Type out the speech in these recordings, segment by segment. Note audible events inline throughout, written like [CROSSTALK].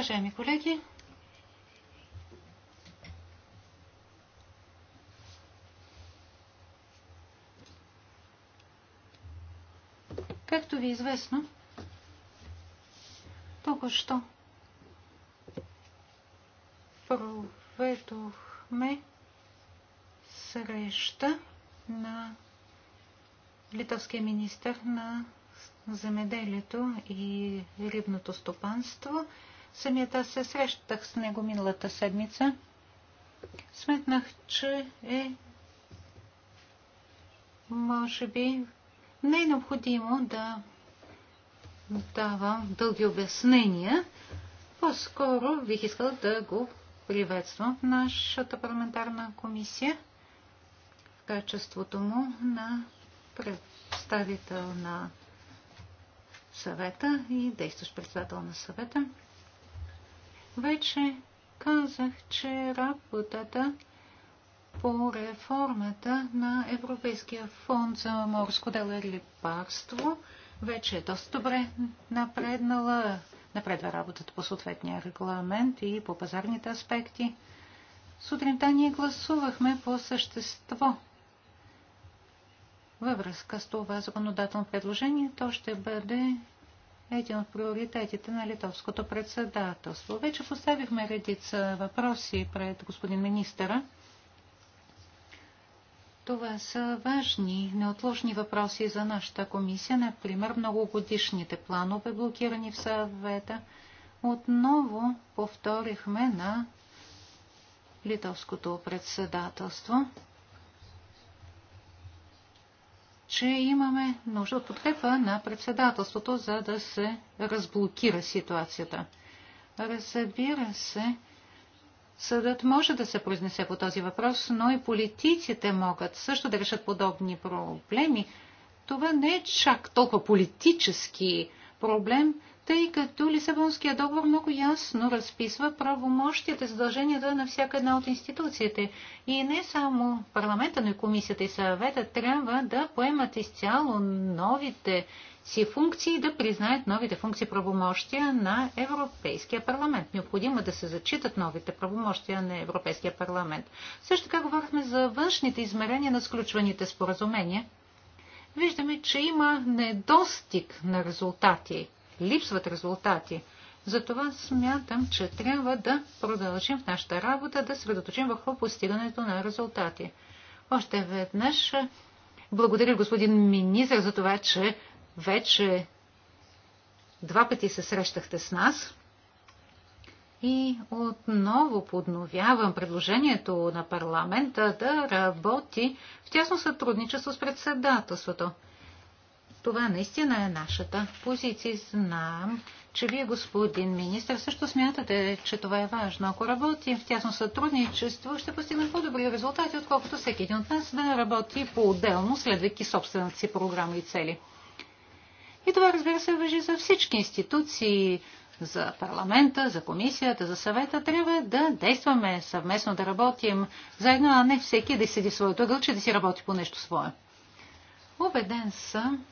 Уважаеми колеги, както ви е известно, току-що проведохме среща на литовския министр на земеделието и рибното стопанство – Самията се срещах с него миналата седмица. Сметнах, че е може би не е необходимо да давам дълги обяснения. По-скоро бих искал да го приветствам в нашата парламентарна комисия в качеството му на представител на съвета и действащ председател на съвета. Вече казах, че работата по реформата на Европейския фонд за морско дело и рибарство вече е доста добре напреднала. Напредва работата по съответния регламент и по пазарните аспекти. Сутринта ние гласувахме по същество. Във връзка с това законодателно предложение то ще бъде един от приоритетите на литовското председателство. Вече поставихме редица въпроси пред господин министъра. Това са важни, неотложни въпроси за нашата комисия, например многогодишните планове, блокирани в съвета. Отново повторихме на литовското председателство че имаме нужда от подкрепа на председателството, за да се разблокира ситуацията. Разбира се, съдът може да се произнесе по този въпрос, но и политиците могат също да решат подобни проблеми. Това не е чак толкова политически проблем, тъй като Лисабонския договор много ясно разписва правомощията и задълженията на всяка една от институциите. И не само парламента, но и комисията и съвета трябва да поемат изцяло новите си функции и да признаят новите функции правомощия на Европейския парламент. Необходимо е да се зачитат новите правомощия на Европейския парламент. Също така говорихме за външните измерения на сключваните споразумения. Виждаме, че има недостиг на резултати липсват резултати. Затова смятам, че трябва да продължим в нашата работа, да средоточим върху постигането на резултати. Още веднъж благодаря господин министр за това, че вече два пъти се срещахте с нас. И отново подновявам предложението на парламента да работи в тясно сътрудничество с председателството. Това наистина е нашата позиция. Знам, че вие, господин министр, също смятате, че това е важно. Ако работим в тясно сътрудничество, ще постигнем по-добри резултати, отколкото всеки един от нас да работи по-отделно, следвайки собствената си програма и цели. И това, разбира се, въжи за всички институции, за парламента, за комисията, за съвета. Трябва да действаме съвместно, да работим заедно, а не всеки да седи в своето гълче, да си работи по нещо свое. Убеден съм,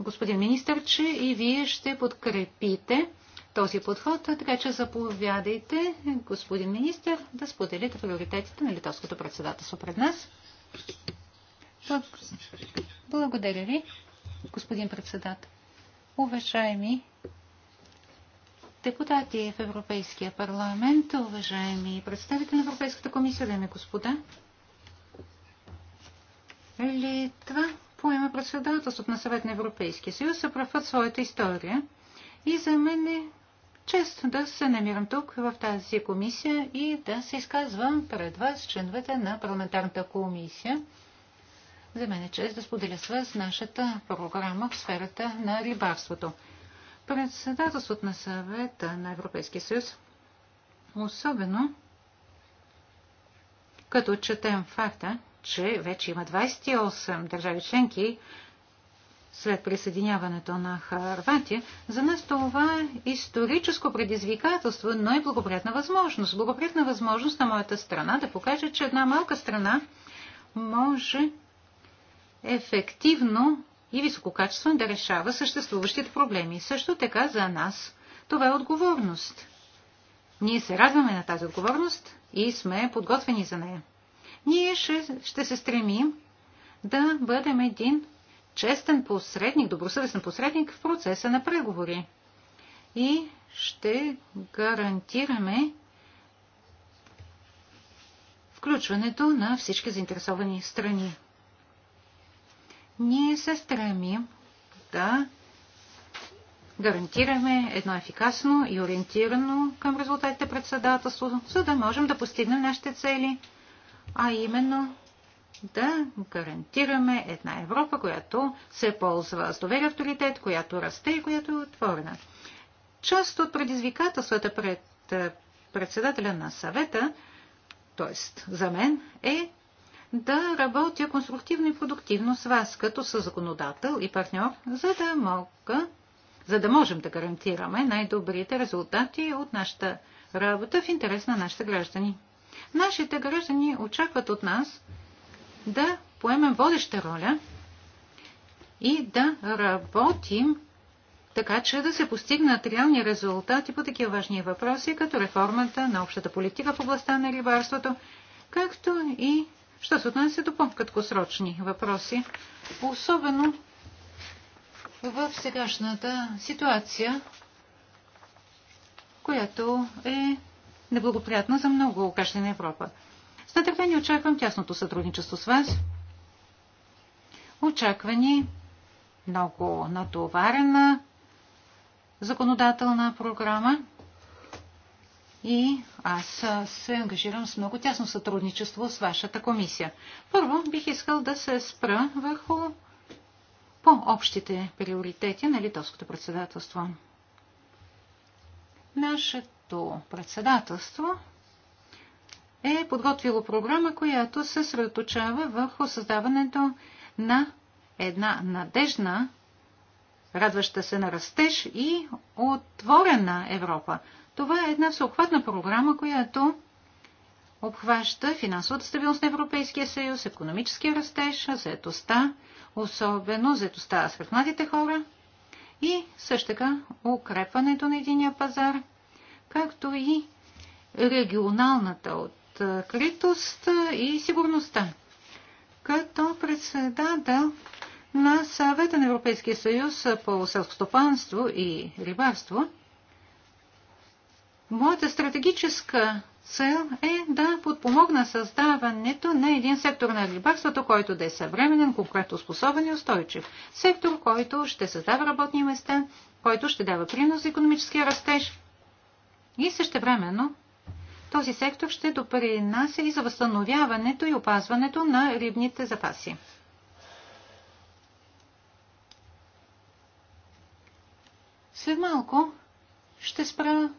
господин министр, че и вие ще подкрепите този подход, така че заповядайте, господин министр, да споделите приоритетите на литовското председателство пред нас. Благодаря ви, господин председател. Уважаеми депутати в Европейския парламент, уважаеми представители на Европейската комисия, дами и господа, Литва поема председателството на съвет на Европейския съюз, се правят своята история. И за мен е чест да се намирам тук в тази комисия и да се изказвам пред вас, членовете на парламентарната комисия. За мен е чест да споделя с вас нашата програма в сферата на рибарството. Председателството на съвета на Европейския съюз, особено като четем факта, че вече има 28 държави членки след присъединяването на Харватия. За нас това е историческо предизвикателство, но и е благоприятна възможност. Благоприятна възможност на моята страна да покаже, че една малка страна може ефективно и висококачествено да решава съществуващите проблеми. Също така за нас това е отговорност. Ние се радваме на тази отговорност и сме подготвени за нея. Ние ще, ще се стремим да бъдем един честен посредник, добросъвестен посредник в процеса на преговори. И ще гарантираме включването на всички заинтересовани страни. Ние се стремим да гарантираме едно ефикасно и ориентирано към резултатите председателство, за да можем да постигнем нашите цели – а именно да гарантираме една Европа, която се ползва с доверие авторитет, която расте и която е отворена. Част от предизвикателствата пред е, председателя на съвета, т.е. за мен, е да работя конструктивно и продуктивно с вас, като със законодател и партньор, за да мога, за да можем да гарантираме най-добрите резултати от нашата работа в интерес на нашите граждани. Нашите граждани очакват от нас да поемем водеща роля и да работим така, че да се постигнат реални резултати по такива важни въпроси, като реформата на общата политика в областта на рибарството, както и що се отнася до по-краткосрочни въпроси, особено в сегашната ситуация, която е неблагоприятна за много граждани на Европа. С нетърпение очаквам тясното сътрудничество с вас. Очаквани много натоварена законодателна програма и аз се ангажирам с много тясно сътрудничество с вашата комисия. Първо бих искал да се спра върху по-общите приоритети на литовското председателство. Нашата Шведското председателство е подготвило програма, която се средоточава върху създаването на една надежна, радваща се на растеж и отворена Европа. Това е една всеобхватна програма, която обхваща финансовата стабилност на Европейския съюз, економическия растеж, заетостта, особено заетостта сред младите хора и също така укрепването на единия пазар – както и регионалната откритост и сигурността. Като председател на съвета на Европейския съюз по селскостопанство и рибарство, моята стратегическа цел е да подпомогна създаването на един сектор на рибарството, който да е съвременен, конкурентоспособен и устойчив. Сектор, който ще създава работни места, който ще дава принос за економическия растеж и същевременно този сектор ще допринася и за възстановяването и опазването на рибните запаси. След малко ще спра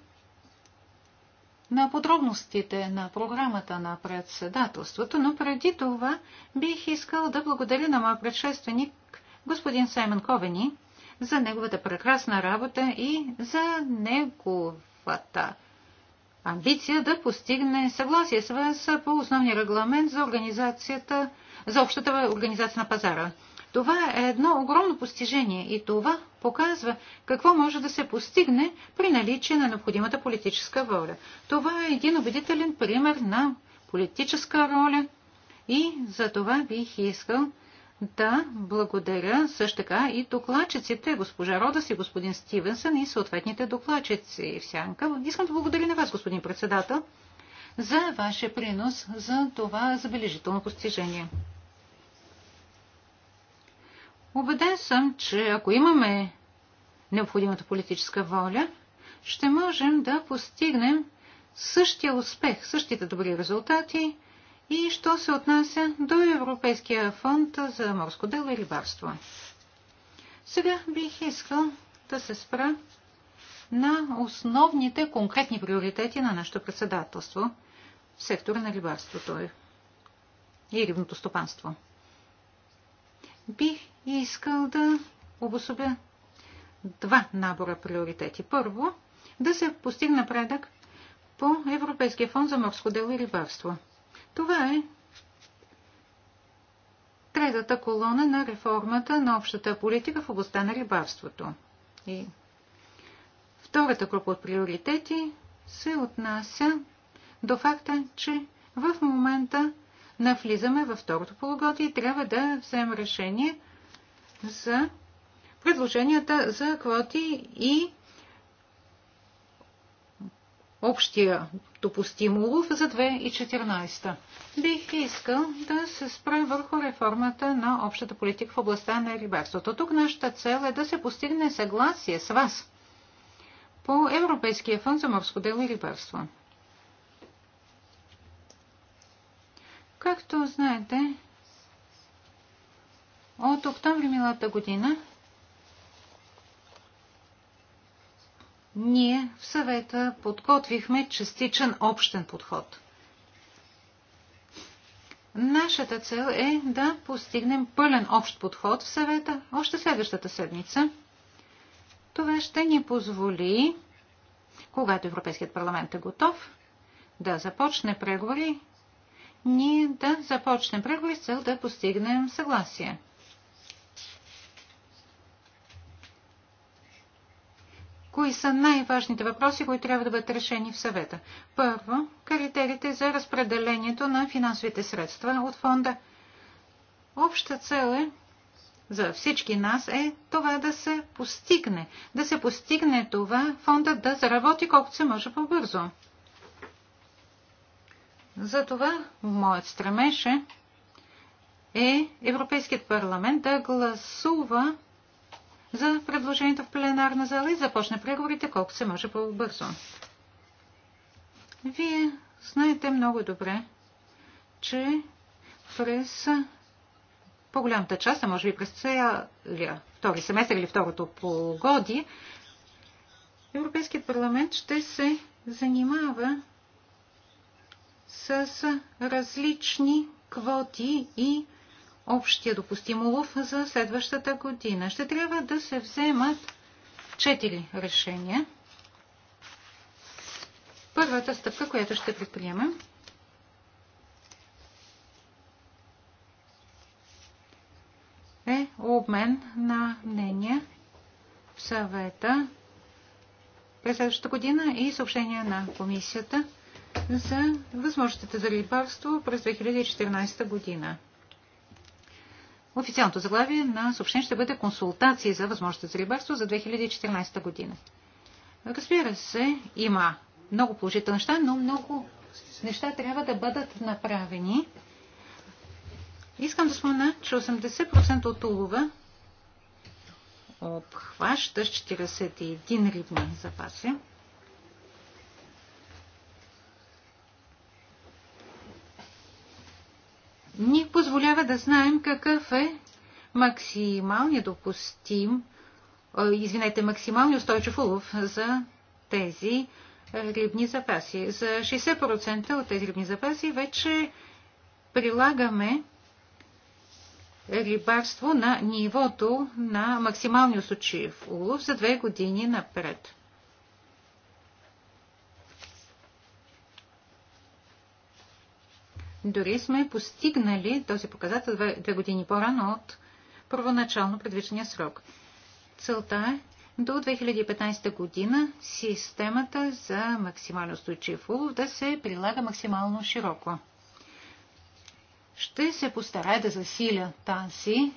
на подробностите на програмата на председателството, но преди това бих искал да благодаря на моя предшественик господин Саймон Ковени за неговата прекрасна работа и за неговата всеобхвата амбиция да постигне съгласие с ВС по основния регламент за организацията, за общата организация на пазара. Това е едно огромно постижение и това показва какво може да се постигне при наличие на необходимата политическа воля. Това е един убедителен пример на политическа роля и за това бих искал да, благодаря. Също така и докладчиците, госпожа Родас и господин Стивенсън и съответните докладчици в сянка. Искам да благодаря на вас, господин председател, за вашия принос за това забележително постижение. Обеден съм, че ако имаме необходимата политическа воля, ще можем да постигнем същия успех, същите добри резултати и що се отнася до Европейския фонд за морско дело и рибарство. Сега бих искал да се спра на основните конкретни приоритети на нашето председателство в сектора на рибарството и рибното стопанство. Бих искал да обособя два набора приоритети. Първо, да се постигне напредък по Европейския фонд за морско дело и рибарство – това е третата колона на реформата на общата политика в областта на рибарството. И втората група от приоритети се отнася до факта, че в момента навлизаме във второто полугодие и трябва да вземем решение за предложенията за квоти и общия допустим улов за 2014. Бих искал да се спра върху реформата на общата политика в областта на рибарството. Тук нашата цел е да се постигне съгласие с вас по Европейския фонд за морско дело и рибарство. Както знаете, от октомври миналата година ние в съвета подготвихме частичен общен подход. Нашата цел е да постигнем пълен общ подход в съвета още следващата седмица. Това ще ни позволи, когато Европейският парламент е готов, да започне преговори, ние да започнем преговори с цел да постигнем съгласие. кои са най-важните въпроси, които трябва да бъдат решени в съвета. Първо, критериите за разпределението на финансовите средства от фонда. Обща цел е за всички нас е това да се постигне. Да се постигне това фонда да заработи колкото се може по-бързо. Затова моят стремеж е, е Европейският парламент да гласува за предложението в пленарна зала и започне преговорите колкото се може по-бързо. Вие знаете много добре, че през по-голямата част, а може би през целия втори семестър или второто полугодие, Европейският парламент ще се занимава с различни квоти и общия допустим улов за следващата година. Ще трябва да се вземат четири решения. Първата стъпка, която ще предприемем, е обмен на мнения в съвета през следващата година и съобщение на комисията за възможностите за рибарство през 2014 година. Официалното заглавие на съобщение ще бъде консултации за възможността за рибарство за 2014 година. Разбира се, има много положителни неща, но много неща трябва да бъдат направени. Искам да спомена, че 80% от улова обхваща 41 рибни запаси. ни позволява да знаем какъв е максималния допустим, извинете, максимално устойчив улов за тези рибни запаси. За 60% от тези рибни запаси вече прилагаме рибарство на нивото на максимално устойчив улов за две години напред. Дори сме постигнали този показател две, две години по-рано от първоначално предвидения срок. Целта е до 2015 година системата за максимално устойчив улов да се прилага максимално широко. Ще се постарая да засиля тази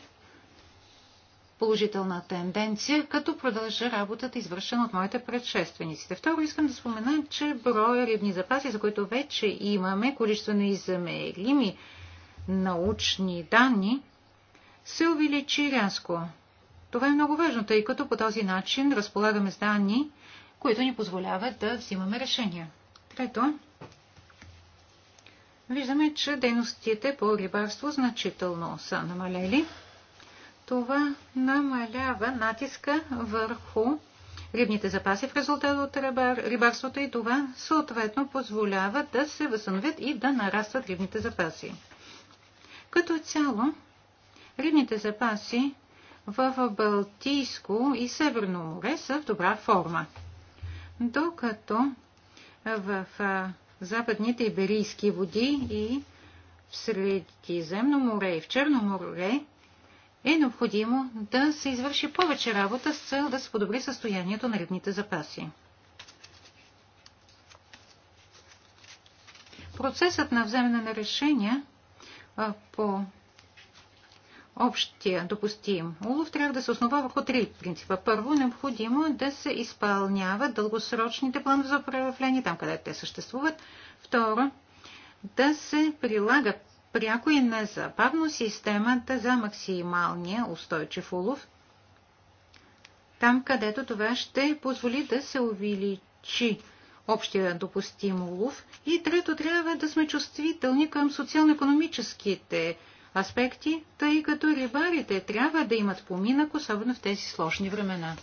положителна тенденция, като продължа работата, извършена от моите предшествениците. Второ, искам да спомена, че броя рибни запаси, за които вече имаме количествено измерими научни данни, се увеличи рязко. Това е много важно, тъй като по този начин разполагаме с данни, които ни позволяват да взимаме решения. Трето, виждаме, че дейностите по рибарство значително са намалели. Това намалява натиска върху рибните запаси в резултат от рибарството и това съответно позволява да се възстановят и да нарастват рибните запаси. Като цяло, рибните запаси в Балтийско и Северно море са в добра форма. Докато в западните иберийски води и в Средиземно море и в Черно море е необходимо да се извърши повече работа с цел да се подобри състоянието на рибните запаси. Процесът на вземане на решения по общия допустим улов трябва да се основа върху три принципа. Първо, необходимо е да се изпълняват дългосрочните планове за управление, там където те съществуват. Второ, да се прилагат пряко и незабавно системата за максималния устойчив улов, там където това ще позволи да се увеличи общия допустим улов. И трето, трябва да сме чувствителни към социално-економическите аспекти, тъй като рибарите трябва да имат поминък, особено в тези сложни времена.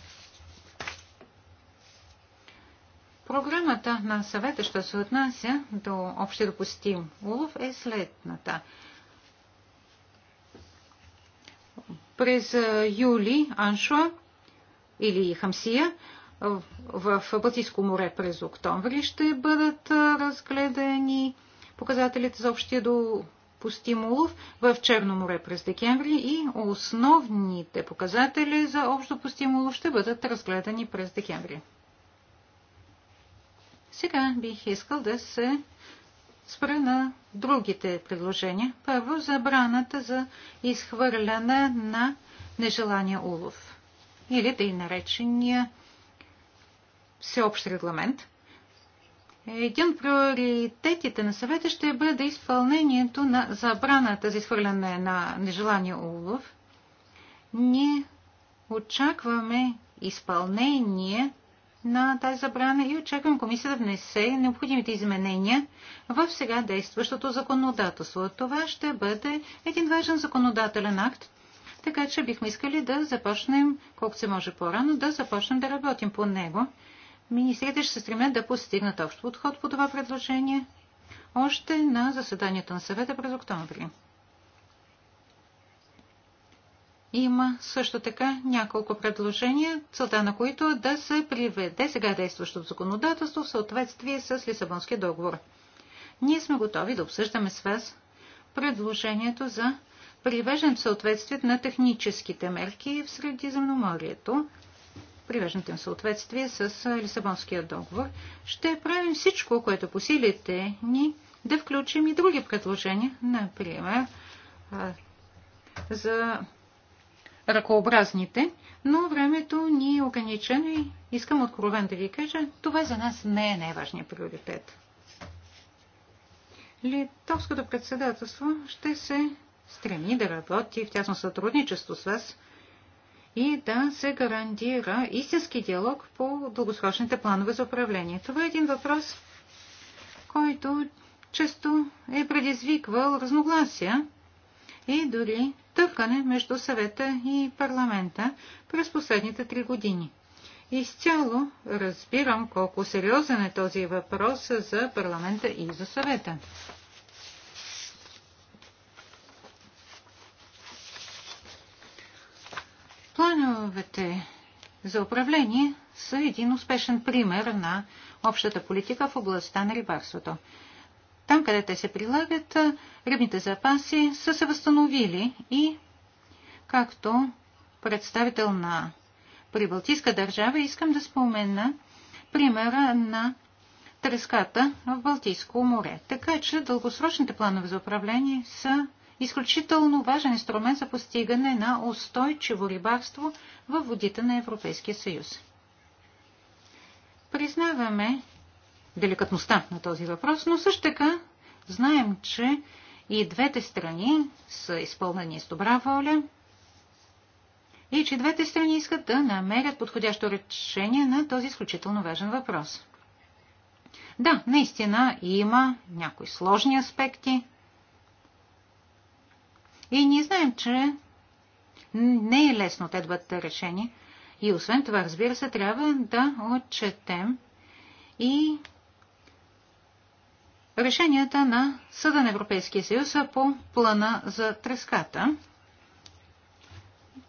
Програмата на съвета, що се отнася до общи допустим улов, е следната. През юли Аншуа или Хамсия в Балтийско море през октомври ще бъдат разгледани показателите за общия допустим улов в Черно море през декември и основните показатели за общо допустим улов ще бъдат разгледани през декември. Сега бих искал да се спра на другите предложения. Първо, забраната за изхвърляне на нежелания улов или да и наречения всеобщ регламент. Един от приоритетите на съвета ще бъде изпълнението на забраната за изхвърляне на нежелания улов. Ние очакваме изпълнение на тази забрана и очаквам комисията да внесе необходимите изменения в сега действащото законодателство. Това ще бъде един важен законодателен акт, така че бихме искали да започнем, колкото се може по-рано, да започнем да работим по него. Министрите ще се стремят да постигнат общ подход по това предложение още на заседанието на съвета през октомври. Има също така няколко предложения, целта на които е да се приведе сега действащото законодателство в съответствие с Лисабонския договор. Ние сме готови да обсъждаме с вас предложението за привеждане в съответствие на техническите мерки в Средиземноморието, привеждането им в съответствие с Лисабонския договор. Ще правим всичко, което по силите ни, да включим и други предложения, например за ръкообразните, но времето ни е ограничено и искам откровен да ви кажа, това за нас не е най-важният приоритет. Литовското председателство ще се стреми да работи в тясно сътрудничество с вас и да се гарантира истински диалог по дългосрочните планове за управление. Това е един въпрос, който често е предизвиквал разногласия и дори търкане между съвета и парламента през последните три години. Изцяло разбирам колко сериозен е този въпрос за парламента и за съвета. Плановете за управление са един успешен пример на общата политика в областта на рибарството. Там, къде те се прилагат, рибните запаси са се възстановили и, както представител на прибалтийска държава, искам да спомена примера на треската в Балтийско море. Така че дългосрочните планове за управление са изключително важен инструмент за постигане на устойчиво рибарство във водите на Европейския съюз. Признаваме, деликатността на този въпрос, но също така знаем, че и двете страни са изпълнени с добра воля и че двете страни искат да намерят подходящо решение на този изключително важен въпрос. Да, наистина има някои сложни аспекти. И ние знаем, че не е лесно те да бъдат решени. И освен това, разбира се, трябва да отчетем и решенията на Съда на Европейския съюз по плана за треската.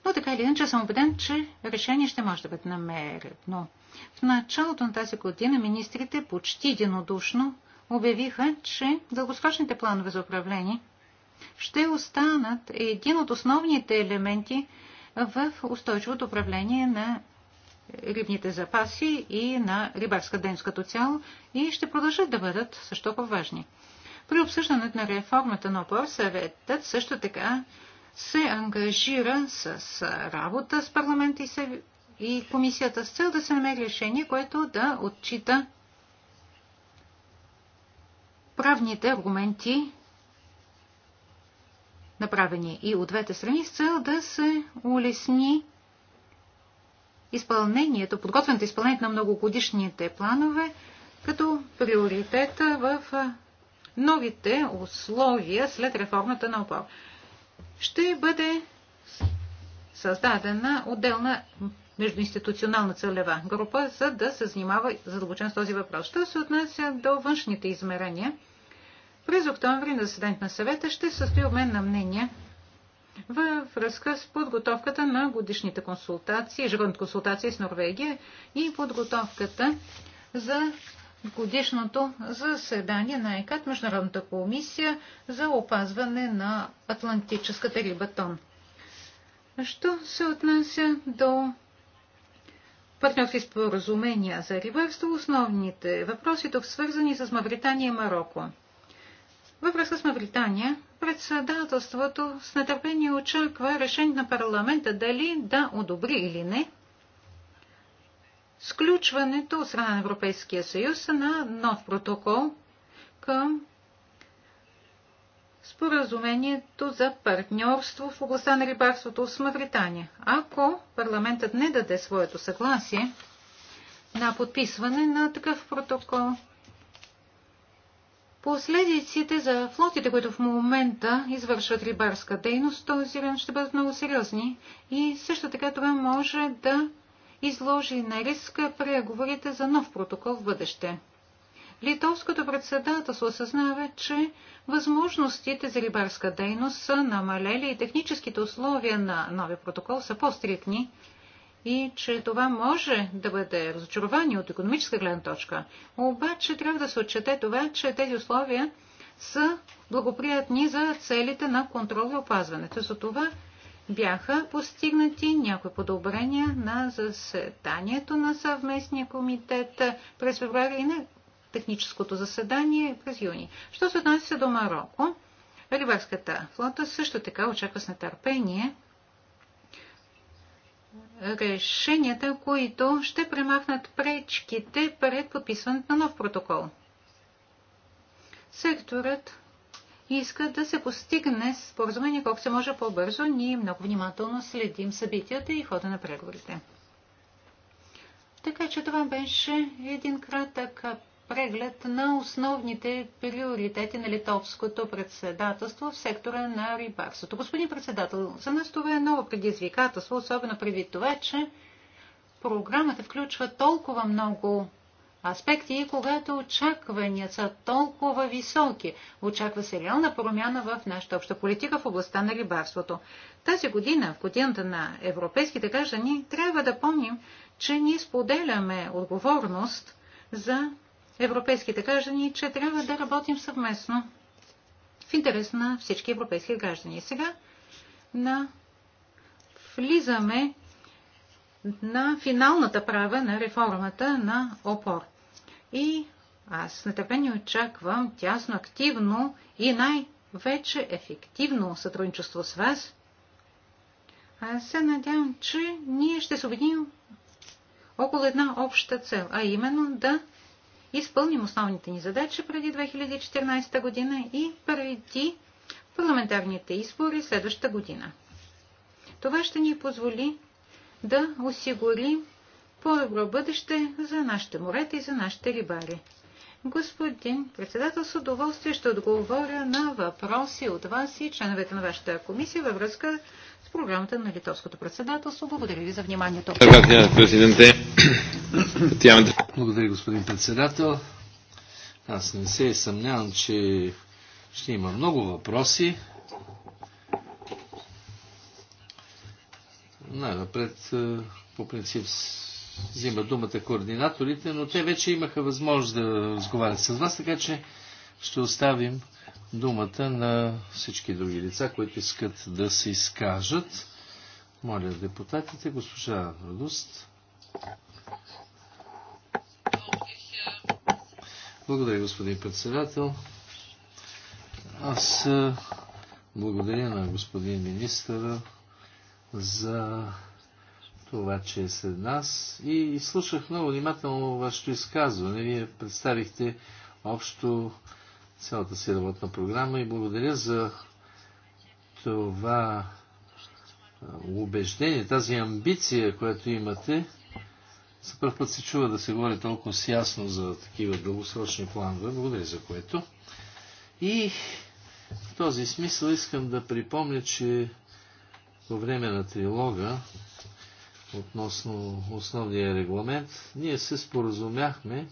Но така или иначе съм убеден, че решение ще може да бъде намерено. В началото на тази година министрите почти единодушно обявиха, че дългосрочните планове за управление ще останат един от основните елементи в устойчивото управление на рибните запаси и на рибарска дейност като цяло и ще продължат да бъдат също по-важни. При обсъждането на реформата на ОПОР съветът също така се ангажира с работа с парламента и, и комисията с цел да се намери решение, което да отчита правните аргументи, направени и от двете страни, с цел да се улесни изпълнението, подготвянето изпълнението на многогодишните планове като приоритета в новите условия след реформата на ОПО, Ще бъде създадена отделна междуинституционална целева група, за да се занимава задълбочен с този въпрос. Що се отнася до външните измерения, през октомври на заседанието на съвета ще състои обмен на мнения във връзка с подготовката на годишните консултации, ежегодните консултации с Норвегия и подготовката за годишното заседание на ЕКАТ, Международната комисия за опазване на Атлантическата рибатон. Що се отнася до партньорски споразумения за рибарство, основните въпроси тук свързани с Мавритания и Марокко. Във връзка с Мавритания, Председателството с нетърпение очаква решение на парламента дали да одобри или не сключването от страна на Европейския съюз на нов протокол към споразумението за партньорство в областта на рибарството с Мавритания. Ако парламентът не даде своето съгласие на подписване на такъв протокол, Последиците за флотите, които в момента извършват рибарска дейност, този район ще бъдат много сериозни и също така това може да изложи на риск преговорите за нов протокол в бъдеще. Литовското председателство осъзнава, че възможностите за рибарска дейност са намалели и техническите условия на новия протокол са по-стрикни, и че това може да бъде разочарование от економическа гледна точка. Обаче трябва да се отчете това, че тези условия са благоприятни за целите на контрол и опазването. За това бяха постигнати някои подобрения на заседанието на съвместния комитет през февруари и на техническото заседание през юни. Що се отнася до Марокко, Рибарската флота също така очаква с нетърпение – решенията, които ще премахнат пречките пред подписването на нов протокол. Секторът иска да се постигне споразумение колко се може по-бързо. Ние много внимателно следим събитията и хода на преговорите. Така че това беше един кратък преглед на основните приоритети на литовското председателство в сектора на рибарството. Господин председател, за нас това е ново предизвикателство, особено преди това, че програмата включва толкова много аспекти и когато очаквания са толкова високи, очаква се реална промяна в нашата обща политика в областта на рибарството. Тази година, в годината на европейските граждани, трябва да помним, че ние споделяме отговорност за европейските граждани, че трябва да работим съвместно в интерес на всички европейски граждани. Сега на влизаме на финалната права на реформата на ОПОР. И аз с нетърпение очаквам тясно, активно и най-вече ефективно сътрудничество с вас. Аз се надявам, че ние ще се объединим около една обща цел, а именно да изпълним основните ни задачи преди 2014 година и преди парламентарните избори следващата година. Това ще ни позволи да осигурим по-добро бъдеще за нашите морета и за нашите рибари. Господин председател, с удоволствие ще отговоря на въпроси от вас и членовете на вашата комисия във връзка с програмата на Литовското председателство. Благодаря ви за вниманието. Благодаря, господин председател. Аз не се съмнявам, че ще има много въпроси. Най-напред, е, по принцип, взима думата координаторите, но те вече имаха възможност да разговарят с вас, така че ще оставим думата на всички други лица, които искат да се изкажат. Моля депутатите, госпожа Радост. Благодаря, господин председател. Аз благодаря на господин министъра за това, че е сред нас и слушах много внимателно вашето изказване. Вие представихте общо цялата си работна програма и благодаря за това убеждение, тази амбиция, която имате за първ път се чува да се говори толкова с ясно за такива дългосрочни планове. Благодаря за което. И в този смисъл искам да припомня, че по време на трилога относно основния регламент, ние се споразумяхме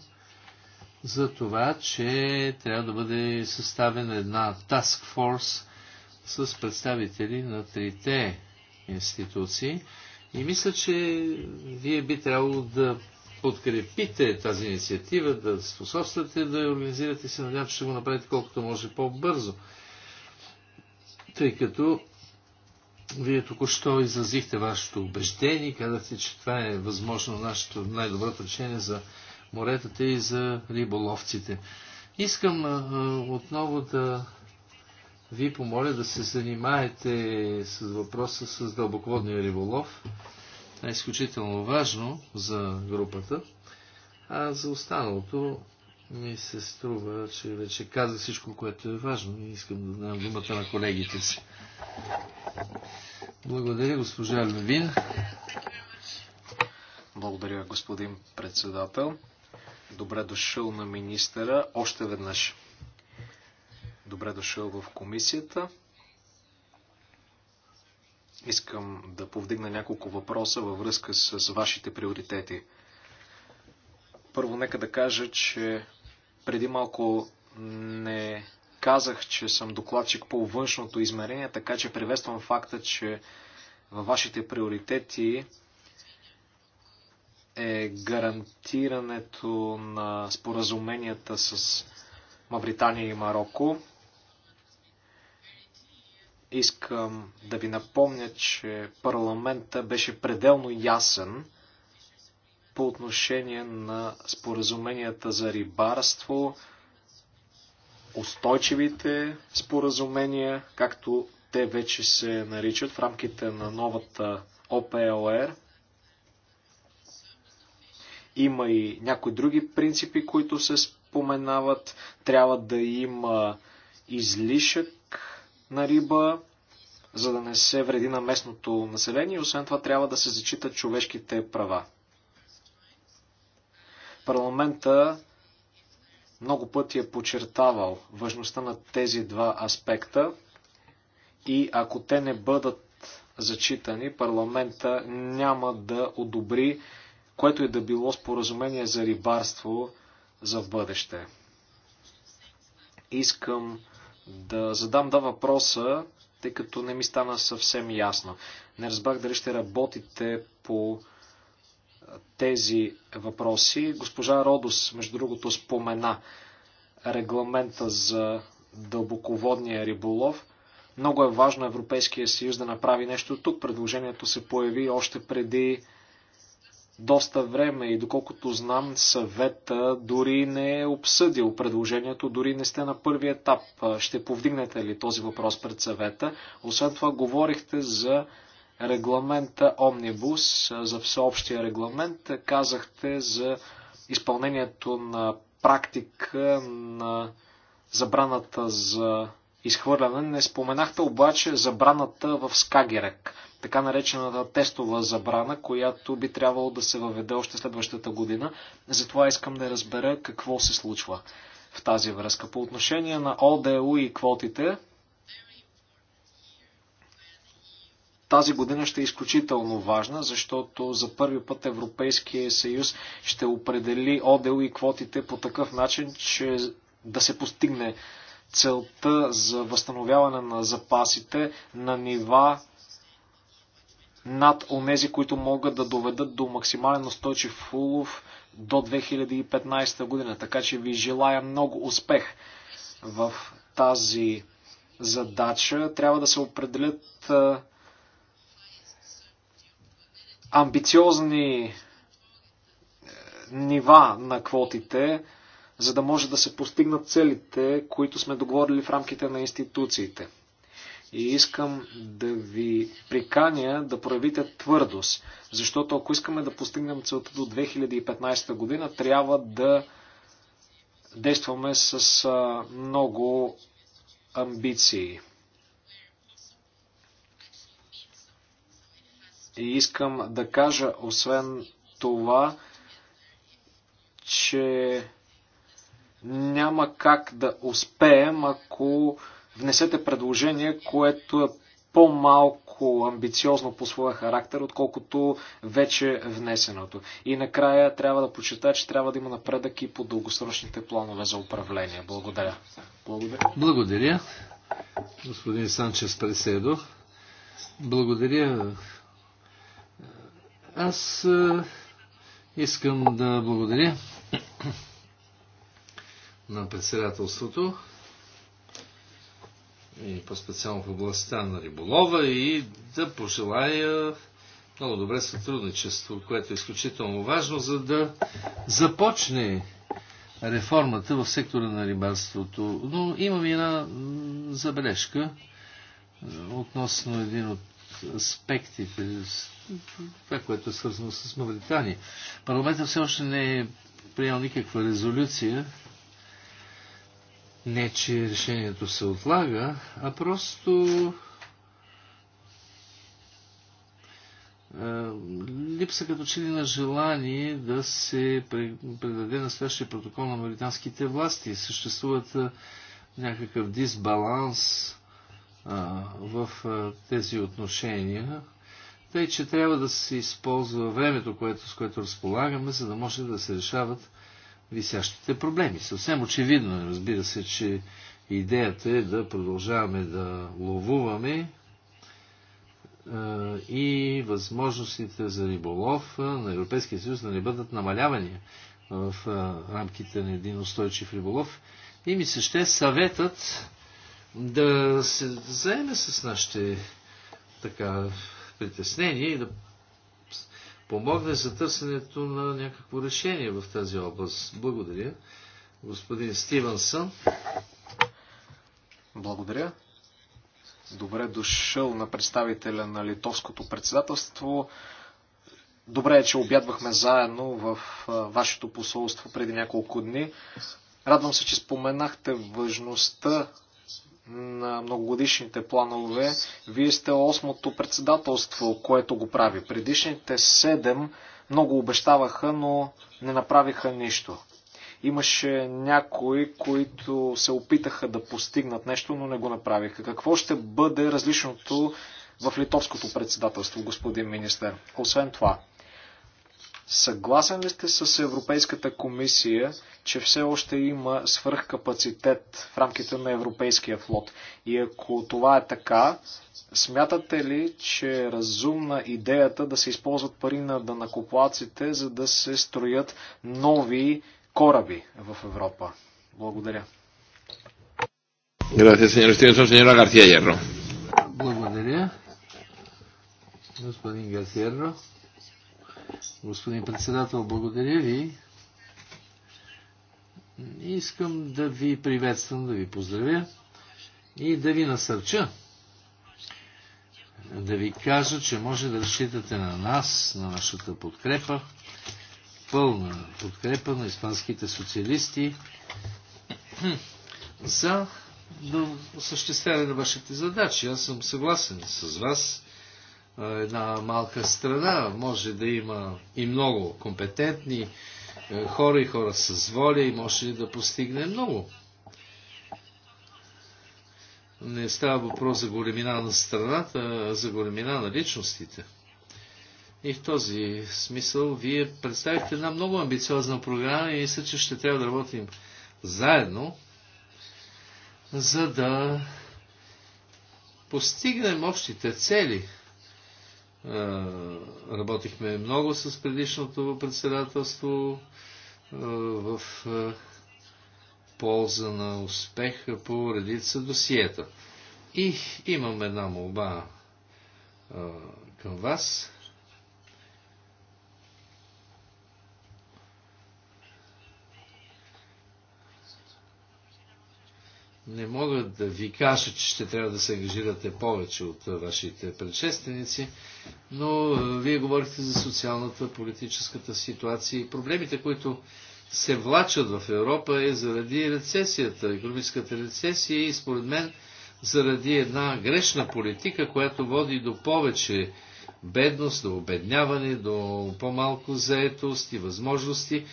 за това, че трябва да бъде съставена една таск форс с представители на трите институции, и мисля, че вие би трябвало да подкрепите тази инициатива, да способствате да я организирате и се надявам, че ще го направите колкото може по-бързо. Тъй като вие току-що изразихте вашето убеждение, казахте, че това е възможно нашето най-доброто решение за моретата и за риболовците. Искам а, отново да ви помоля да се занимаете с въпроса с дълбоководния риболов. Това е изключително важно за групата. А за останалото ми се струва, че вече каза всичко, което е важно и искам да дам думата на колегите си. Благодаря, госпожа Левин. Благодаря, господин председател. Добре дошъл на министъра още веднъж. Добре дошъл в комисията. Искам да повдигна няколко въпроса във връзка с вашите приоритети. Първо, нека да кажа, че преди малко не казах, че съм докладчик по външното измерение, така че приветствам факта, че във вашите приоритети е гарантирането на споразуменията с Мавритания и Марокко. Искам да ви напомня, че парламента беше пределно ясен по отношение на споразуменията за рибарство, устойчивите споразумения, както те вече се наричат в рамките на новата ОПЛР. Има и някои други принципи, които се споменават. Трябва да има излишък на риба, за да не се вреди на местното население. Освен това трябва да се зачитат човешките права. Парламента много пъти е подчертавал важността на тези два аспекта и ако те не бъдат зачитани, парламента няма да одобри което и е да било споразумение за рибарство за в бъдеще. Искам да задам два въпроса, тъй като не ми стана съвсем ясно. Не разбрах дали ще работите по тези въпроси. Госпожа Родос, между другото, спомена регламента за дълбоководния риболов. Много е важно Европейския съюз да направи нещо тук. Предложението се появи още преди доста време и доколкото знам, съвета дори не е обсъдил предложението, дори не сте на първи етап. Ще повдигнете ли този въпрос пред съвета? Освен това, говорихте за регламента Омнибус, за всеобщия регламент. Казахте за изпълнението на практика на забраната за изхвърляне. Не споменахте обаче забраната в Скагерек така наречената тестова забрана, която би трябвало да се въведе още следващата година. Затова искам да разбера какво се случва в тази връзка. По отношение на ОДУ е и квотите, тази година ще е изключително важна, защото за първи път Европейския съюз ще определи ОДУ е и квотите по такъв начин, че да се постигне целта за възстановяване на запасите на нива над онези, които могат да доведат до максимален устойчив улов до 2015 година. Така че ви желая много успех в тази задача. Трябва да се определят амбициозни нива на квотите, за да може да се постигнат целите, които сме договорили в рамките на институциите. И искам да ви приканя да проявите твърдост, защото ако искаме да постигнем целта до 2015 година, трябва да действаме с много амбиции. И искам да кажа, освен това, че няма как да успеем, ако внесете предложение, което е по-малко амбициозно по своя характер, отколкото вече внесеното. И накрая трябва да почита, че трябва да има напредък и по дългосрочните планове за управление. Благодаря. Благодаря. Благодаря. Господин Санчес Преседо. Благодаря. Аз е, искам да благодаря на председателството и по-специално в областта на риболова и да пожелая много добре сътрудничество, което е изключително важно, за да започне реформата в сектора на рибарството. Но имам и една забележка относно един от аспектите, това, което е свързано с Мавритания. Парламентът все още не е приел никаква резолюция не, че решението се отлага, а просто липса като че ли на желание да се предаде настоящия протокол на американските власти. Съществуват някакъв дисбаланс в тези отношения, тъй че трябва да се използва времето, което, с което разполагаме, за да може да се решават висящите проблеми. Съвсем очевидно е, разбира се, че идеята е да продължаваме да ловуваме е, и възможностите за риболов е, на Европейския съюз да не бъдат намалявани в е, рамките на един устойчив риболов. И ми се ще съветът да се заеме с нашите така притеснения и да помогне за търсенето на някакво решение в тази област. Благодаря. Господин Стивенсън. Благодаря. Добре дошъл на представителя на литовското председателство. Добре е, че обядвахме заедно в вашето посолство преди няколко дни. Радвам се, че споменахте важността на многогодишните планове, вие сте осмото председателство, което го прави. Предишните седем много обещаваха, но не направиха нищо. Имаше някои, които се опитаха да постигнат нещо, но не го направиха. Какво ще бъде различното в литовското председателство, господин министър? Освен това, Съгласен ли сте с Европейската комисия, че все още има свръхкапацитет в рамките на европейския флот? И ако това е така, смятате ли, че е разумна идеята да се използват пари на данакоплаците, за да се строят нови кораби в Европа? Благодаря. Благодаря. Господин Гасиерро. Господин председател, благодаря ви. Искам да ви приветствам, да ви поздравя и да ви насърча. Да ви кажа, че може да разчитате на нас, на нашата подкрепа, пълна подкрепа на испанските социалисти за да осъществяване на вашите задачи. Аз съм съгласен с вас една малка страна. Може да има и много компетентни е, хора и хора с воля и може да постигне много. Не става въпрос за големина на страната, а за големина на личностите. И в този смисъл вие представихте една много амбициозна програма и мисля, че ще трябва да работим заедно, за да постигнем общите цели – Работихме много с предишното председателство в полза на успеха по редица досиета. И имам една молба към вас. не мога да ви кажа, че ще трябва да се ангажирате повече от вашите предшественици, но вие говорите за социалната, политическата ситуация и проблемите, които се влачат в Европа е заради рецесията, економическата рецесия и според мен заради една грешна политика, която води до повече бедност, до обедняване, до по-малко заетост и възможности.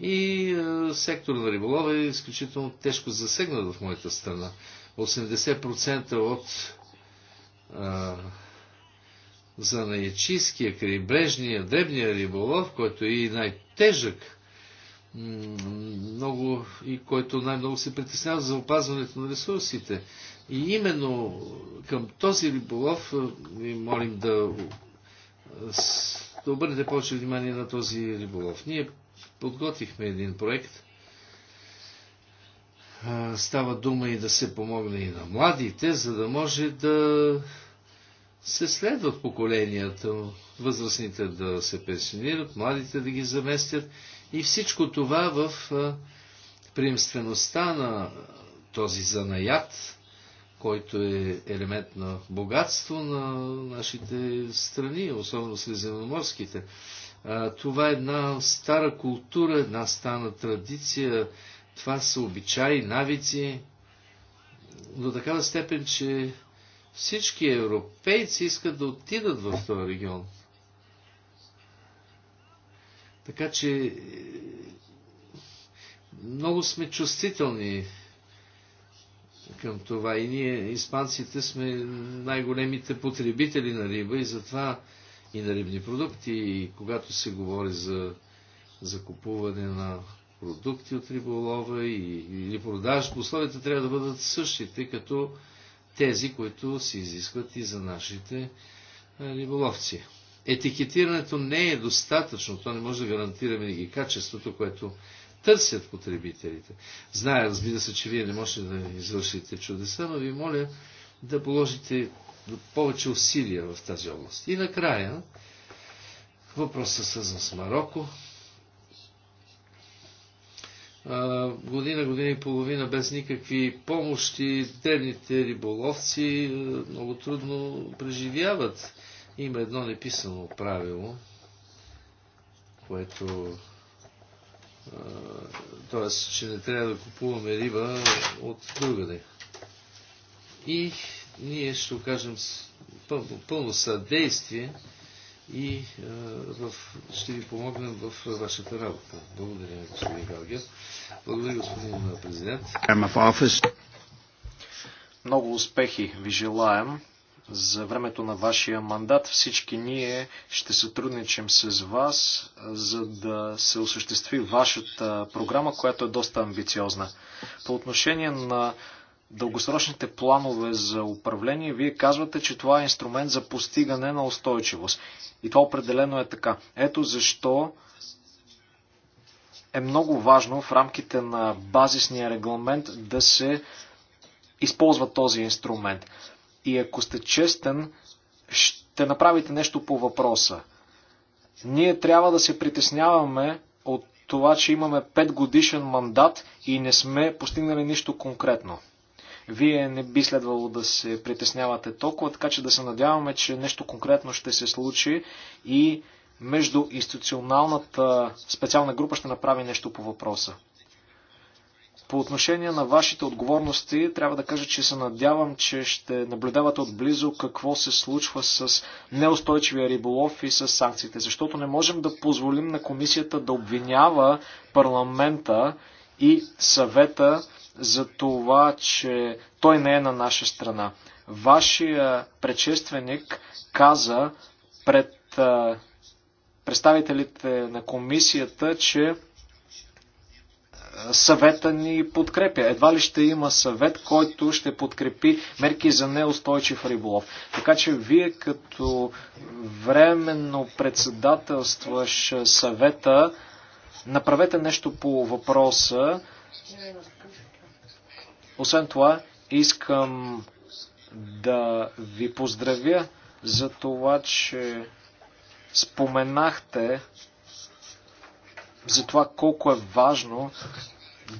И е, сектор на риболова е изключително тежко засегнат в моята страна. 80% от е, за наечийския, крайбрежния, дребния риболов, който е и най-тежък, много, и който най-много се притеснява за опазването на ресурсите. И именно към този риболов е, ви молим да, е, да обърнете повече внимание на този риболов. Ние подготвихме един проект. Е, става дума и да се помогне и на младите, за да може да се следват поколенията, възрастните да се пенсионират, младите да ги заместят и всичко това в приемствеността на този занаят, който е елемент на богатство на нашите страни, особено средиземноморските. Това е една стара култура, една стана традиция, това са обичаи, навици, до такава степен, че всички европейци искат да отидат в този регион. Така че е, много сме чувствителни към това. И ние, испанците, сме най-големите потребители на риба и затова и на рибни продукти. И когато се говори за закупуване на продукти от риболова и, или продаж, условията трябва да бъдат същите, като тези, които се изискват и за нашите риболовци. Етикетирането не е достатъчно, то не може да гарантира винаги качеството, което търсят потребителите. Зная, разбира се, че вие не можете да извършите чудеса, но ви моля да положите повече усилия в тази област. И накрая, въпросът свързан с Марокко година, година и половина без никакви помощи, древните риболовци е, много трудно преживяват. Има едно неписано правило, което т.е. че не трябва да купуваме риба от другаде. И ние ще окажем пълно съдействие и е, в, ще ви помогнем в вашата работа. Благодаря, господин Галгер. Благодаря, господин президент. Много успехи ви желаем за времето на вашия мандат. Всички ние ще сътрудничим с вас, за да се осъществи вашата програма, която е доста амбициозна. По отношение на дългосрочните планове за управление, вие казвате, че това е инструмент за постигане на устойчивост. И това определено е така. Ето защо е много важно в рамките на базисния регламент да се използва този инструмент. И ако сте честен, ще направите нещо по въпроса. Ние трябва да се притесняваме от това, че имаме 5 годишен мандат и не сме постигнали нищо конкретно. Вие не би следвало да се притеснявате толкова, така че да се надяваме, че нещо конкретно ще се случи и между институционалната специална група ще направи нещо по въпроса. По отношение на вашите отговорности, трябва да кажа, че се надявам, че ще наблюдавате отблизо какво се случва с неустойчивия риболов и с санкциите, защото не можем да позволим на комисията да обвинява парламента и съвета за това, че той не е на наша страна. Вашия предшественик каза пред представителите на комисията, че съвета ни подкрепя. Едва ли ще има съвет, който ще подкрепи мерки за неустойчив риболов. Така че вие като временно председателстваш съвета, направете нещо по въпроса. Освен това, искам да ви поздравя за това, че споменахте за това колко е важно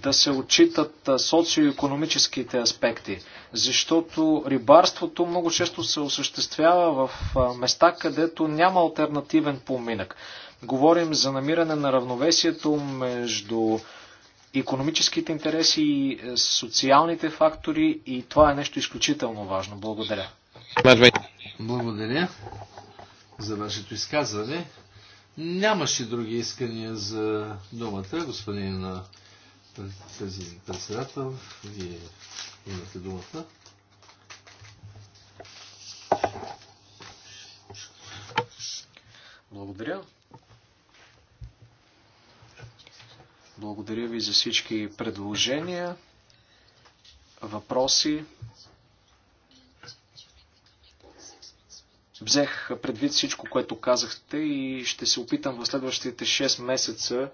да се отчитат социо-економическите аспекти, защото рибарството много често се осъществява в места, където няма альтернативен поминък. Говорим за намиране на равновесието между економическите интереси и е, социалните фактори и това е нещо изключително важно. Благодаря. Благодаря за вашето изказване. Нямаше други искания за думата, господин тази председател. Вие имате думата. Благодаря. Благодаря ви за всички предложения, въпроси. Взех предвид всичко, което казахте и ще се опитам в следващите 6 месеца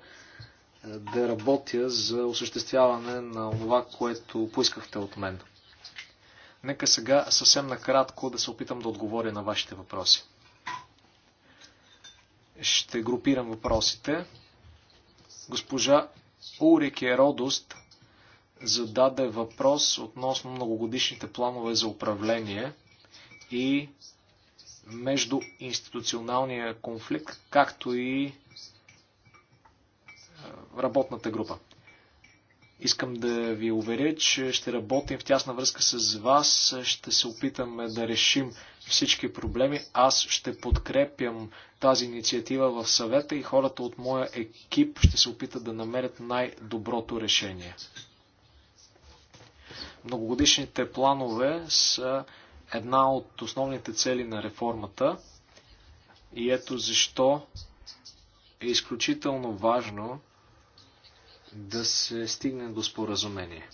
е, да работя за осъществяване на това, което поискахте от мен. Нека сега съвсем накратко да се опитам да отговоря на вашите въпроси. Ще групирам въпросите. Госпожа Урике Родост зададе въпрос относно многогодишните планове за управление и между институционалния конфликт, както и е, работната група. Искам да ви уверя, че ще работим в тясна връзка с вас, ще се опитаме да решим всички проблеми. Аз ще подкрепям тази инициатива в съвета и хората от моя екип ще се опитат да намерят най-доброто решение. Многогодишните планове са една от основните цели на реформата и ето защо е изключително важно да се стигне до споразумение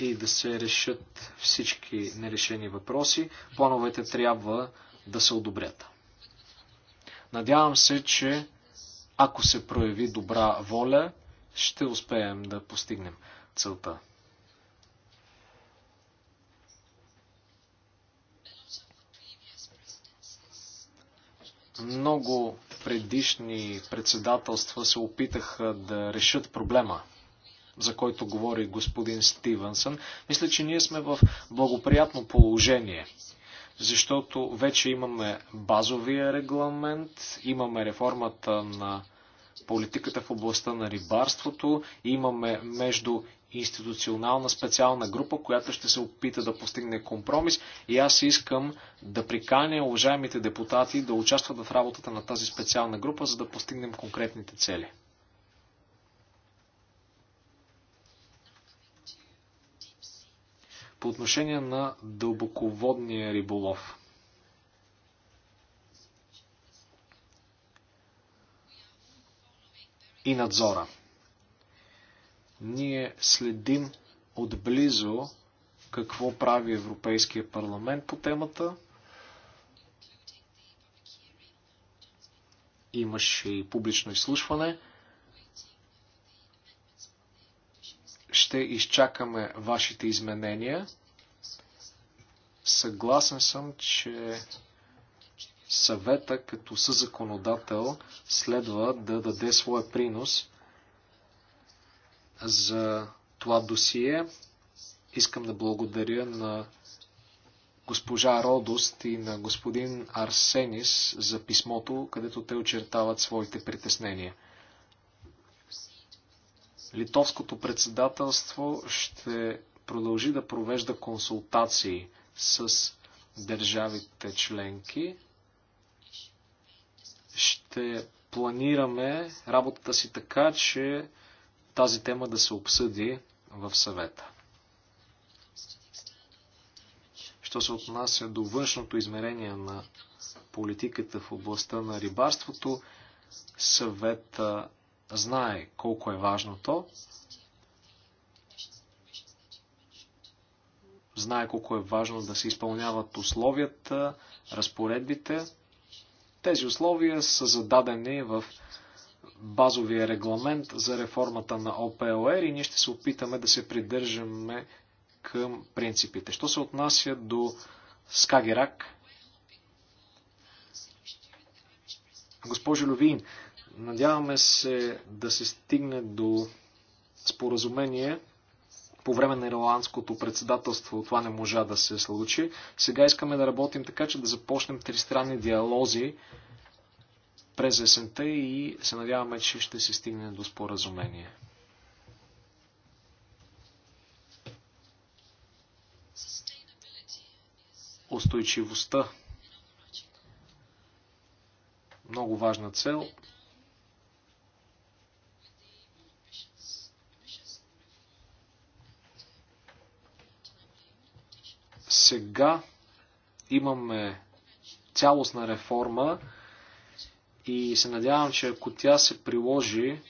и да се решат всички нерешени въпроси. Плановете трябва да се одобрят. Надявам се, че ако се прояви добра воля, ще успеем да постигнем целта. Много предишни председателства се опитаха да решат проблема за който говори господин Стивенсън, мисля, че ние сме в благоприятно положение, защото вече имаме базовия регламент, имаме реформата на политиката в областта на рибарството, имаме между институционална специална група, която ще се опита да постигне компромис и аз искам да приканя уважаемите депутати да участват в работата на тази специална група, за да постигнем конкретните цели. По отношение на дълбоководния риболов. И надзора. Ние следим отблизо какво прави Европейския парламент по темата. Имаше и публично изслушване. ще изчакаме вашите изменения. Съгласен съм, че съвета като съзаконодател следва да даде своя принос за това досие. Искам да благодаря на госпожа Родост и на господин Арсенис за писмото, където те очертават своите притеснения. Литовското председателство ще продължи да провежда консултации с държавите членки. Ще планираме работата си така, че тази тема да се обсъди в съвета. Що се отнася до външното измерение на политиката в областта на рибарството, съвета знае колко е важно то, знае колко е важно да се изпълняват условията, разпоредбите. Тези условия са зададени в базовия регламент за реформата на ОПЛР и ние ще се опитаме да се придържаме към принципите. Що се отнася до Скагерак? Госпожо Лювин, Надяваме се да се стигне до споразумение по време на ирландското председателство това не можа да се случи. Сега искаме да работим така, че да започнем тристранни диалози през есента и се надяваме, че ще се стигне до споразумение. Устойчивостта. Много важна цел. Сега имаме цялостна реформа и се надявам, че ако тя се приложи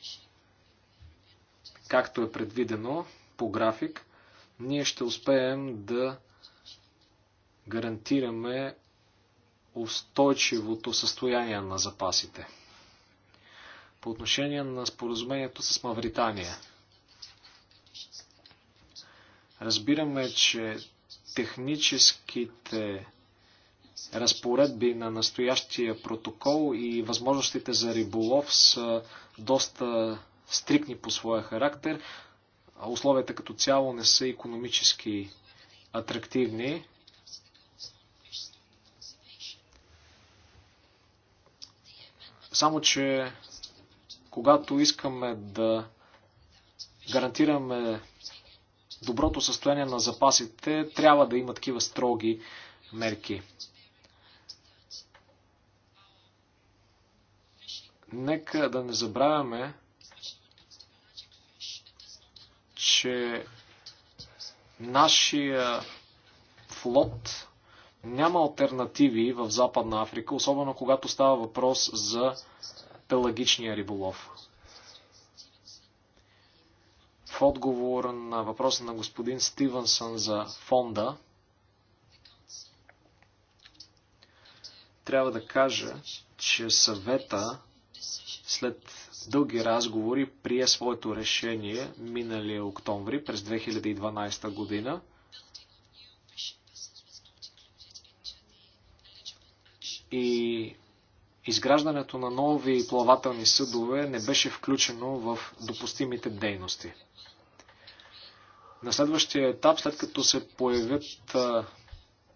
както е предвидено по график, ние ще успеем да гарантираме устойчивото състояние на запасите. По отношение на споразумението с Мавритания. Разбираме, че техническите разпоредби на настоящия протокол и възможностите за риболов са доста стрикни по своя характер. Условията като цяло не са економически атрактивни. Само, че когато искаме да гарантираме доброто състояние на запасите, трябва да има такива строги мерки. Нека да не забравяме, че нашия флот няма альтернативи в Западна Африка, особено когато става въпрос за пелагичния риболов в отговор на въпроса на господин Стивенсън за фонда, трябва да кажа, че съвета след дълги разговори прие своето решение миналия октомври през 2012 година. И изграждането на нови плавателни съдове не беше включено в допустимите дейности. На следващия етап, след като се появят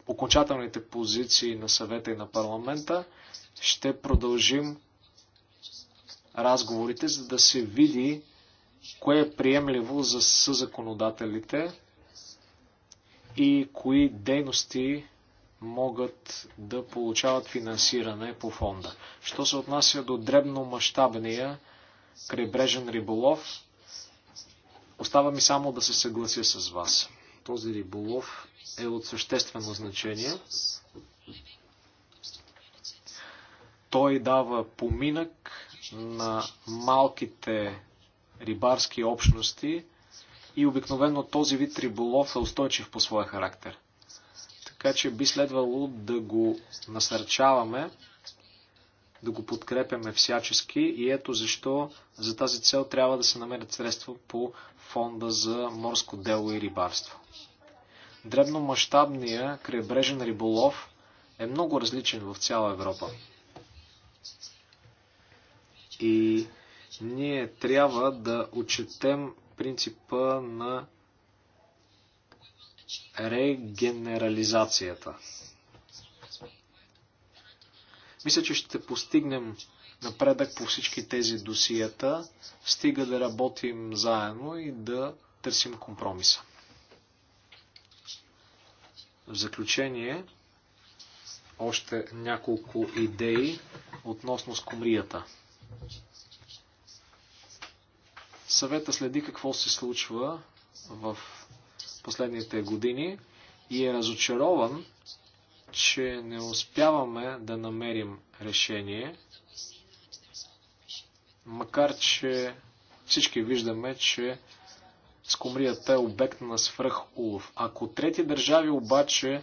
окончателните позиции на съвета и на парламента, ще продължим разговорите, за да се види кое е приемливо за съзаконодателите и кои дейности могат да получават финансиране по фонда. Що се отнася до дребномащабния крайбрежен риболов, Остава ми само да се съглася с вас. Този риболов е от съществено значение. Той дава поминък на малките рибарски общности и обикновено този вид риболов е устойчив по своя характер. Така че би следвало да го насърчаваме да го подкрепяме всячески и ето защо за тази цел трябва да се намерят средства по фонда за морско дело и рибарство. Дребномащабния крайбрежен риболов е много различен в цяла Европа. И ние трябва да отчетем принципа на регенерализацията. Мисля, че ще постигнем напредък по всички тези досията, стига да работим заедно и да търсим компромиса. В заключение, още няколко идеи относно скумрията. Съвета следи какво се случва в последните години и е разочарован че не успяваме да намерим решение, макар че всички виждаме, че скумрията е обект на свръхулов. Ако трети държави обаче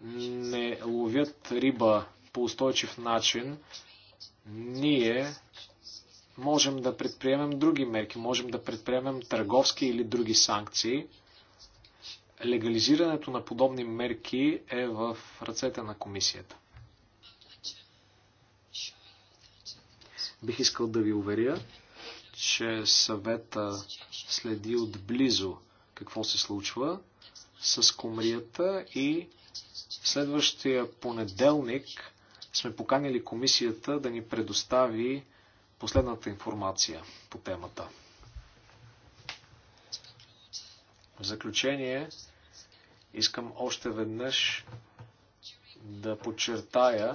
не ловят риба по устойчив начин, ние можем да предприемем други мерки, можем да предприемем търговски или други санкции – легализирането на подобни мерки е в ръцете на комисията. Бих искал да ви уверя, че съвета следи отблизо какво се случва с комрията и следващия понеделник сме поканили комисията да ни предостави последната информация по темата. В заключение, искам още веднъж да подчертая,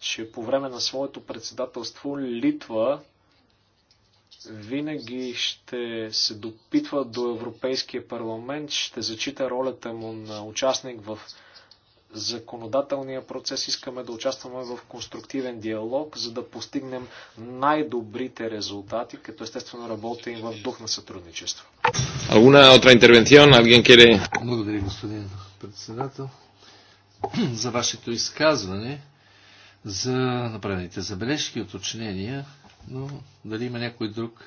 че по време на своето председателство Литва винаги ще се допитва до Европейския парламент, ще зачита ролята му на участник в законодателния процес, искаме да участваме в конструктивен диалог, за да постигнем най-добрите резултати, като естествено работим в дух на сътрудничество. Alguna otra intervención? Alguien quiere... Благодаря, господин председател, [CLEARS THROAT] за вашето изказване, за направените забележки, уточнения, но дали има някой друг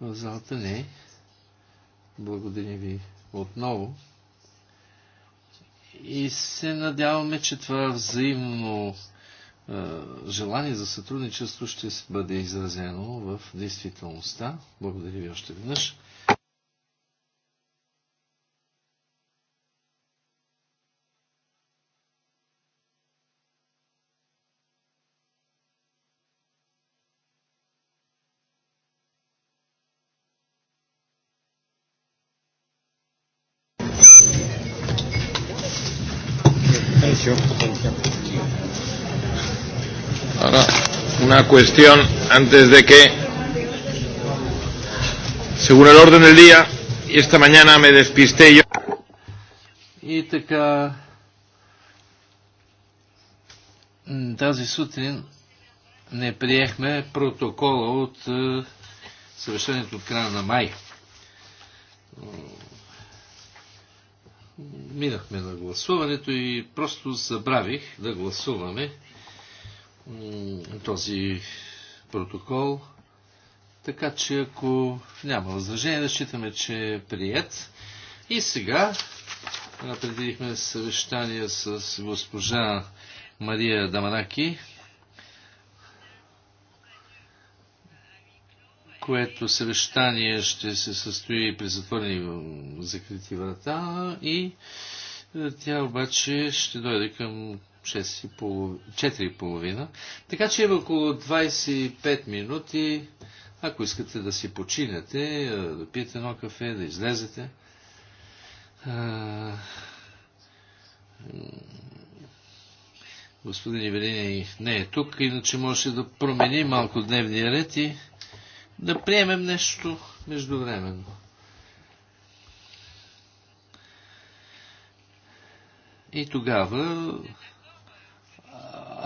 в залата? Не. Благодаря ви отново. И се надяваме, че това взаимно е, желание за сътрудничество ще бъде изразено в действителността. Благодаря ви още веднъж. cuestión antes de que, según el orden del día, y esta mañana me despisté yo. И така, тази сутрин не приехме протокола от е, съвещанието от края на май. Минахме на гласуването и просто забравих да гласуваме този протокол. Така че ако няма възражение, да считаме, че е прият. И сега предвидихме съвещание с госпожа Мария Даманаки, което съвещание ще се състои при затворени закрити врата и е, тя обаче ще дойде към 4,5. Така че има е около 25 минути. Ако искате да си починете, да пиете едно кафе, да излезете. Господин Ивелин не е тук, иначе може да промени малко дневния ред и да приемем нещо междувременно. И тогава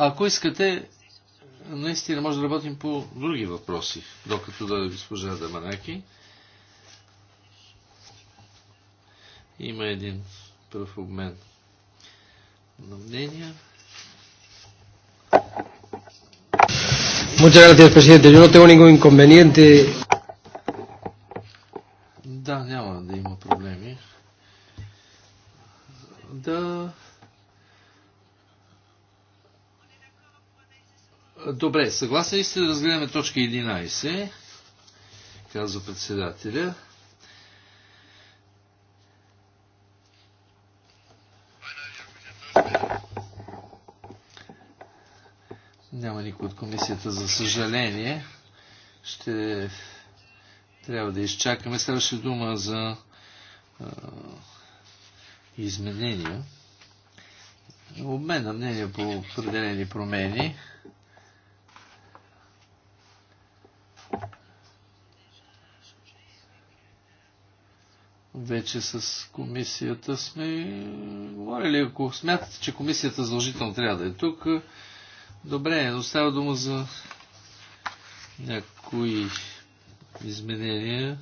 ако искате, наистина може да работим по други въпроси, докато дойде госпожа Даманаки. Има един пръв обмен на мнения. Muchas gracias, presidente. Yo no tengo ningún inconveniente. Да, няма да има проблеми. Да Добре, съгласен ли сте да разгледаме точка 11? Казва председателя. Няма никой от комисията, за съжаление. Ще трябва да изчакаме. Следваше дума за а, изменения. Обмен на мнения по определени промени. Вече с комисията сме говорили, ако смятате, че комисията задължително трябва да е тук, добре, но става дума за някои изменения,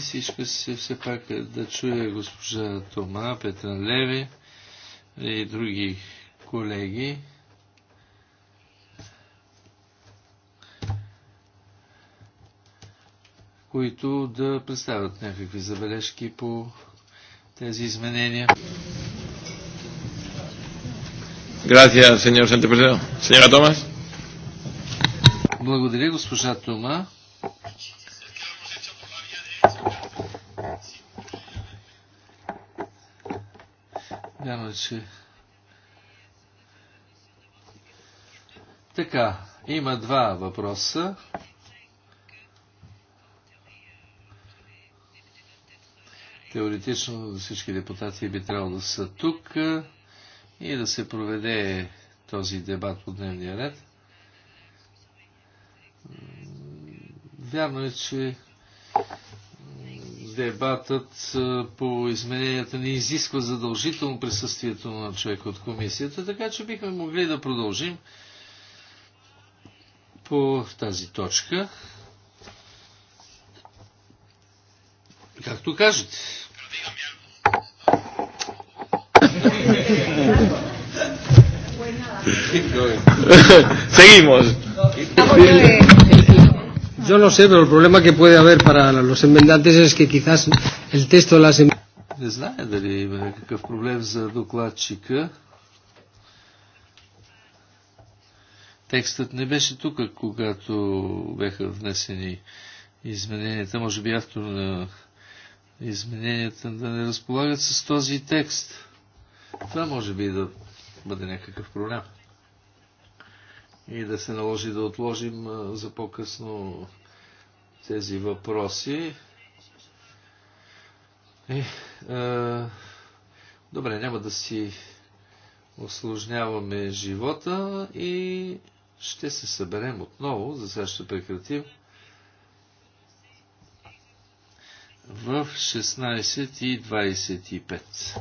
комисия. Иска се все пак да чуя госпожа Тома, Петра Леви и други колеги. които да представят някакви забележки по тези изменения. Грация, сеньор Santepeseo. Сеньора Томас. Благодаря, госпожа Тома. повече. Така, има два въпроса. Теоретично всички депутати би трябвало да са тук и да се проведе този дебат по дневния ред. Вярно е, че дебатът по измененията не изисква задължително присъствието на човек от комисията, така че бихме могли да продължим по тази точка. Както кажете. Seguimos. Yo no sé, pero el problema que puede haber para los enmendantes es que quizás el texto de las Не знае дали има някакъв проблем за докладчика. Текстът не беше тук, когато беха внесени измененията. Може би автор на измененията да не разполагат с този текст. Това може би да бъде някакъв проблем. И да се наложи да отложим за по-късно тези въпроси. Е, е, добре, няма да си осложняваме живота и ще се съберем отново, за сега ще прекратим. В 16.25.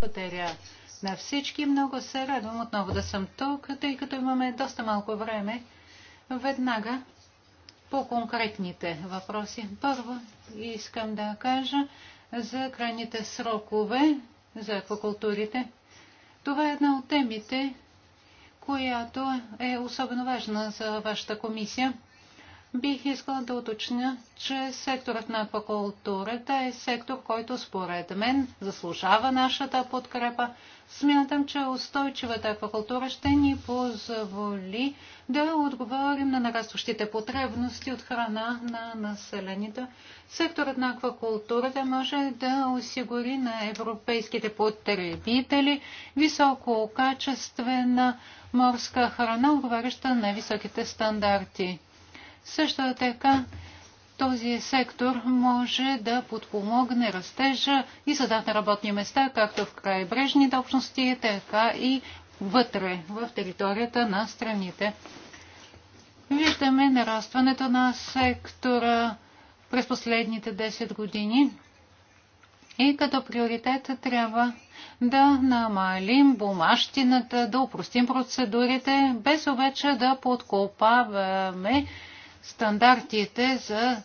Благодаря на всички. Много се радвам отново да съм тук, тъй като имаме доста малко време. Веднага по конкретните въпроси. Първо искам да кажа за крайните срокове за аквакултурите. Това е една от темите, която е особено важна за вашата комисия. Бих искала да уточня, че секторът на аквакултурата е сектор, който според мен заслужава нашата подкрепа. Смятам, че устойчивата аквакултура ще ни позволи да отговорим на нарастващите потребности от храна на населението. Секторът на аквакултурата може да осигури на европейските потребители висококачествена морска храна, отговаряща на високите стандарти. Също така този сектор може да подпомогне растежа и създат на работни места, както в крайбрежните общности, така и вътре в територията на страните. Виждаме нарастването на сектора през последните 10 години и като приоритет трябва да намалим бумащината, да упростим процедурите, без обече да подкопаваме стандартите за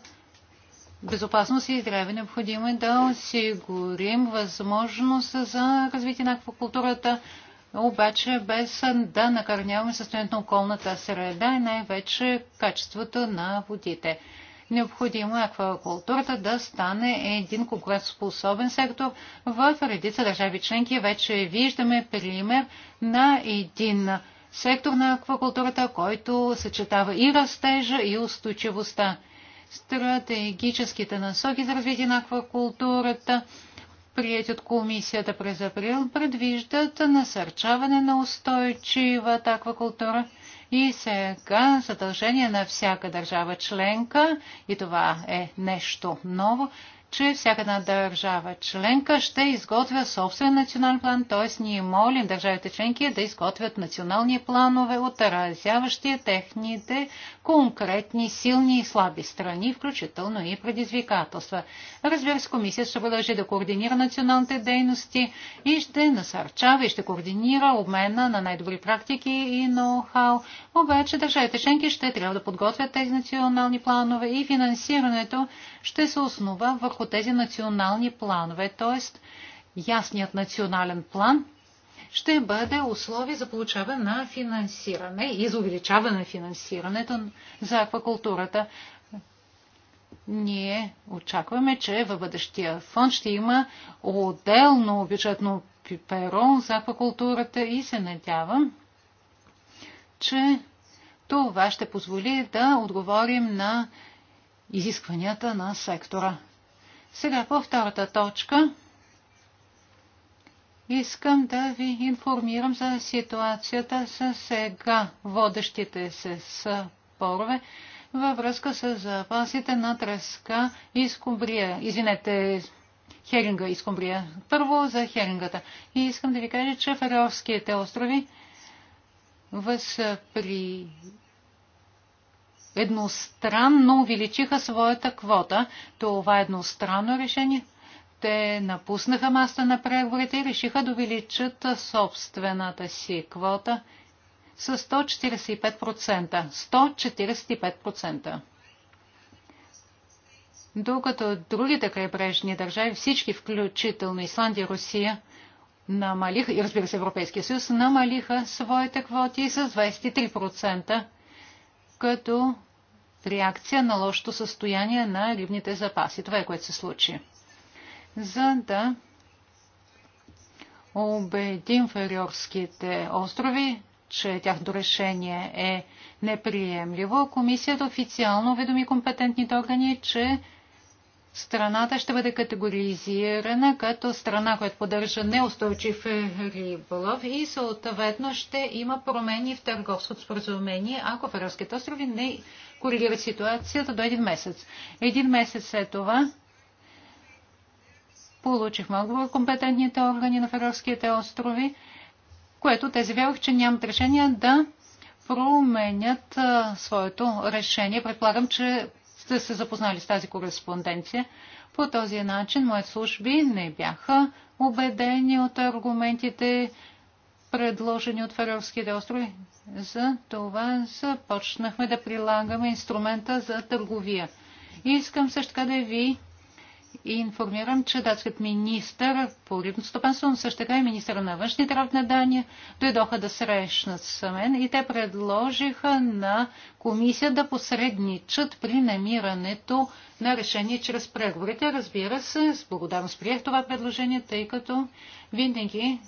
безопасност и здраве. Необходимо е да осигурим възможност за развитие на аквакултурата, обаче без да накърняваме състоянието на околната среда и най-вече качеството на водите. Необходимо е аквакултурата да стане един конкурентоспособен сектор в редица държави членки. Вече виждаме пример на един сектор на аквакултурата, който съчетава и растежа, и устойчивостта. Стратегическите насоки за развитие на аквакултурата, прияти от комисията през април, предвиждат насърчаване на устойчивата аквакултура и сега задължение на всяка държава членка, и това е нещо ново, че всяка една държава членка ще изготвя собствен национален план, т.е. ние молим държавите членки да изготвят национални планове, отразяващи техните конкретни силни и слаби страни, включително и предизвикателства. Разбира се, комисията ще продължи да координира националните дейности и ще насърчава и ще координира обмена на най-добри практики и ноу-хау. Обаче държавите членки ще трябва да подготвят тези национални планове и финансирането ще се основа върху върху тези национални планове. Т.е. ясният национален план ще бъде условие за получаване на финансиране и за увеличаване на финансирането за аквакултурата. Ние очакваме, че във бъдещия фонд ще има отделно бюджетно перо за аквакултурата и се надявам, че това ще позволи да отговорим на изискванията на сектора. Сега по втората точка искам да ви информирам за ситуацията с сега водещите се спорове във връзка с запасите на треска и скумбрия. Извинете, херинга и скумбрия. Първо за херингата. И искам да ви кажа, че Фарерските острови възпри едностранно увеличиха своята квота. Това е едностранно решение. Те напуснаха маста на преговорите и решиха да увеличат собствената си квота с 145%. 145%. Докато другите крайбрежни държави, всички, включително Исландия, Русия, намалиха, и разбира се Европейския съюз, намалиха своите квоти с 23%, като реакция на лошото състояние на рибните запаси. Това е което се случи. За да убедим Фериорските острови, че тяхното решение е неприемливо, комисията официално уведоми компетентните органи, че страната ще бъде категоризирана като страна, която поддържа неустойчив риболов и съответно ще има промени в търговското споразумение, ако Фарерските острови не коригират ситуацията до един месец. Един месец след това получихме отговор компетентните органи на Фарерските острови, което те заявявах, че нямат решение да променят своето решение. Предполагам, че сте се запознали с тази кореспонденция. По този начин моите служби не бяха убедени от аргументите, предложени от Фарерските острови. За това започнахме да прилагаме инструмента за търговия. И искам също така да ви и информирам, че датският министр по рибно стопанство, но също така и министър на външните работи на Дания, дойдоха да срещнат с мен и те предложиха на комисия да посредничат при намирането на решение чрез преговорите. Разбира се, с благодарност приех това предложение, тъй като винаги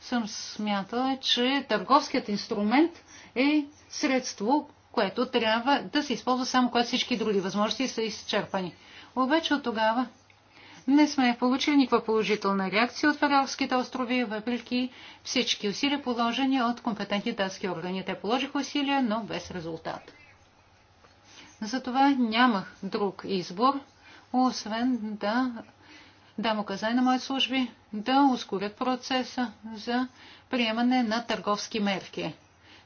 съм смятала, че търговският инструмент е средство, което трябва да се използва само когато всички други възможности са изчерпани. Обаче от тогава не сме получили никаква положителна реакция от Фарерските острови, въпреки всички усилия положени от компетентни датски органи. Те положиха усилия, но без резултат. Затова нямах друг избор, освен да дам указания на моите служби да ускорят процеса за приемане на търговски мерки.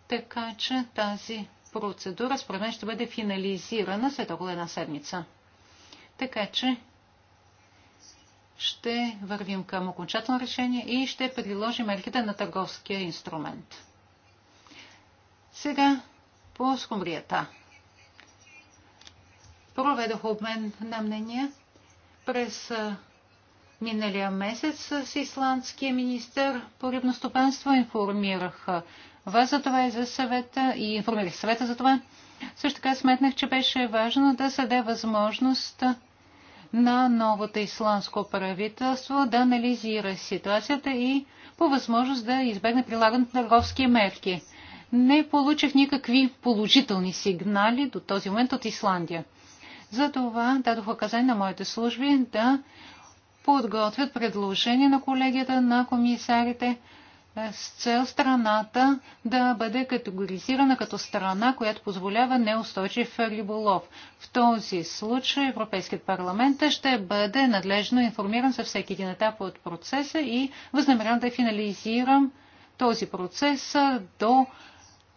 Така че тази процедура според мен ще бъде финализирана след около една седмица. Така че ще вървим към окончателно решение и ще приложим мерките на търговския инструмент. Сега по скумрията. Проведох обмен на мнения през миналия месец с исландския министр по рибностопанство. Информирах вас за това и за съвета и информирах съвета за това. Също така сметнах, че беше важно да се даде възможност на новото исландско правителство да анализира ситуацията и по възможност да избегне прилагането на търговски мерки. Не получих никакви положителни сигнали до този момент от Исландия. Затова дадох указание на моите служби да подготвят предложение на колегията на комисарите с цел страната да бъде категоризирана като страна, която позволява неустойчив риболов. В този случай Европейският парламент ще бъде надлежно информиран за всеки един етап от процеса и възнамерявам да финализирам този процес до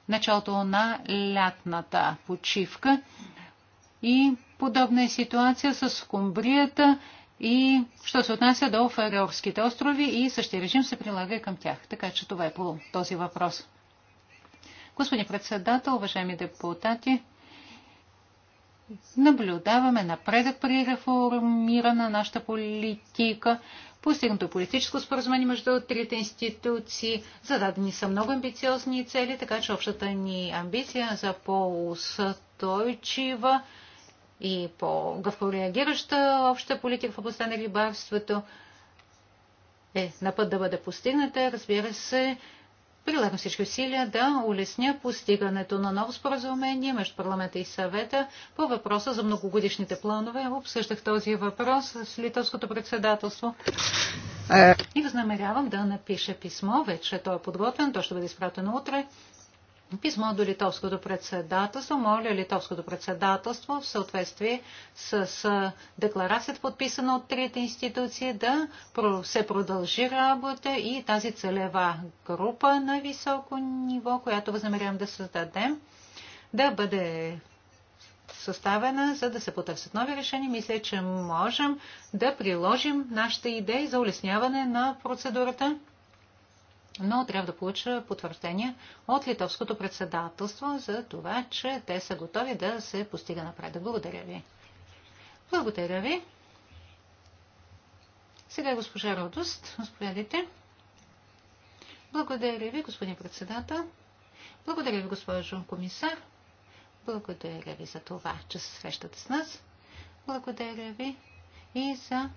началото на лятната почивка. И подобна е ситуация с кумбрията. И що се отнася до Фарерските острови и същия режим се прилага към тях. Така че това е по този въпрос. Господин председател, уважаеми депутати, наблюдаваме напредък при реформирана на нашата политика. Постигнато е политическо споразумение между трите институции. Зададени са много амбициозни цели, така че общата ни амбиция за по-устойчива и по-гъвко реагираща обща политика в областта на рибарството е на път да бъде постигната. Разбира се, прилагам всички усилия да улесня постигането на ново споразумение между парламента и съвета по въпроса за многогодишните планове. Обсъждах този въпрос с литовското председателство. Е. И възнамерявам да напиша писмо. Вече то е подготвено. То ще бъде изпратено утре писмо до литовското председателство. Моля литовското председателство в съответствие с декларацията, подписана от трите институции, да се продължи работа и тази целева група на високо ниво, която възнамерявам да създадем, да бъде съставена, за да се потърсят нови решения. Мисля, че можем да приложим нашите идеи за улесняване на процедурата но трябва да получа потвърждение от литовското председателство за това, че те са готови да се постига напредък. Благодаря ви. Благодаря ви. Сега госпожа Родост, господите. Благодаря ви, господин председател. Благодаря ви, госпожо комисар. Благодаря ви за това, че се срещате с нас. Благодаря ви и за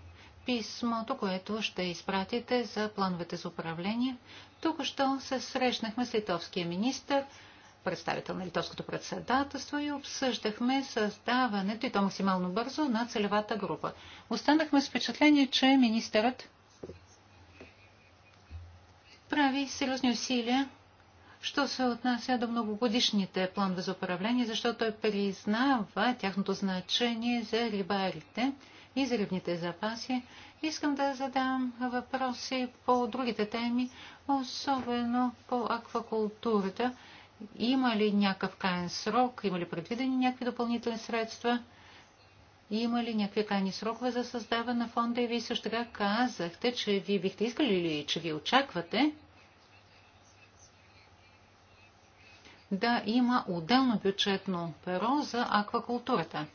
писмото, което ще изпратите за плановете за управление. Тук що се срещнахме с литовския министр, представител на литовското председателство и обсъждахме създаването и то максимално бързо на целевата група. Останахме с впечатление, че министърът прави сериозни усилия, що се отнася до многогодишните планове за управление, защото той признава тяхното значение за рибарите – изривните запаси. Искам да задам въпроси по другите теми, особено по аквакултурата. Има ли някакъв крайен срок? Има ли предвидени някакви допълнителни средства? Има ли някакви крайни срокове за създаване на фонда? И вие също така казахте, че вие бихте искали или че ви очаквате да има отделно бюджетно перо за аквакултурата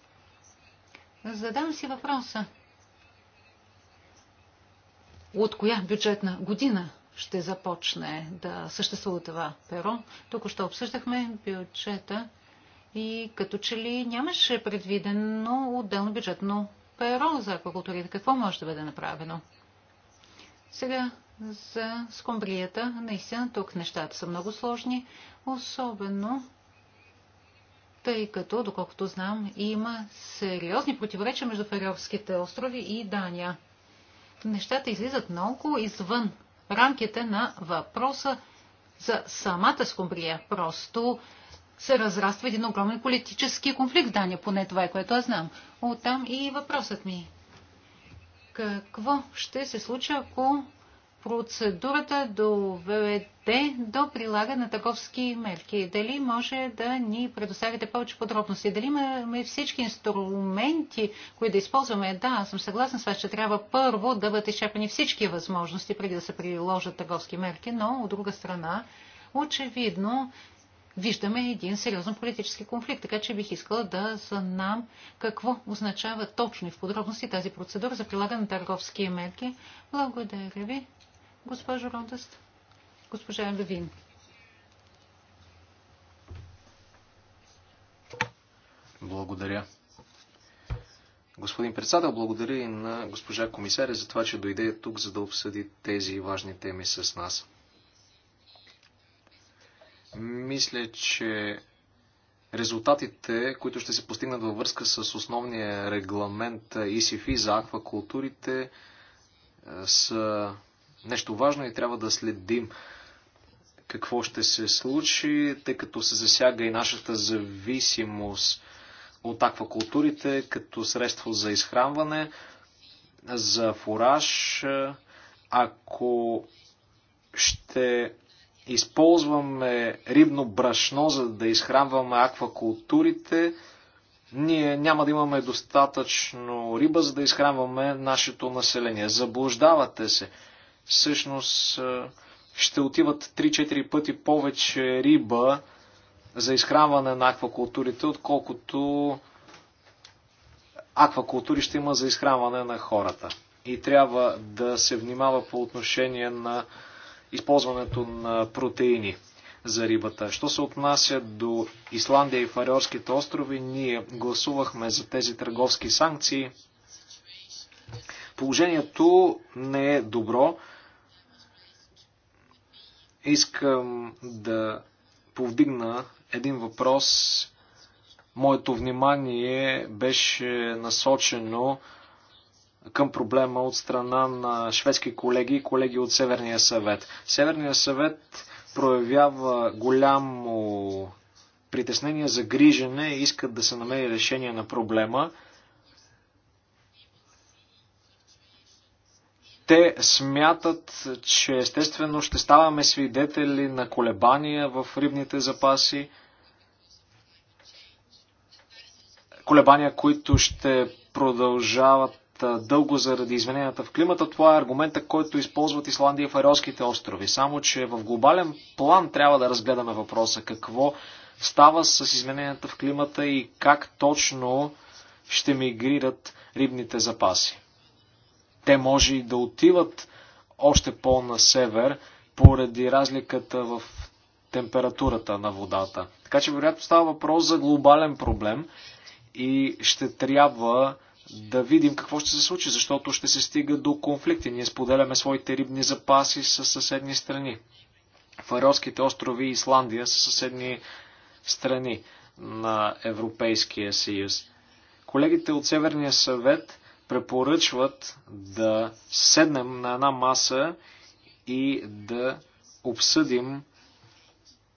задам си въпроса. От коя бюджетна година ще започне да съществува това перо? Тук още обсъждахме бюджета и като че ли нямаше предвидено отделно бюджетно перо за аквакултурите. Какво може да бъде направено? Сега за скомбрията Наистина тук нещата са много сложни, особено тъй като, доколкото знам, има сериозни противоречия между Фарерските острови и Дания. Нещата излизат много извън рамките на въпроса за самата скумбрия. Просто се разраства един огромен политически конфликт в Дания, поне това е, което аз знам. Оттам и въпросът ми. Какво ще се случи, ако процедурата доведе до прилагане на таковски мерки? Дали може да ни предоставите повече подробности? Дали имаме всички инструменти, които да използваме? Да, аз съм съгласна с вас, че трябва първо да бъдат изчерпани всички възможности, преди да се приложат таковски мерки, но от друга страна, очевидно, виждаме един сериозен политически конфликт, така че бих искала да знам какво означава точно и в подробности тази процедура за прилагане на търговски мерки. Благодаря ви госпожо Родест. Госпожа Левин. Благодаря. Господин председател, благодаря и на госпожа комисаря за това, че дойде тук, за да обсъди тези важни теми с нас. Мисля, че резултатите, които ще се постигнат във връзка с основния регламент ИСИФИ за аквакултурите, са нещо важно и трябва да следим какво ще се случи, тъй като се засяга и нашата зависимост от аквакултурите като средство за изхранване, за фураж. Ако ще използваме рибно брашно, за да изхранваме аквакултурите, ние няма да имаме достатъчно риба, за да изхранваме нашето население. Заблуждавате се всъщност ще отиват 3-4 пъти повече риба за изхранване на аквакултурите, отколкото аквакултури ще има за изхранване на хората. И трябва да се внимава по отношение на използването на протеини за рибата. Що се отнася до Исландия и Фариорските острови, ние гласувахме за тези търговски санкции. Положението не е добро искам да повдигна един въпрос. Моето внимание беше насочено към проблема от страна на шведски колеги и колеги от Северния съвет. Северния съвет проявява голямо притеснение, загрижене и искат да се намери решение на проблема. Те смятат, че естествено ще ставаме свидетели на колебания в рибните запаси, колебания, които ще продължават дълго заради измененията в климата. Това е аргумента, който използват Исландия в Фарелските острови. Само, че в глобален план трябва да разгледаме въпроса какво става с измененията в климата и как точно ще мигрират рибните запаси. Те може и да отиват още по-на север, поради разликата в температурата на водата. Така че, вероятно, става въпрос за глобален проблем и ще трябва да видим какво ще се случи, защото ще се стига до конфликти. Ние споделяме своите рибни запаси с съседни страни. Фарерските острови и Исландия са съседни страни на Европейския съюз. Колегите от Северния съвет препоръчват да седнем на една маса и да обсъдим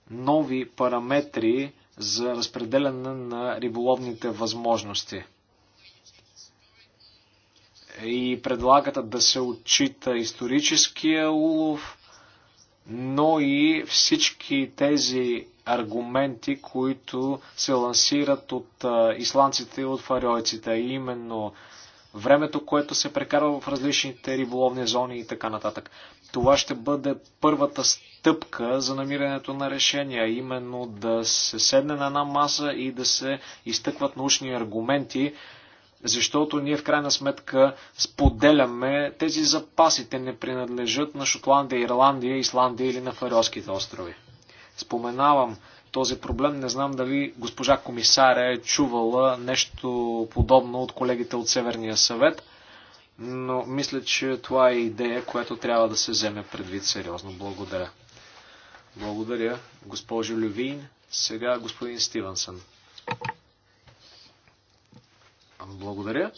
нови параметри за разпределяне на риболовните възможности. И предлагат да се отчита историческия улов, но и всички тези аргументи, които се лансират от исландците и от фариойците, именно времето, което се прекарва в различните риболовни зони и така нататък. Това ще бъде първата стъпка за намирането на решения, именно да се седне на една маса и да се изтъкват научни аргументи, защото ние в крайна сметка споделяме тези запаси. Те не принадлежат на Шотландия, Ирландия, Исландия или на Фариоските острови. Споменавам този проблем. Не знам дали госпожа комисаря е чувала нещо подобно от колегите от Северния съвет, но мисля, че това е идея, която трябва да се вземе предвид сериозно. Благодаря. Благодаря, госпожо Лювин. Сега господин Стивенсън. Благодаря.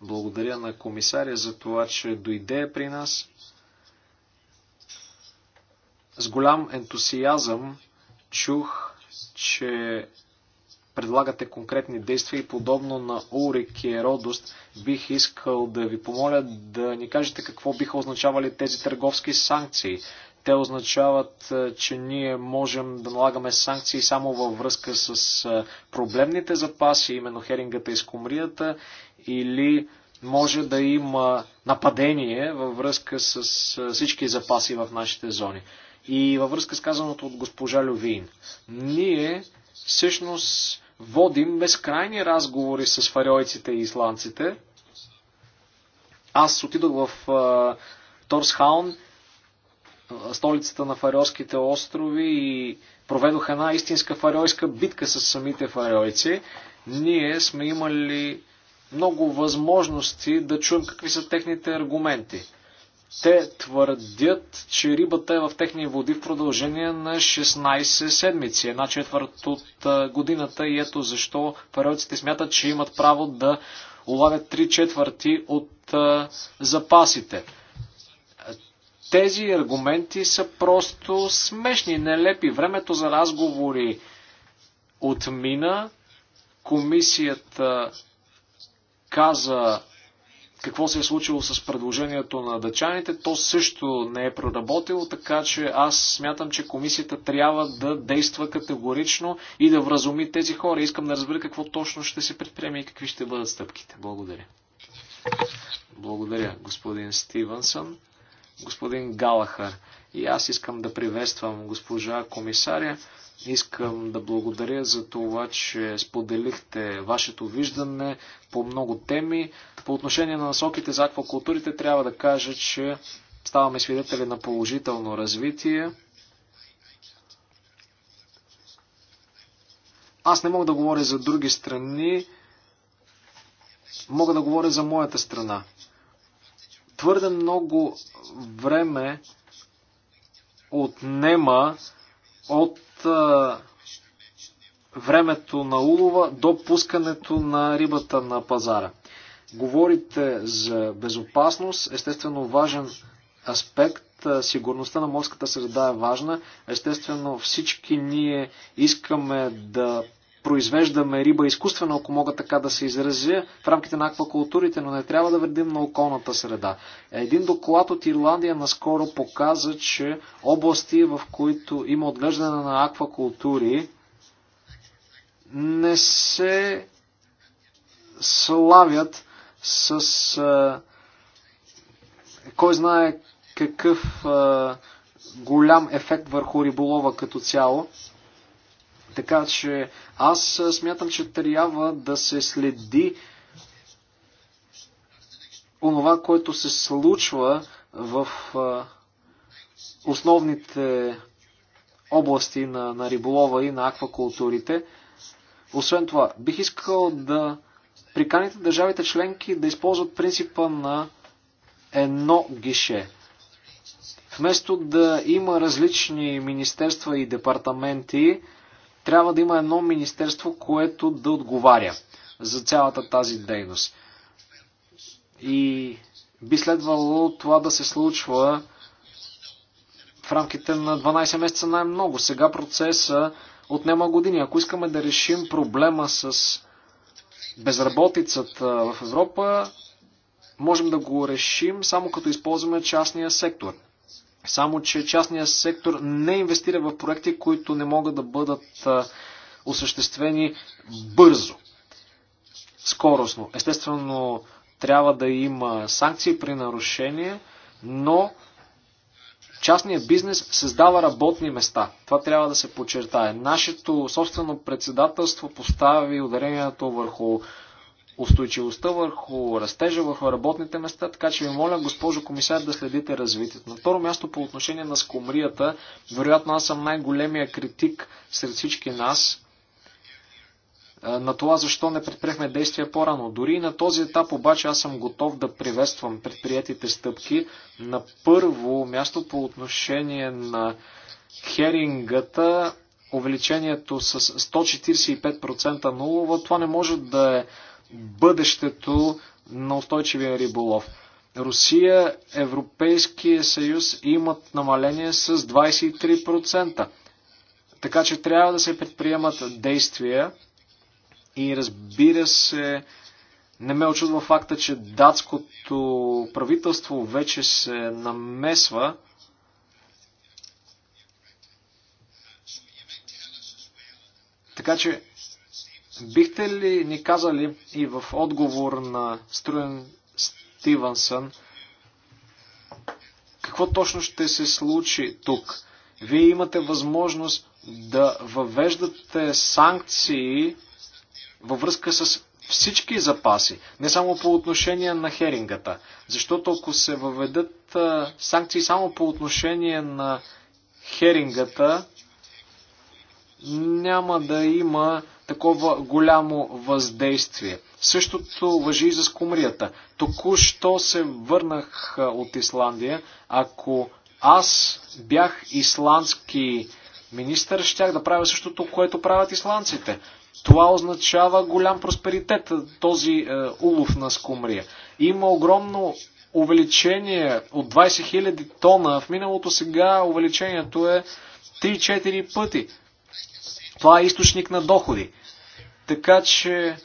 Благодаря на комисаря за това, че дойде при нас. С голям ентусиазъм чух, че предлагате конкретни действия и подобно на Урик и Еродост, бих искал да ви помоля да ни кажете какво биха означавали тези търговски санкции. Те означават, е, че ние можем да налагаме санкции само във връзка с е, проблемните запаси, именно херингата и скумрията, или може да има нападение във връзка с е, всички запаси в нашите зони. И във връзка с казаното от госпожа Лювин, ние всъщност водим безкрайни разговори с фариойците и исландците. Аз отидох в а, Торсхаун, столицата на фариойските острови и проведох една истинска фариойска битка с самите фариойци. Ние сме имали много възможности да чуем какви са техните аргументи. Те твърдят, че рибата е в техни води в продължение на 16 седмици, една четвърт от годината и ето защо периодците смятат, че имат право да улавят 3 четвърти от запасите. Тези аргументи са просто смешни, нелепи. Времето за разговори отмина. Комисията каза какво се е случило с предложението на дъчаните, то също не е проработило, така че аз смятам, че комисията трябва да действа категорично и да вразуми тези хора. Искам да разбера какво точно ще се предприеме и какви ще бъдат стъпките. Благодаря. Благодаря, господин Стивенсън, господин Галахар. И аз искам да приветствам госпожа комисаря. Искам да благодаря за това, че споделихте вашето виждане по много теми. По отношение на насоките за аквакултурите трябва да кажа, че ставаме свидетели на положително развитие. Аз не мога да говоря за други страни, мога да говоря за моята страна. Твърде много време отнема от времето на улова до пускането на рибата на пазара. Говорите за безопасност, естествено важен аспект. Сигурността на морската среда е важна. Естествено всички ние искаме да произвеждаме риба изкуствено, ако мога така да се изразя, в рамките на аквакултурите, но не трябва да вредим на околната среда. Един доклад от Ирландия наскоро показа, че области, в които има отглеждане на аквакултури, не се славят с а, кой знае какъв а, голям ефект върху риболова като цяло. Така че аз смятам, че трябва да се следи онова, което се случва в основните области на, на риболова и на аквакултурите. Освен това, бих искал да приканите държавите членки да използват принципа на едно гише. Вместо да има различни министерства и департаменти, трябва да има едно министерство, което да отговаря за цялата тази дейност. И би следвало това да се случва в рамките на 12 месеца най-много. Сега процеса отнема години. Ако искаме да решим проблема с безработицата в Европа, можем да го решим само като използваме частния сектор. Само, че частният сектор не инвестира в проекти, които не могат да бъдат осъществени бързо, скоростно. Естествено, трябва да има санкции при нарушение, но частният бизнес създава работни места. Това трябва да се подчертае. Нашето собствено председателство постави ударението върху устойчивостта върху растежа, върху работните места, така че ви моля, госпожо комисар, да следите развитието. На второ място по отношение на скумрията, вероятно аз съм най-големия критик сред всички нас на това защо не предприехме действия по-рано. Дори на този етап обаче аз съм готов да приветствам предприятите стъпки. На първо място по отношение на херингата увеличението с 145% нулово, това не може да е бъдещето на устойчивия риболов. Русия, Европейския съюз имат намаление с 23%. Така че трябва да се предприемат действия и разбира се, не ме очудва факта, че датското правителство вече се намесва. Така че Бихте ли ни казали и в отговор на Струен Стивенсън, какво точно ще се случи тук? Вие имате възможност да въвеждате санкции във връзка с всички запаси, не само по отношение на херингата. Защото ако се въведат санкции само по отношение на херингата, няма да има такова голямо въздействие. Същото въжи и за скумрията. Току-що се върнах от Исландия. Ако аз бях исландски министър, щях да правя същото, което правят исландците. Това означава голям просперитет, този е, улов на скумрия. Има огромно увеличение от 20 000 тона. В миналото сега увеличението е 3-4 пъти. Това е източник на доходи. Така че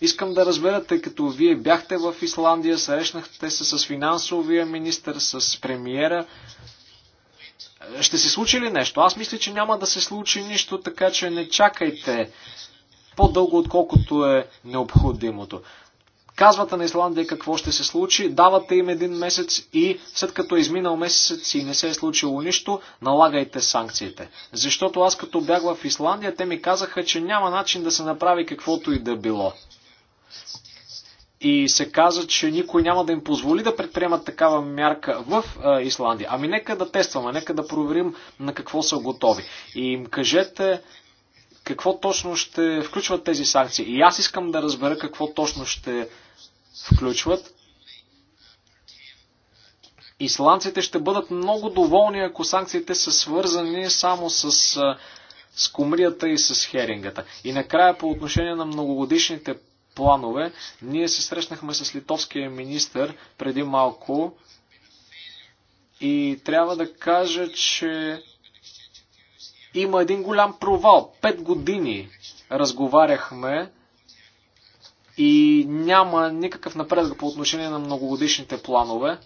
искам да разберете, като вие бяхте в Исландия, срещнахте се с финансовия министр, с премиера. Ще се случи ли нещо? Аз мисля, че няма да се случи нищо, така че не чакайте по-дълго, отколкото е необходимото. Казвате на Исландия какво ще се случи, давате им един месец и след като е изминал месец и не се е случило нищо, налагайте санкциите. Защото аз като бях в Исландия, те ми казаха, че няма начин да се направи каквото и да било. И се каза, че никой няма да им позволи да предприемат такава мярка в а, е, Исландия. Ами нека да тестваме, нека да проверим на какво са готови. И им кажете какво точно ще включват тези санкции. И аз искам да разбера какво точно ще включват. Исландците ще бъдат много доволни, ако санкциите са свързани само с, с комрията и с херингата. И накрая по отношение на многогодишните планове, ние се срещнахме с литовския министр преди малко и трябва да кажа, че има един голям провал. Пет години разговаряхме и няма никакъв напредък по отношение на многогодишните планове.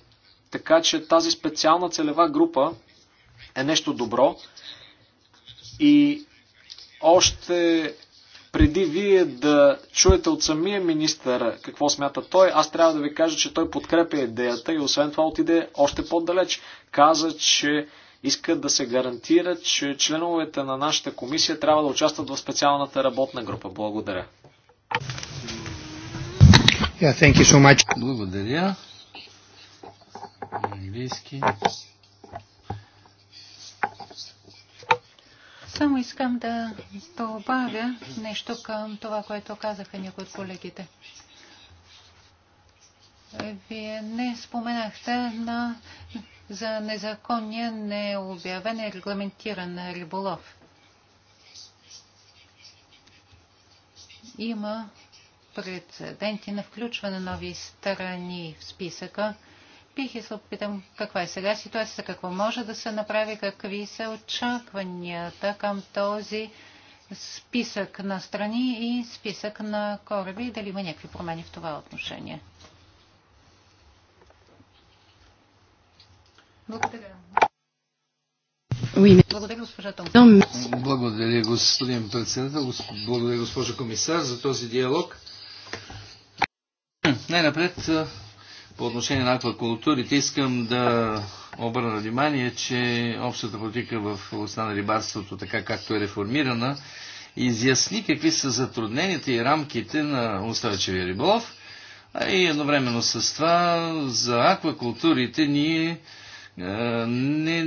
Така че тази специална целева група е нещо добро. И още преди вие да чуете от самия министър какво смята той, аз трябва да ви кажа, че той подкрепя идеята и освен това отиде още по-далеч. Каза, че иска да се гарантира, че членовете на нашата комисия трябва да участват в специалната работна група. Благодаря. Yeah, thank you so much. Благодаря. Английски. Само искам да добавя нещо към това, което казаха някои от колегите. Вие не споменахте на, за незаконния, необявен и регламентиран риболов. Има прецеденти на включване на нови страни в списъка. Бих и се опитам каква е сега ситуацията, какво може да се направи, какви са очакванията към този списък на страни и списък на кораби и дали има някакви промени в това отношение. Благодаря. Благодаря, госпожа Благодаря, господин председател. Благодаря, госпожа комисар, за този диалог. Най-напред, по отношение на аквакултурите, искам да обърна внимание, че общата политика в областта на рибарството, така както е реформирана, изясни какви са затрудненията и рамките на устойчивия риболов. А и едновременно с това за аквакултурите ние не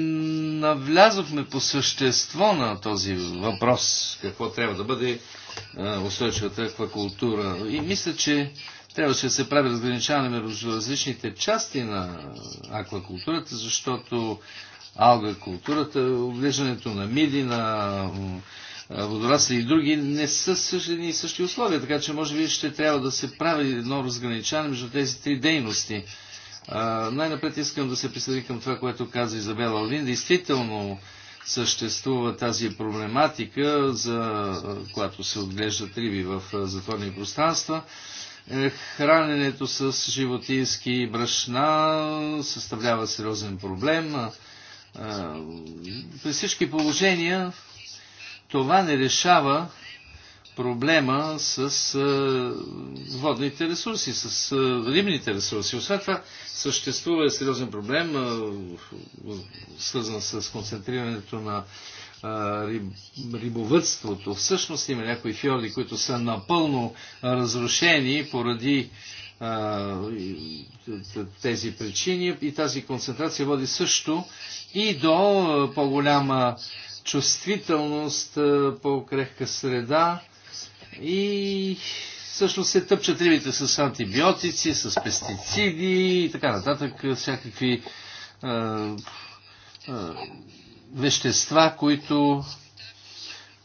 навлязохме по същество на този въпрос, какво трябва да бъде устойчивата аквакултура. И мисля, че Трябваше да се прави разграничаване между различните части на аквакултурата, защото алга културата, облежането на миди, на водорасли и други не са същи, същи условия, така че може би ще трябва да се прави едно разграничаване между тези три дейности. най-напред искам да се присъди към това, което каза Изабела Олин. Действително съществува тази проблематика, за, която се отглеждат риби в затворни пространства. Е, храненето с животински брашна съставлява сериозен проблем. При всички положения това не решава проблема с а, водните ресурси, с а, рибните ресурси. Освен това, съществува сериозен проблем, а, свързан с концентрирането на риб, рибовътството. Всъщност има някои фьорди, които са напълно разрушени поради тези причини и тази концентрация води също и до по-голяма чувствителност, по-крехка среда и всъщност се тъпчат рибите с антибиотици, с пестициди и така нататък, всякакви вещества, които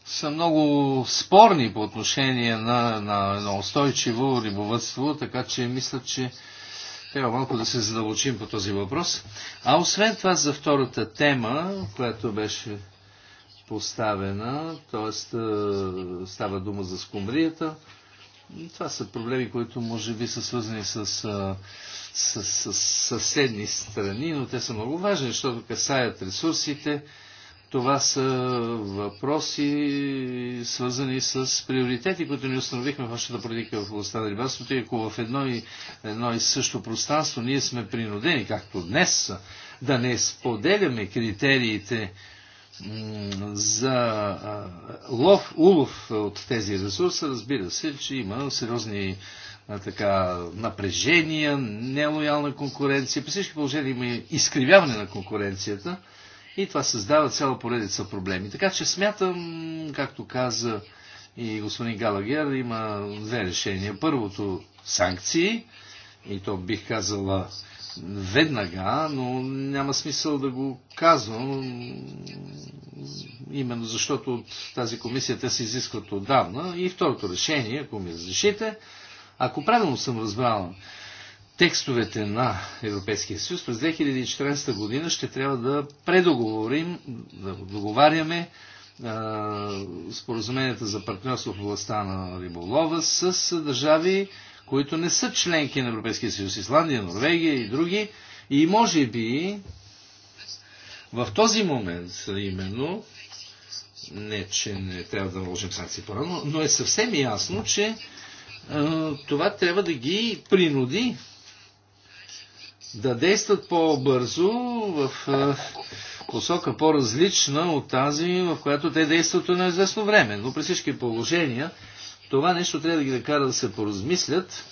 са много спорни по отношение на, на, на устойчиво рибовътство, така че мисля, че трябва малко да се задълбочим по този въпрос. А освен това за втората тема, която беше поставена, т.е. Е, става дума за скумрията, и това са проблеми, които може би са свързани с, с, с, с съседни страни, но те са много важни, защото касаят ресурсите. Това са въпроси, свързани с приоритети, които ни установихме в вашата политика в областта на рибарството. И ако в едно и, едно и също пространство ние сме принудени, както днес, да не споделяме критериите, за лов, улов от тези ресурси, разбира се, че има сериозни така, напрежения, нелоялна конкуренция. При всички положения има изкривяване на конкуренцията и това създава цяла поредица проблеми. Така че смятам, както каза и господин Галагер, има две решения. Първото санкции, и то бих казала веднага, но няма смисъл да го казвам, именно защото от тази комисия те се изискват отдавна. И второто решение, ако ми разрешите, ако правилно съм разбрал текстовете на Европейския съюз, през 2014 година ще трябва да предоговорим, да договаряме споразуменията за партньорство в областта на риболова с държави, които не са членки на Европейския съюз, Исландия, Норвегия и други. И може би в този момент именно, не че не трябва да наложим санкции по-рано, но е съвсем ясно, че е, това трябва да ги принуди да действат по-бързо в е, посока по-различна от тази, в която те действат на известно време. Но при всички положения това нещо трябва да ги накара да се поразмислят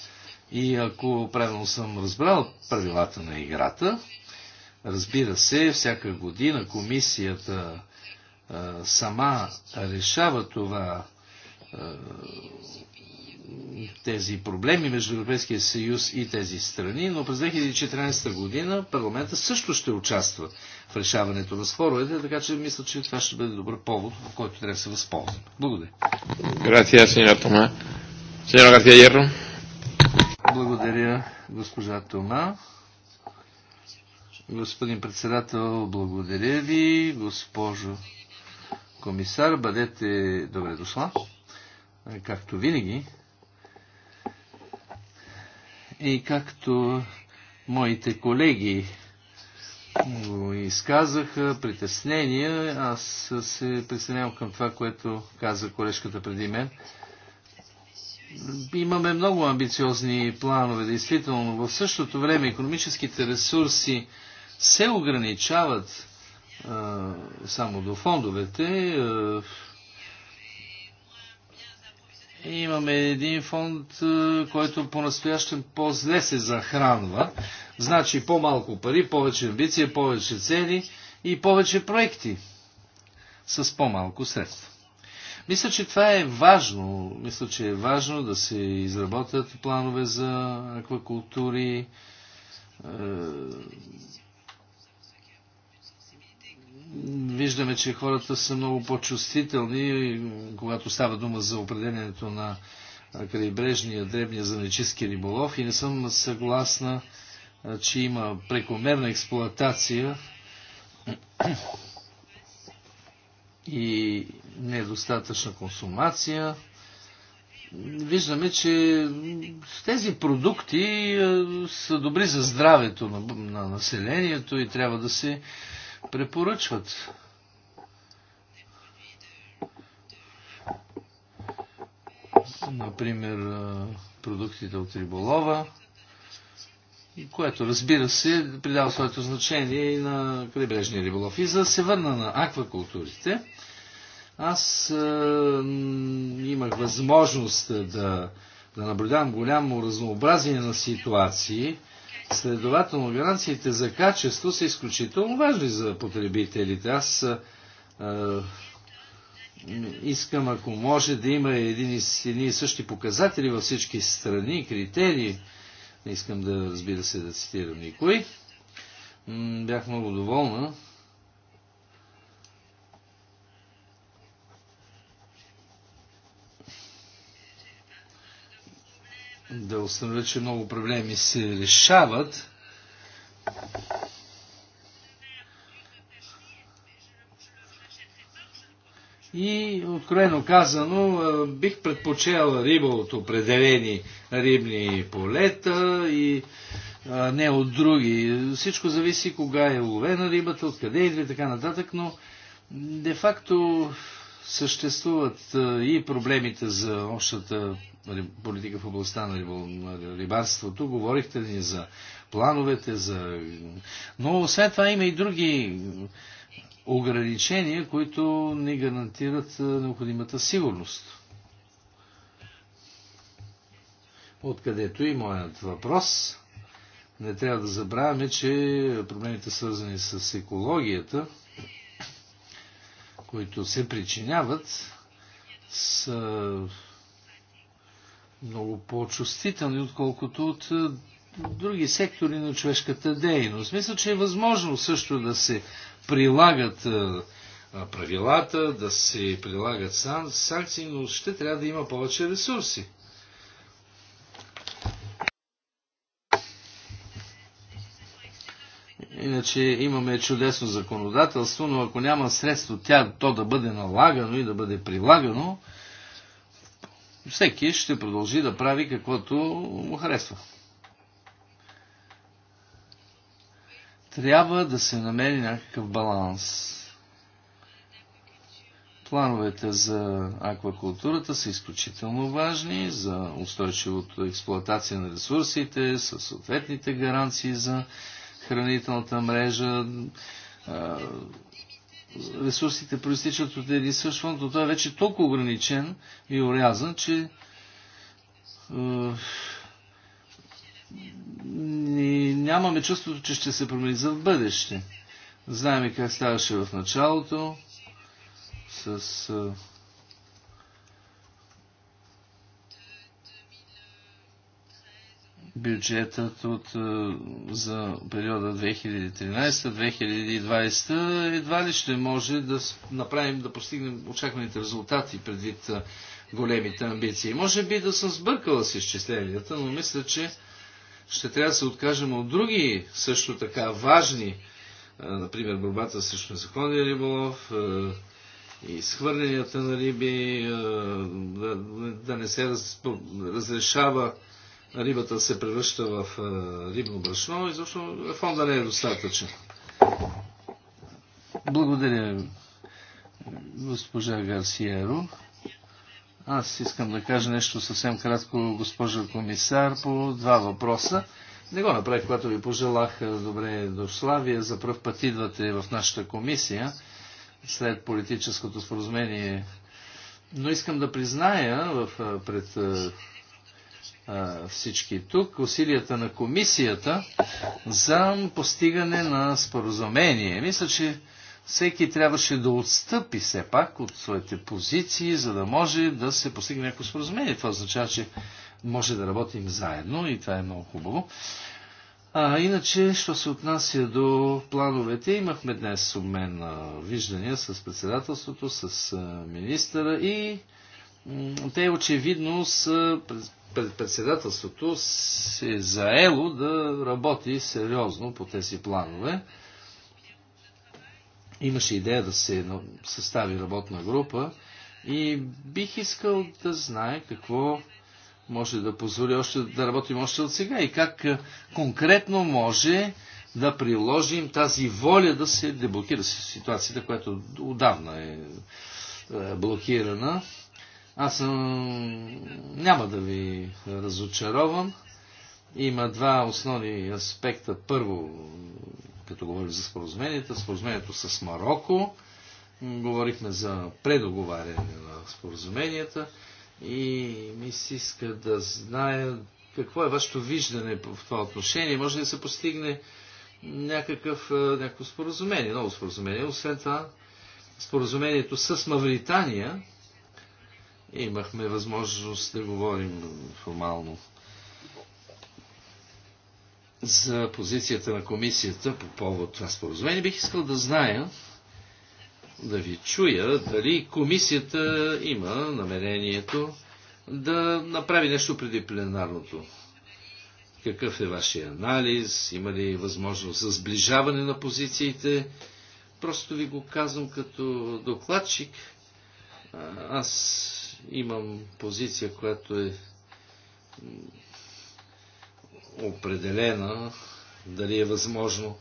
и ако правилно съм разбрал правилата на играта, разбира се, всяка година комисията а, сама решава това а, тези проблеми между Европейския съюз и тези страни, но през 2014 година парламента също ще участва в решаването на споровете, така че мисля, че това ще бъде добър повод, по който трябва да се възползваме. Благодаря. Грация, сеньор Тома. Сеньор Гарсия Ерро. Благодаря, госпожа Тома. Господин председател, благодаря ви. Госпожо комисар, бъдете добре дошла. Както винаги. И както моите колеги изказаха притеснения. Аз се присъединявам към това, което каза колежката преди мен. Имаме много амбициозни планове, действително. В същото време економическите ресурси се ограничават а, само до фондовете. А, имаме един фонд, който по-настоящен по-зле се захранва. Значи по-малко пари, повече амбиция, повече цели и повече проекти с по-малко средства. Мисля, че това е важно. Мисля, че е важно да се изработят планове за аквакултури, виждаме, че хората са много по-чувствителни, когато става дума за определенето на крайбрежния, дребния занечиски риболов и не съм съгласна, че има прекомерна експлоатация [CLEARS THROAT] и недостатъчна консумация. Виждаме, че тези продукти са добри за здравето на, на населението и трябва да се препоръчват например, продуктите от риболова, което, разбира се, придава своето значение и на крайбрежния риболов. И за да се върна на аквакултурите, аз е, имах възможност да, да наблюдавам голямо разнообразие на ситуации, Следователно, гаранциите за качество са изключително важни за потребителите. Аз а, искам, ако може, да има едни, едни и същи показатели във всички страни, критерии. Не искам да, разбира се, да цитирам никой. Бях много доволна да установя, че много проблеми се решават. И, откровено казано, бих предпочел риба от определени рибни полета и не от други. Всичко зависи кога е уловена рибата, откъде идва и така нататък, но де-факто съществуват и проблемите за общата Нали, политика в областта на, рибарството. Говорихте ни за плановете, за... но след това има и други ограничения, които ни гарантират необходимата сигурност. Откъдето и моят въпрос. Не трябва да забравяме, че проблемите свързани с екологията, които се причиняват, са много по-чувствителни, отколкото от е, други сектори на човешката дейност. Мисля, че е възможно също да се прилагат е, правилата, да се прилагат санкции, но ще трябва да има повече ресурси. Иначе имаме чудесно законодателство, но ако няма средство тя, то да бъде налагано и да бъде прилагано, всеки ще продължи да прави каквото му харесва. Трябва да се намери някакъв баланс. Плановете за аквакултурата са изключително важни за устойчивото експлоатация на ресурсите, със съответните гаранции за хранителната мрежа, ресурсите проистичат от един същ фонд, но той е вече толкова ограничен и урязан, че е, нямаме чувството, че ще се промени за в бъдеще. Знаеме как ставаше в началото с е, бюджетът от, е, за периода 2013-2020 едва ли ще може да направим, да постигнем очакваните резултати предвид е, големите амбиции. Може би да съм сбъркала с изчисленията, но мисля, че ще трябва да се откажем от други също така важни, е, например борбата срещу незаконния риболов, изхвърленията на риби, да, да не се разрешава рибата се превръща в е, рибно брашно, защо фонда не е достатъчен. Благодаря, госпожа Гарсиеро. Аз искам да кажа нещо съвсем кратко, госпожа комисар, по два въпроса. Не го направих, когато ви пожелах е, добре дошла. Вие за първ път идвате в нашата комисия след политическото споразумение. Но искам да призная в, е, пред всички тук, усилията на комисията за постигане на споразумение. Мисля, че всеки трябваше да отстъпи все пак от своите позиции, за да може да се постигне някакво споразумение. Това означава, че може да работим заедно и това е много хубаво. А, иначе, що се отнася до плановете, имахме днес обмен на виждания с председателството, с министъра и те очевидно са председателството се е заело да работи сериозно по тези планове. Имаше идея да се състави работна група и бих искал да знае какво може да позволи още да работим още от сега и как е, конкретно може да приложим тази воля да се деблокира ситуацията, която отдавна е, е блокирана аз съм... няма да ви разочаровам. Има два основни аспекта. Първо, като говорим за споразумението, споразумението с Марокко. Говорихме за предоговаряне на споразуменията и ми се иска да зная какво е вашето виждане в това отношение. Може ли да се постигне някакъв, е, някакво споразумение, ново споразумение. Освен това, споразумението с Мавритания Имахме възможност да говорим формално за позицията на комисията по повод това споразумение. Бих искал да зная, да ви чуя, дали комисията има намерението да направи нещо преди пленарното. Какъв е вашия анализ? Има ли възможност за сближаване на позициите? Просто ви го казвам като докладчик. Аз имам позиция, която е определена, дали е възможно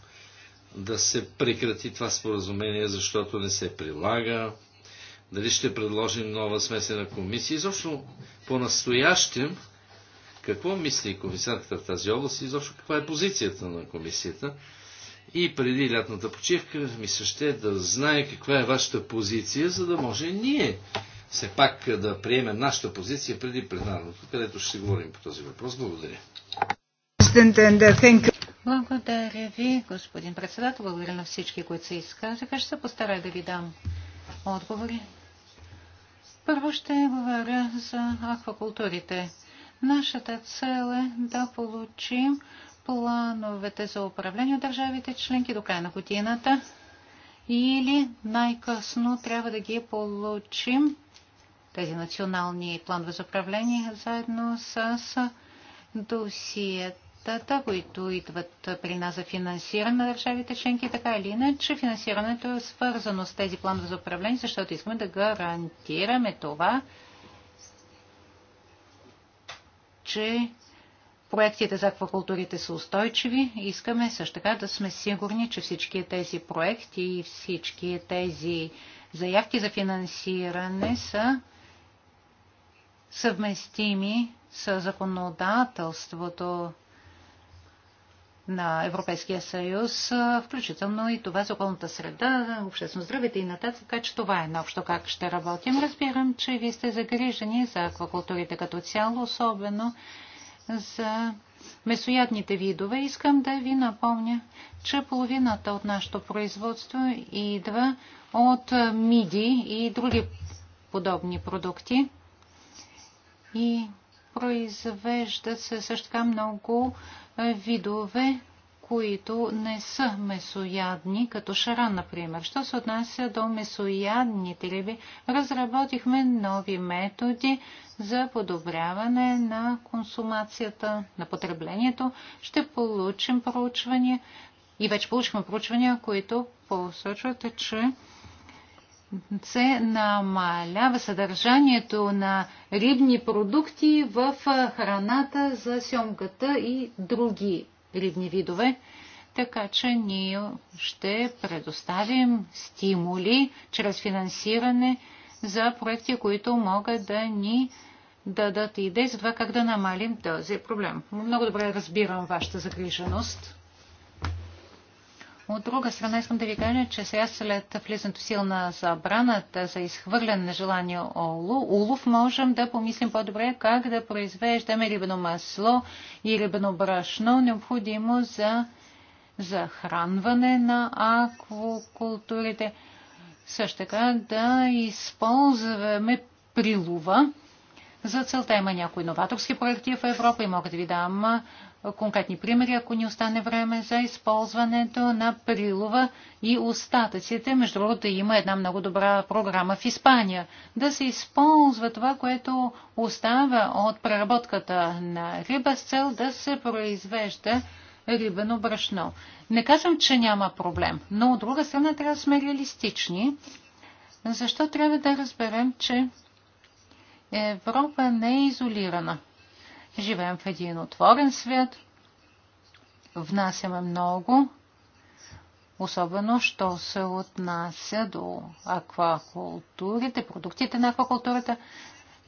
да се прекрати това споразумение, защото не се прилага, дали ще предложим нова смесена комисия. Изобщо по-настоящем, какво мисли комисарката в тази област и изобщо каква е позицията на комисията. И преди лятната почивка ми се ще е да знае каква е вашата позиция, за да може ние все пак да приемем нашата позиция преди пленарното, където ще си говорим по този въпрос. Благодаря. Благодаря ви, господин председател. Благодаря на всички, които се изказаха. Ще се постарая да ви дам отговори. Първо ще говоря за аквакултурите. Нашата цел е да получим плановете за управление от държавите членки до края на годината или най-късно трябва да ги получим тези национални планове за управление, заедно с досиетата, които идват при нас за финансиране на държавите членки, така или иначе финансирането е свързано с тези планове за управление, защото искаме да гарантираме това, че проектите за аквакултурите са устойчиви. Искаме също така да сме сигурни, че всички тези проекти и всички тези заявки за финансиране са съвместими с законодателството на Европейския съюз, включително и това за околната среда, обществено здравите и нататък, така че това е наобщо как ще работим. Разбирам, че вие сте загрижени за аквакултурите като цяло, особено за месоядните видове. Искам да ви напомня, че половината от нашето производство идва от миди и други подобни продукти и произвеждат се също така много е, видове, които не са месоядни, като шара, например. Що се отнася до месоядните риби, разработихме нови методи за подобряване на консумацията, на потреблението. Ще получим проучвания и вече получихме проучвания, които посочват, че се намалява съдържанието на рибни продукти в храната за сьомката и други рибни видове. Така че ние ще предоставим стимули чрез финансиране за проекти, които могат да ни дадат идеи за това как да намалим този проблем. Много добре разбирам вашата загриженост. От друга страна искам да ви кажа, че сега след влизането сил на забраната за изхвърляне на желание улов, можем да помислим по-добре как да произвеждаме рибено масло и рибено брашно, необходимо за захранване на аквакултурите. Също така да използваме прилува. За целта има някои новаторски проекти в Европа и мога да ви дам конкретни примери, ако ни остане време за използването на прилова и остатъците. Между другото, има една много добра програма в Испания. Да се използва това, което остава от преработката на риба с цел да се произвежда рибено брашно. Не казвам, че няма проблем, но от друга страна трябва да сме реалистични, защо трябва да разберем, че Европа не е изолирана – Живеем в един отворен свят. Внасяме много, особено, що се отнася до аквакултурите, продуктите на аквакултурата.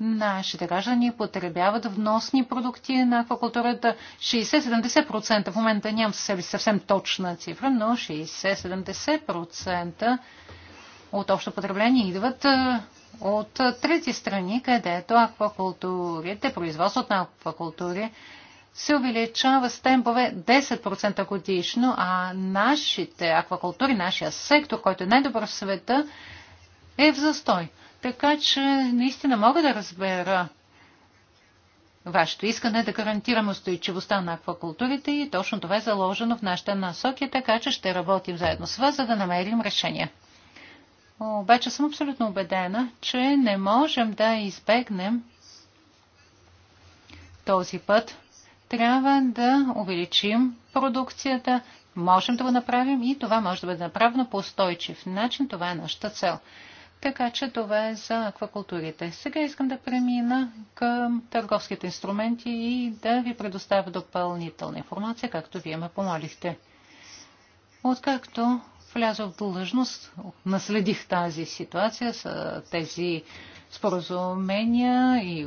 Нашите граждани потребяват вносни продукти на аквакултурата 60-70%. В момента нямам съвсем точна цифра, но 60-70% от общо потребление идват от трети страни, където аквакултурите, производството на аквакултури се увеличава с темпове 10% годишно, а нашите аквакултури, нашия сектор, който е най-добър в света, е в застой. Така че наистина мога да разбера Вашето искане да гарантираме устойчивостта на аквакултурите и точно това е заложено в нашите насоки, така че ще работим заедно с вас, за да намерим решение. Обаче съм абсолютно убедена, че не можем да избегнем този път. Трябва да увеличим продукцията, можем да го направим и това може да бъде направено по устойчив начин. Това е нашата цел. Така че това е за аквакултурите. Сега искам да премина към търговските инструменти и да ви предоставя допълнителна информация, както вие ме помолихте. Откакто влязох в длъжност, наследих тази ситуация с тези споразумения и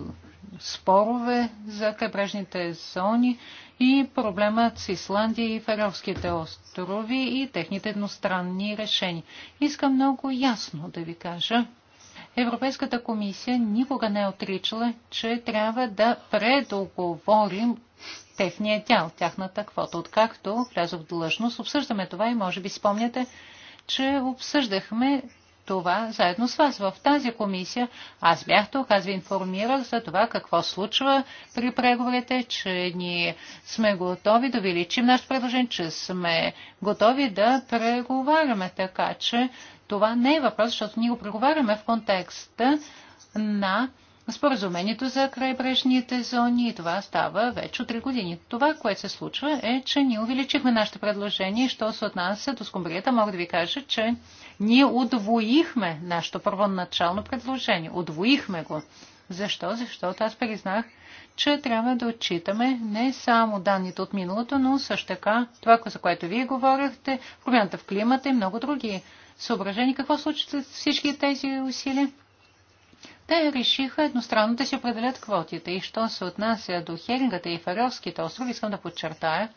спорове за крайбрежните зони и проблемът с Исландия и Фаровските острови и техните едностранни решения. Искам много ясно да ви кажа, Европейската комисия никога не е отричала, че трябва да предоговорим техния дял, тяхната квота. Откакто влязох в длъжност, обсъждаме това и може би спомняте, че обсъждахме това заедно с вас в тази комисия. Аз бях тук, аз ви информирах за това какво случва при преговорите, че ние сме готови да увеличим нашето предложение, че сме готови да преговаряме, така че това не е въпрос, защото ние го преговаряме в контекста на споразумението за крайбрежните зони и това става вече от 3 години. Това, което се случва е, че ние увеличихме нашите предложения, що се отнася до скумбрията, мога да ви кажа, че ние удвоихме нашето първоначално предложение. Удвоихме го. Защо? Защото аз признах, че трябва да отчитаме не само данните от миналото, но също така това, за което вие говорихте, промяната в климата и много други съображения. Какво случат с всички тези усилия? Те решиха едностранно да си определят квотите. И що се отнася до Херингата и Фарелските острови, искам да подчертая,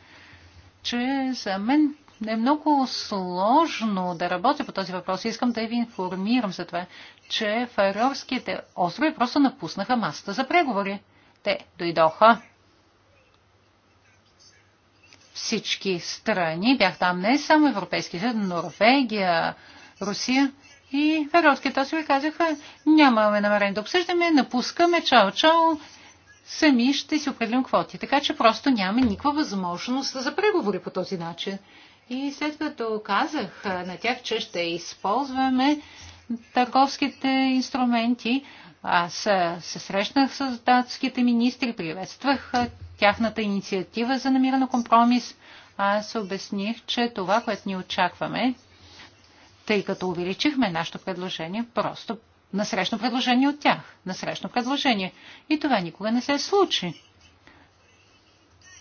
че за мен е много сложно да работя по този въпрос. Искам да ви информирам за това, че Фарерските острови просто напуснаха масата за преговори. Те дойдоха всички страни. Бях там не само Европейски съюз, Норвегия, Русия. И Веровски този ви казаха, нямаме намерение да обсъждаме, напускаме, чао, чао, сами ще си определим квоти. Така че просто нямаме никаква възможност за преговори по този начин. И след като казах на тях, че ще използваме търговските инструменти, аз се срещнах с датските министри, приветствах тяхната инициатива за намиране компромис. Аз обясних, че това, което ни очакваме, тъй като увеличихме нашето предложение, просто насрещно предложение от тях. Насрещно предложение. И това никога не се случи.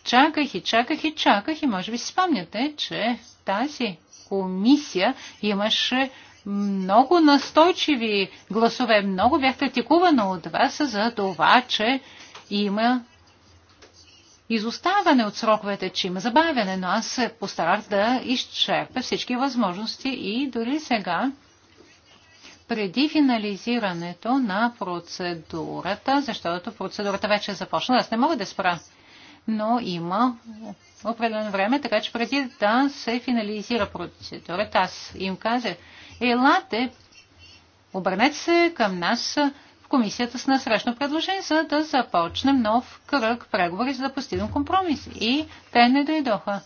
Чаках и чаках и чаках и може би си спомняте, че тази комисия имаше много настойчиви гласове. Много бях критикувана от вас за това, че има изоставане от сроковете, че има забавяне, но аз се постарах да изчерпя всички възможности и дори сега, преди финализирането на процедурата, защото процедурата вече е започнала, аз не мога да спра, но има определено време, така че преди да се финализира процедурата, аз им казах, Елате, обърнете се към нас в комисията с насрещно предложение, за да започнем нов кръг преговори, за да постигнем компромис. И те не дойдоха.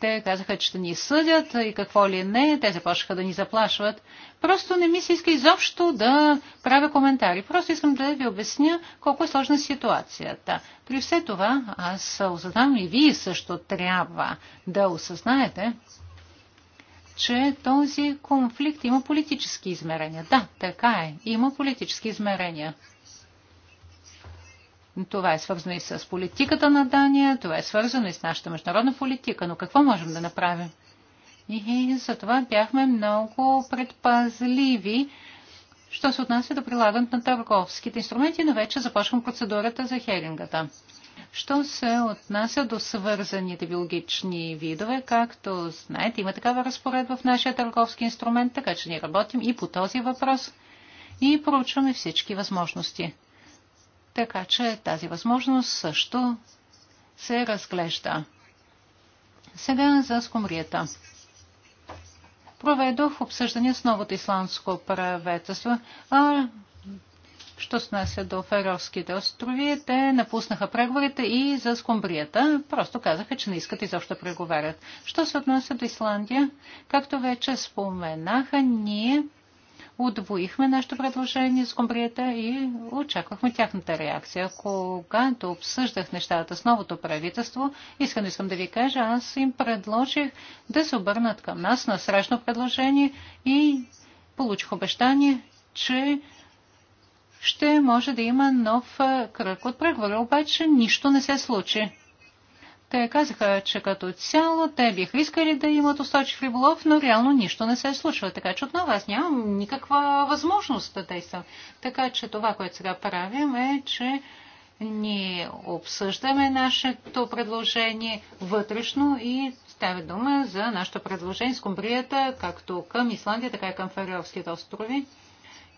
Те казаха, че ще ни съдят и какво ли не. Те започнаха да ни заплашват. Просто не ми се иска изобщо да правя коментари. Просто искам да ви обясня колко е сложна ситуацията. При все това аз осъзнавам и вие също трябва да осъзнаете, че този конфликт има политически измерения. Да, така е. Има политически измерения. Това е свързано и с политиката на Дания, това е свързано и с нашата международна политика, но какво можем да направим? И затова бяхме много предпазливи, що се отнася до прилагането на търговските инструменти, но вече започвам процедурата за херингата. Що се отнася до свързаните биологични видове, както знаете, има такава разпоредба в нашия търговски инструмент, така че ние работим и по този въпрос и проучваме всички възможности. Така че тази възможност също се разглежда. Сега за скумрията. Проведох обсъждане с новото исландско правителство, а Що се нася до Фероските острови, те напуснаха преговорите и за скумбрията. Просто казаха, че не искат изобщо да преговарят. Що се отнася до Исландия, както вече споменаха, ние удвоихме нашето предложение с комприята и очаквахме тяхната реакция. Когато обсъждах нещата с новото правителство, искам искам да ви кажа, аз им предложих да се обърнат към нас на срещно предложение и получих обещание, че ще може да има нов кръг от преговори. Обаче нищо не се случи. Те казаха, че като цяло те биха искали да имат устойчив риболов, но реално нищо не се случва. Така че отново аз нямам никаква възможност да действам. Така че това, което сега правим е, че ние обсъждаме нашето предложение вътрешно и става дума за нашето предложение с Кумбрията, както към Исландия, така и към Фариовските острови.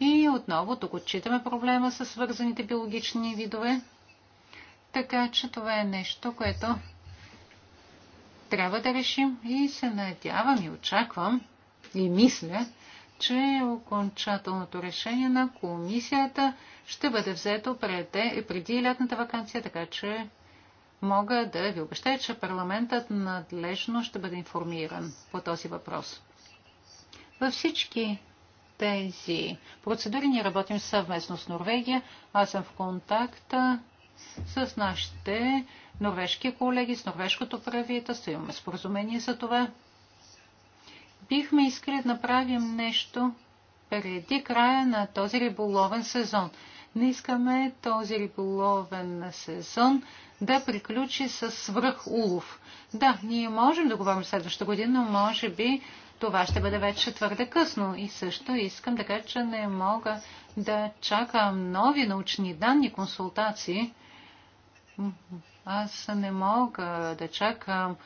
И отново тук отчитаме проблема с свързаните биологични видове. Така че това е нещо, което трябва да решим и се надявам и очаквам и мисля, че окончателното решение на комисията ще бъде взето преди, преди лятната вакансия, така че мога да ви обещая, че парламентът надлежно ще бъде информиран по този въпрос. Във всички тези процедури. Ние работим съвместно с Норвегия. Аз съм в контакт с нашите норвежки колеги, с норвежкото правителство. Имаме споразумение за това. Бихме искали да направим нещо преди края на този риболовен сезон. Не искаме този риболовен сезон да приключи с свръхулов. Да, ние можем да говорим следващата година, но може би това ще бъде вече твърде късно. И също искам да кажа, че не мога да чакам нови научни данни, консултации. Аз не мога да чакам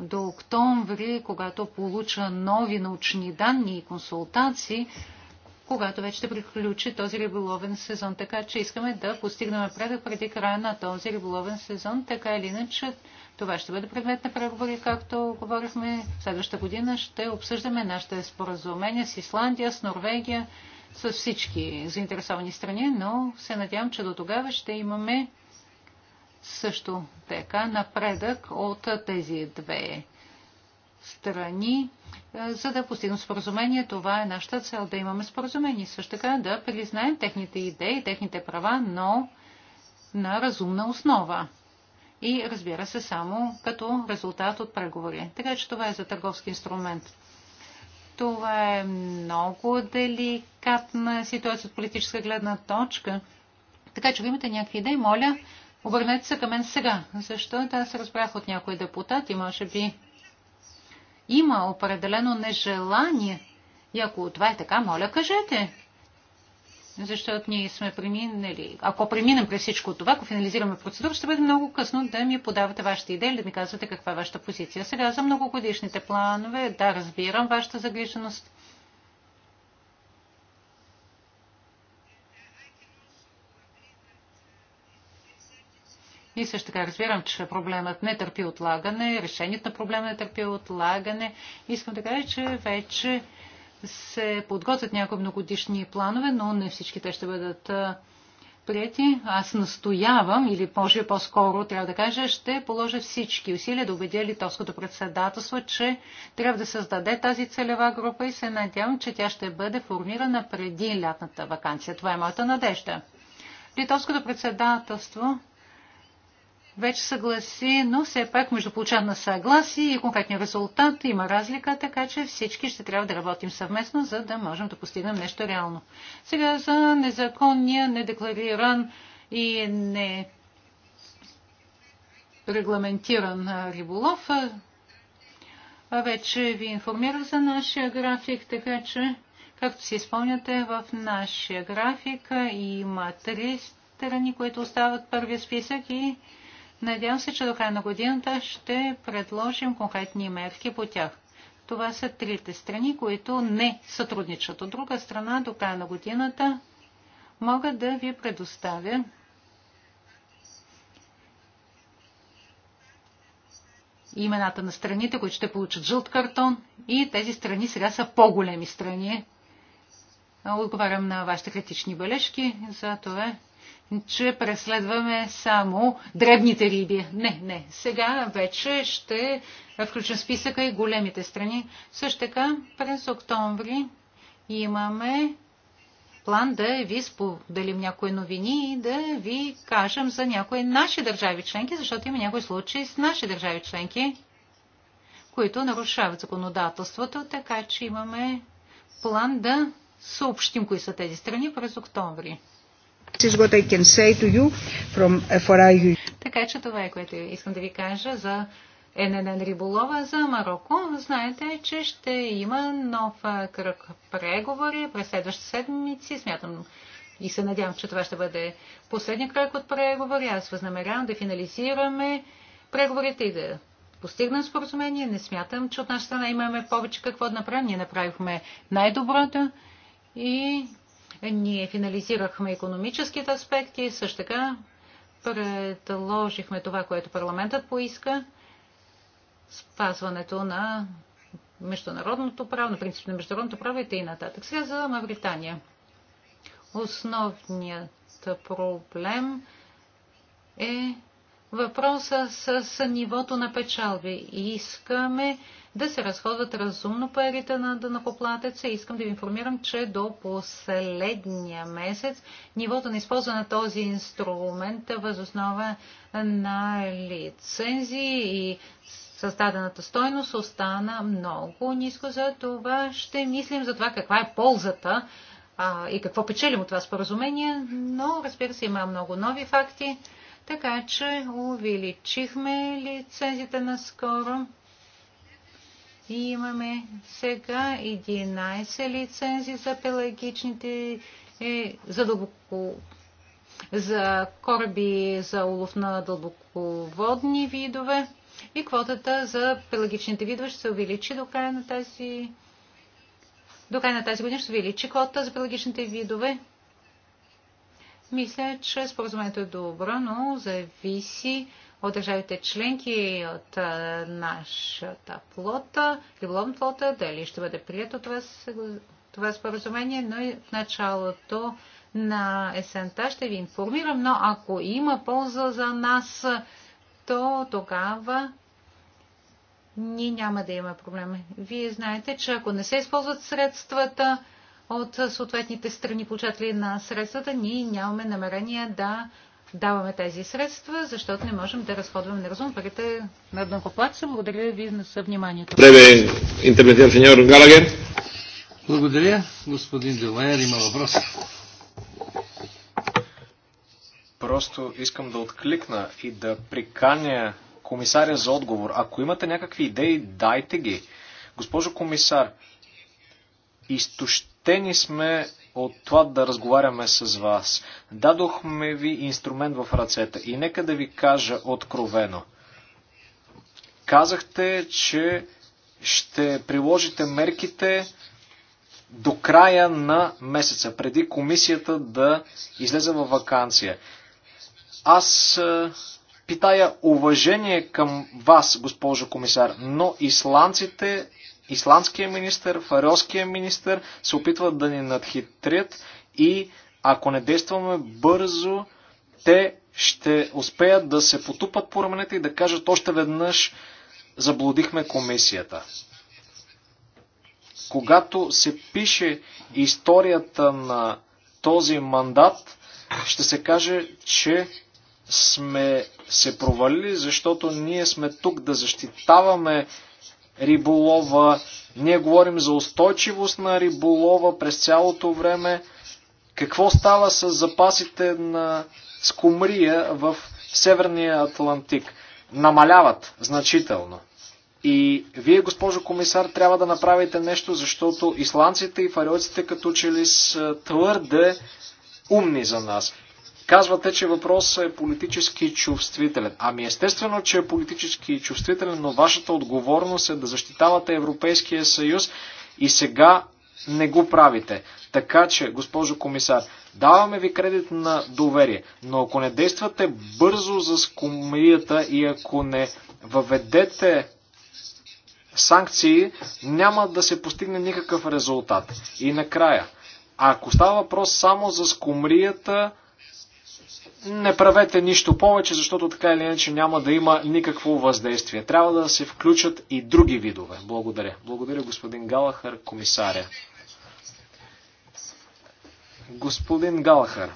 до октомври, когато получа нови научни данни и консултации, когато вече ще приключи този риболовен сезон. Така че искаме да постигнем предък преди края на този риболовен сезон. Така или иначе, това ще бъде предмет на преговори, както говорихме. Следващата година ще обсъждаме нашите споразумения с Исландия, с Норвегия, с всички заинтересовани страни, но се надявам, че до тогава ще имаме също така напредък от тези две страни за да постигнем споразумение. Това е нашата цел, да имаме споразумение. Също така да признаем техните идеи, техните права, но на разумна основа. И разбира се, само като резултат от преговори. Така че това е за търговски инструмент. Това е много деликатна ситуация от политическа гледна точка. Така че, ако имате някакви идеи, моля, обърнете се към мен сега, защото аз разбрах от някой депутат и може би има определено нежелание. И ако това е така, моля, кажете. Защото ние сме преминали. Ако преминем през всичко това, ако финализираме процедура, ще бъде много късно да ми подавате вашите идеи, да ми казвате каква е вашата позиция. Сега за многогодишните планове, да, разбирам вашата загриженост. И също така разбирам, че проблемът не търпи отлагане, решението на проблема не търпи отлагане. Искам да кажа, че вече се подготвят някои многогодишни планове, но не всички те ще бъдат прияти. Аз настоявам, или може по-скоро трябва да кажа, ще положа всички усилия да убедя литовското председателство, че трябва да създаде тази целева група и се надявам, че тя ще бъде формирана преди лятната вакансия. Това е моята надежда. Литовското председателство вече съгласи, но все пак между получаване съгласие и конкретния резултат има разлика, така че всички ще трябва да работим съвместно, за да можем да постигнем нещо реално. Сега за незаконния, недеклариран и не регламентиран риболов. Вече ви информирах за нашия график, така че, както си спомняте, в нашия график има три страни, които остават първия списък и Надявам се, че до края на годината ще предложим конкретни мерки по тях. Това са трите страни, които не сътрудничат. От друга страна, до края на годината мога да ви предоставя имената на страните, които ще получат жълт картон. И тези страни сега са по-големи страни. Отговарям на вашите критични бележки за това, че преследваме само дребните риби. Не, не. Сега вече ще включим списъка и големите страни. Също така, през октомври имаме план да ви споделим някои новини и да ви кажем за някои наши държави членки, защото има някои случаи с наши държави членки, които нарушават законодателството, така че имаме план да съобщим кои са тези страни през октомври is what I can say to you from, uh, for Така че това е което искам да ви кажа за ННН Риболова за Марокко. Знаете, че ще има нов кръг преговори през следващите седмици. Смятам и се надявам, че това ще бъде последния кръг от преговори. Аз възнамерявам да финализираме преговорите и да постигнем споразумение. Не смятам, че от наша страна имаме повече какво да направим. Ние направихме най-доброто и ние финализирахме економическите аспекти, също така предложихме това, което парламентът поиска, спазването на международното право, на принцип на международното право и т.н. Сега за Мавритания. Основният проблем е въпроса с нивото на печалби. Искаме да се разходват разумно парите на данакоплатеца. Искам да ви информирам, че до последния месец нивото на използване на този инструмент е възоснова на лицензии и създадената стойност остана много ниско. За това ще мислим за това каква е ползата а, и какво печелим от това споразумение, но разбира се има много нови факти, така че увеличихме лицензите наскоро. И имаме сега 11 лицензии за пелагичните, е, за, дълбоко, за кораби за улов на дълбоководни видове. И квотата за пелагичните видове ще се увеличи до края на тази до края на тази година ще се увеличи квотата за пелагичните видове. Мисля, че споразумението е добро, но зависи от държавите членки от нашата плота, риболовна плота, дали ще бъде прието това, това споразумение, но и в началото на есента ще ви информирам, но ако има полза за нас, то тогава ние няма да имаме проблеми. Вие знаете, че ако не се използват средствата от съответните страни, получатели на средствата, ние нямаме намерение да даваме тези средства, защото не можем да разходваме неразумно парите на дънкоплатца. Благодаря ви за вниманието. Е, Благодаря. Господин Делайер има въпрос. Просто искам да откликна и да приканя комисаря за отговор. Ако имате някакви идеи, дайте ги. Госпожо комисар, изтощени сме от това да разговаряме с вас. Дадохме ви инструмент в ръцете и нека да ви кажа откровено. Казахте, че ще приложите мерките до края на месеца, преди комисията да излезе във вакансия. Аз е, питая уважение към вас, госпожо комисар, но исландците исландския министр, фарелския министр се опитват да ни надхитрят и ако не действаме бързо, те ще успеят да се потупат по раменете и да кажат още веднъж заблудихме комисията. Когато се пише историята на този мандат, ще се каже, че сме се провалили, защото ние сме тук да защитаваме риболова. Ние говорим за устойчивост на риболова през цялото време. Какво става с запасите на скумрия в Северния Атлантик? Намаляват значително. И вие, госпожо комисар, трябва да направите нещо, защото исландците и фариоците като че ли са твърде умни за нас. Казвате, че въпросът е политически чувствителен. Ами естествено, че е политически чувствителен, но вашата отговорност е да защитавате Европейския съюз и сега не го правите. Така че, госпожо комисар, даваме ви кредит на доверие, но ако не действате бързо за скумията и ако не въведете санкции, няма да се постигне никакъв резултат. И накрая, ако става въпрос само за скумрията, не правете нищо повече, защото така или иначе няма да има никакво въздействие. Трябва да се включат и други видове. Благодаря. Благодаря господин Галахър, комисаря. Господин Галахър,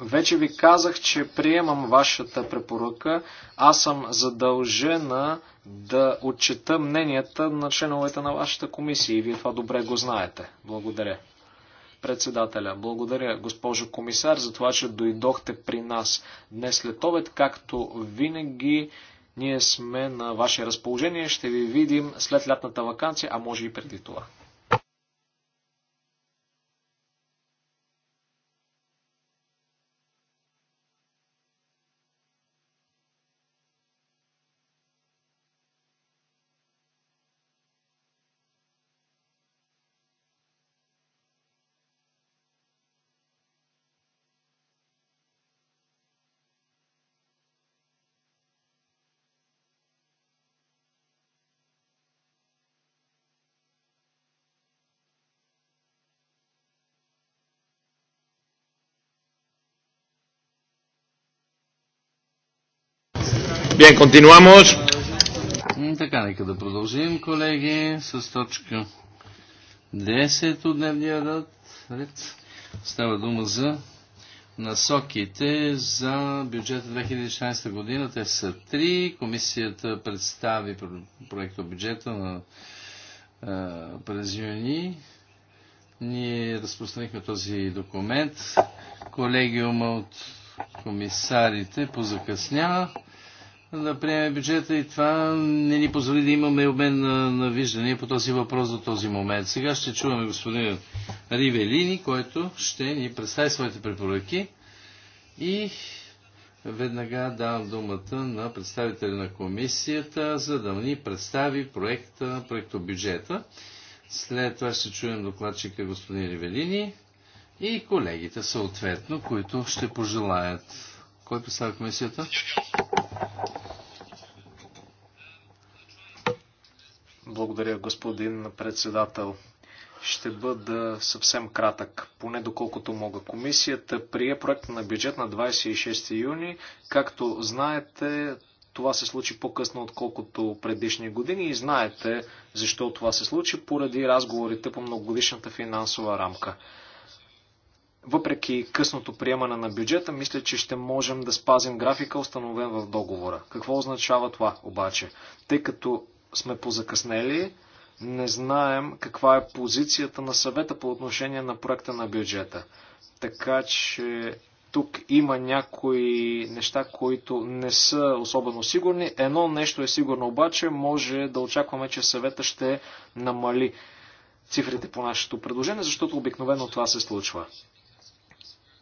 вече ви казах, че приемам вашата препоръка. Аз съм задължена да отчета мненията на членовете на вашата комисия и вие това добре го знаете. Благодаря. Председателя, благодаря госпожо комисар за това, че дойдохте при нас днес след обед. Както винаги, ние сме на ваше разположение. Ще ви видим след лятната вакансия, а може и преди това. Bien, continuamos. Така, нека да продължим, колеги, с точка 10 от дневния ред. ред. Става дума за насоките за бюджета 2016 година. Те са три. Комисията представи проекта бюджета на през юни. Ние разпространихме този документ. Колегиума от комисарите позакъсня да приемем бюджета и това не ни позволи да имаме обмен на, на виждания по този въпрос до този момент. Сега ще чуваме господин Ривелини, който ще ни представи своите препоръки и веднага давам думата на представителя на комисията, за да ни представи проекта, проекто бюджета. След това ще чуем докладчика господин Ривелини и колегите съответно, които ще пожелаят кой представя комисията? Благодаря, господин председател. Ще бъда съвсем кратък, поне доколкото мога. Комисията прие проект на бюджет на 26 юни. Както знаете, това се случи по-късно, отколкото предишни години и знаете защо това се случи поради разговорите по многогодишната финансова рамка въпреки късното приемане на бюджета, мисля, че ще можем да спазим графика, установен в договора. Какво означава това обаче? Тъй като сме позакъснели, не знаем каква е позицията на съвета по отношение на проекта на бюджета. Така че тук има някои неща, които не са особено сигурни. Едно нещо е сигурно обаче, може да очакваме, че съвета ще намали цифрите по нашето предложение, защото обикновено това се случва.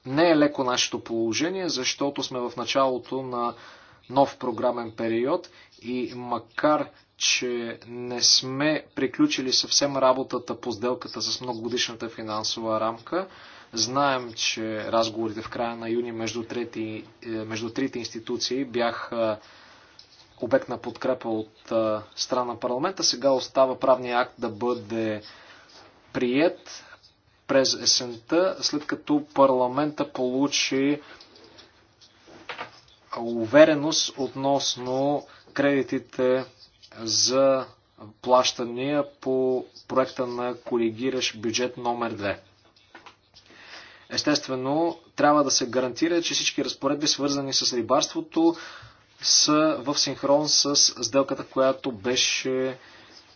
Не е леко нашето положение, защото сме в началото на нов програмен период и макар, че не сме приключили съвсем работата по сделката с многогодишната финансова рамка, знаем, че разговорите в края на юни между, трети, е, между трите институции бяха обект на подкрепа от е, страна на парламента. Сега остава правния акт да бъде прият през есента, след като парламента получи увереност относно кредитите за плащания по проекта на коригиращ бюджет номер 2. Естествено, трябва да се гарантира, че всички разпоредби, свързани с рибарството, са в синхрон с сделката, която беше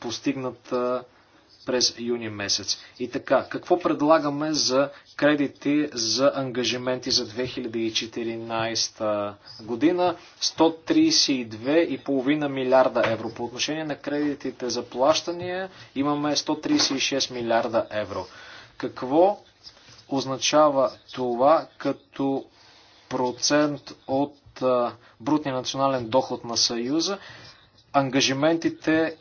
постигната през юни месец. И така, какво предлагаме за кредити за ангажименти за 2014 година? 132,5 милиарда евро. По отношение на кредитите за плащания имаме 136 милиарда евро. Какво означава това като процент от брутния национален доход на Съюза? Ангажиментите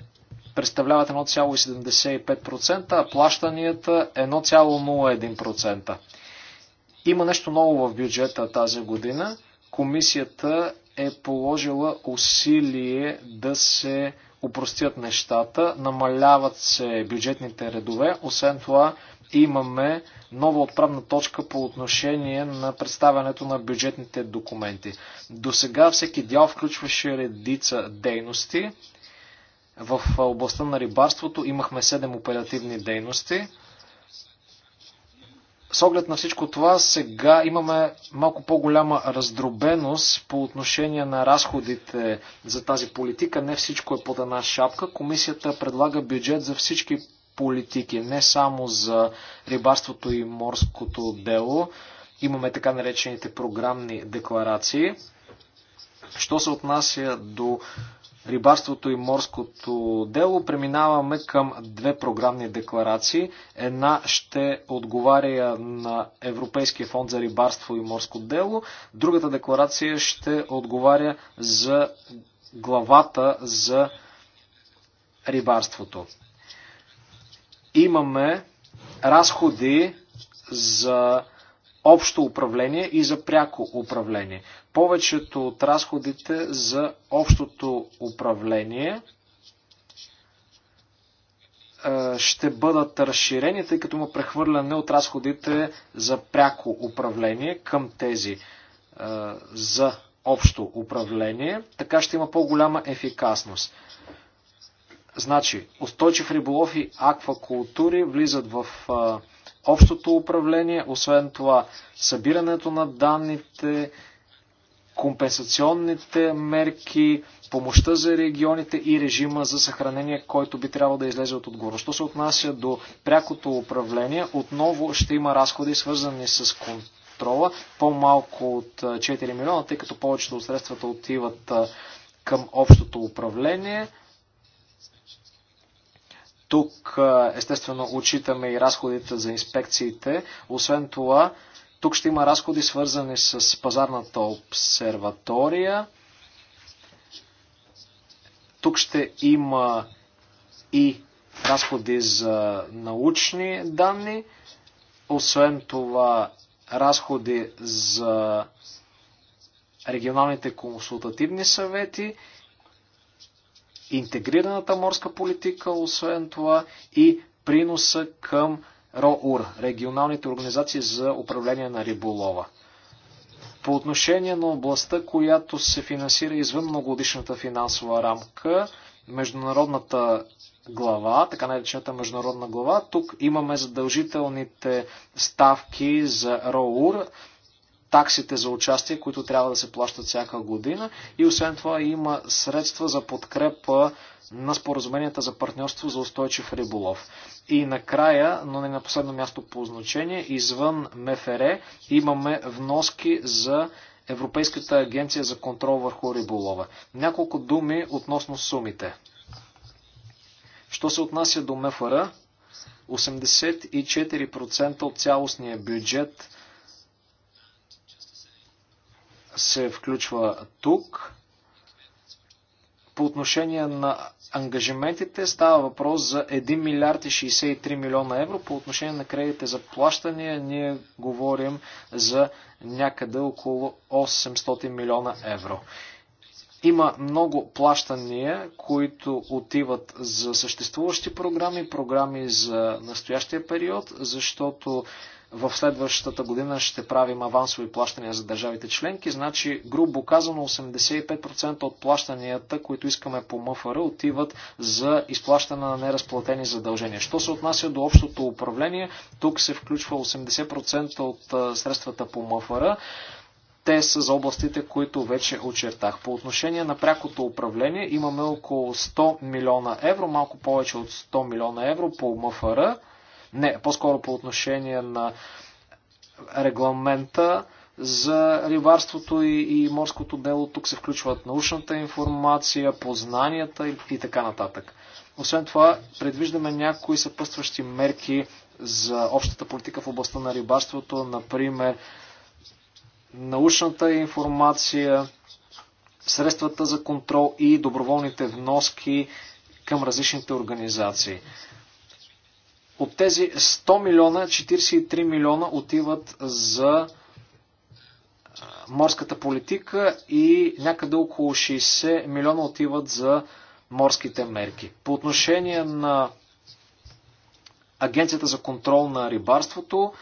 представляват 1,75%, а плащанията 1,01%. Има нещо ново в бюджета тази година. Комисията е положила усилие да се упростят нещата, намаляват се бюджетните редове, освен това имаме нова отправна точка по отношение на представянето на бюджетните документи. До сега всеки дял включваше редица дейности, в областта на рибарството имахме 7 оперативни дейности. С оглед на всичко това, сега имаме малко по-голяма раздробеност по отношение на разходите за тази политика. Не всичко е под една шапка. Комисията предлага бюджет за всички политики, не само за рибарството и морското дело. Имаме така наречените програмни декларации. Що се отнася до рибарството и морското дело, преминаваме към две програмни декларации. Една ще отговаря на Европейския фонд за рибарство и морско дело, другата декларация ще отговаря за главата за рибарството. Имаме разходи за общо управление и за пряко управление повечето от разходите за общото управление е, ще бъдат разширени, тъй като има прехвърляне от разходите за пряко управление към тези е, за общо управление. Така ще има по-голяма ефикасност. Значи, устойчив риболов и аквакултури влизат в е, общото управление, освен това събирането на данните, компенсационните мерки, помощта за регионите и режима за съхранение, който би трябвало да излезе от отгоре. Що се отнася до прякото управление, отново ще има разходи, свързани с контрола, по-малко от 4 милиона, тъй като повечето от средствата отиват към общото управление. Тук естествено отчитаме и разходите за инспекциите. Освен това, тук ще има разходи свързани с пазарната обсерватория. Тук ще има и разходи за научни данни. Освен това, разходи за регионалните консултативни съвети, интегрираната морска политика, освен това и приноса към РОУР, регионалните организации за управление на риболова. По отношение на областта, която се финансира извън многогодишната финансова рамка, международната глава, така наречената международна глава, тук имаме задължителните ставки за РОУР таксите за участие, които трябва да се плащат всяка година и освен това има средства за подкрепа на споразуменията за партньорство за устойчив риболов. И накрая, но не на последно място по значение, извън МФР имаме вноски за Европейската агенция за контрол върху риболова. Няколко думи относно сумите. Що се отнася до МФР, 84% от цялостния бюджет се включва тук. По отношение на ангажиментите става въпрос за 1 милиард и 63 милиона евро. По отношение на кредите за плащания ние говорим за някъде около 800 милиона евро. Има много плащания, които отиват за съществуващи програми, програми за настоящия период, защото в следващата година ще правим авансови плащания за държавите членки. Значи, грубо казано, 85% от плащанията, които искаме по МФР, отиват за изплащане на неразплатени задължения. Що се отнася до общото управление, тук се включва 80% от средствата по МФР. Те са за областите, които вече очертах. По отношение на прякото управление имаме около 100 милиона евро, малко повече от 100 милиона евро по МФР не, по-скоро по отношение на регламента за рибарството и, и морското дело. Тук се включват научната информация, познанията и, и така нататък. Освен това, предвиждаме някои съпътстващи мерки за общата политика в областта на рибарството, например научната информация, средствата за контрол и доброволните вноски към различните организации. От тези 100 милиона, 43 милиона отиват за морската политика и някъде около 60 милиона отиват за морските мерки. По отношение на Агенцията за контрол на рибарството,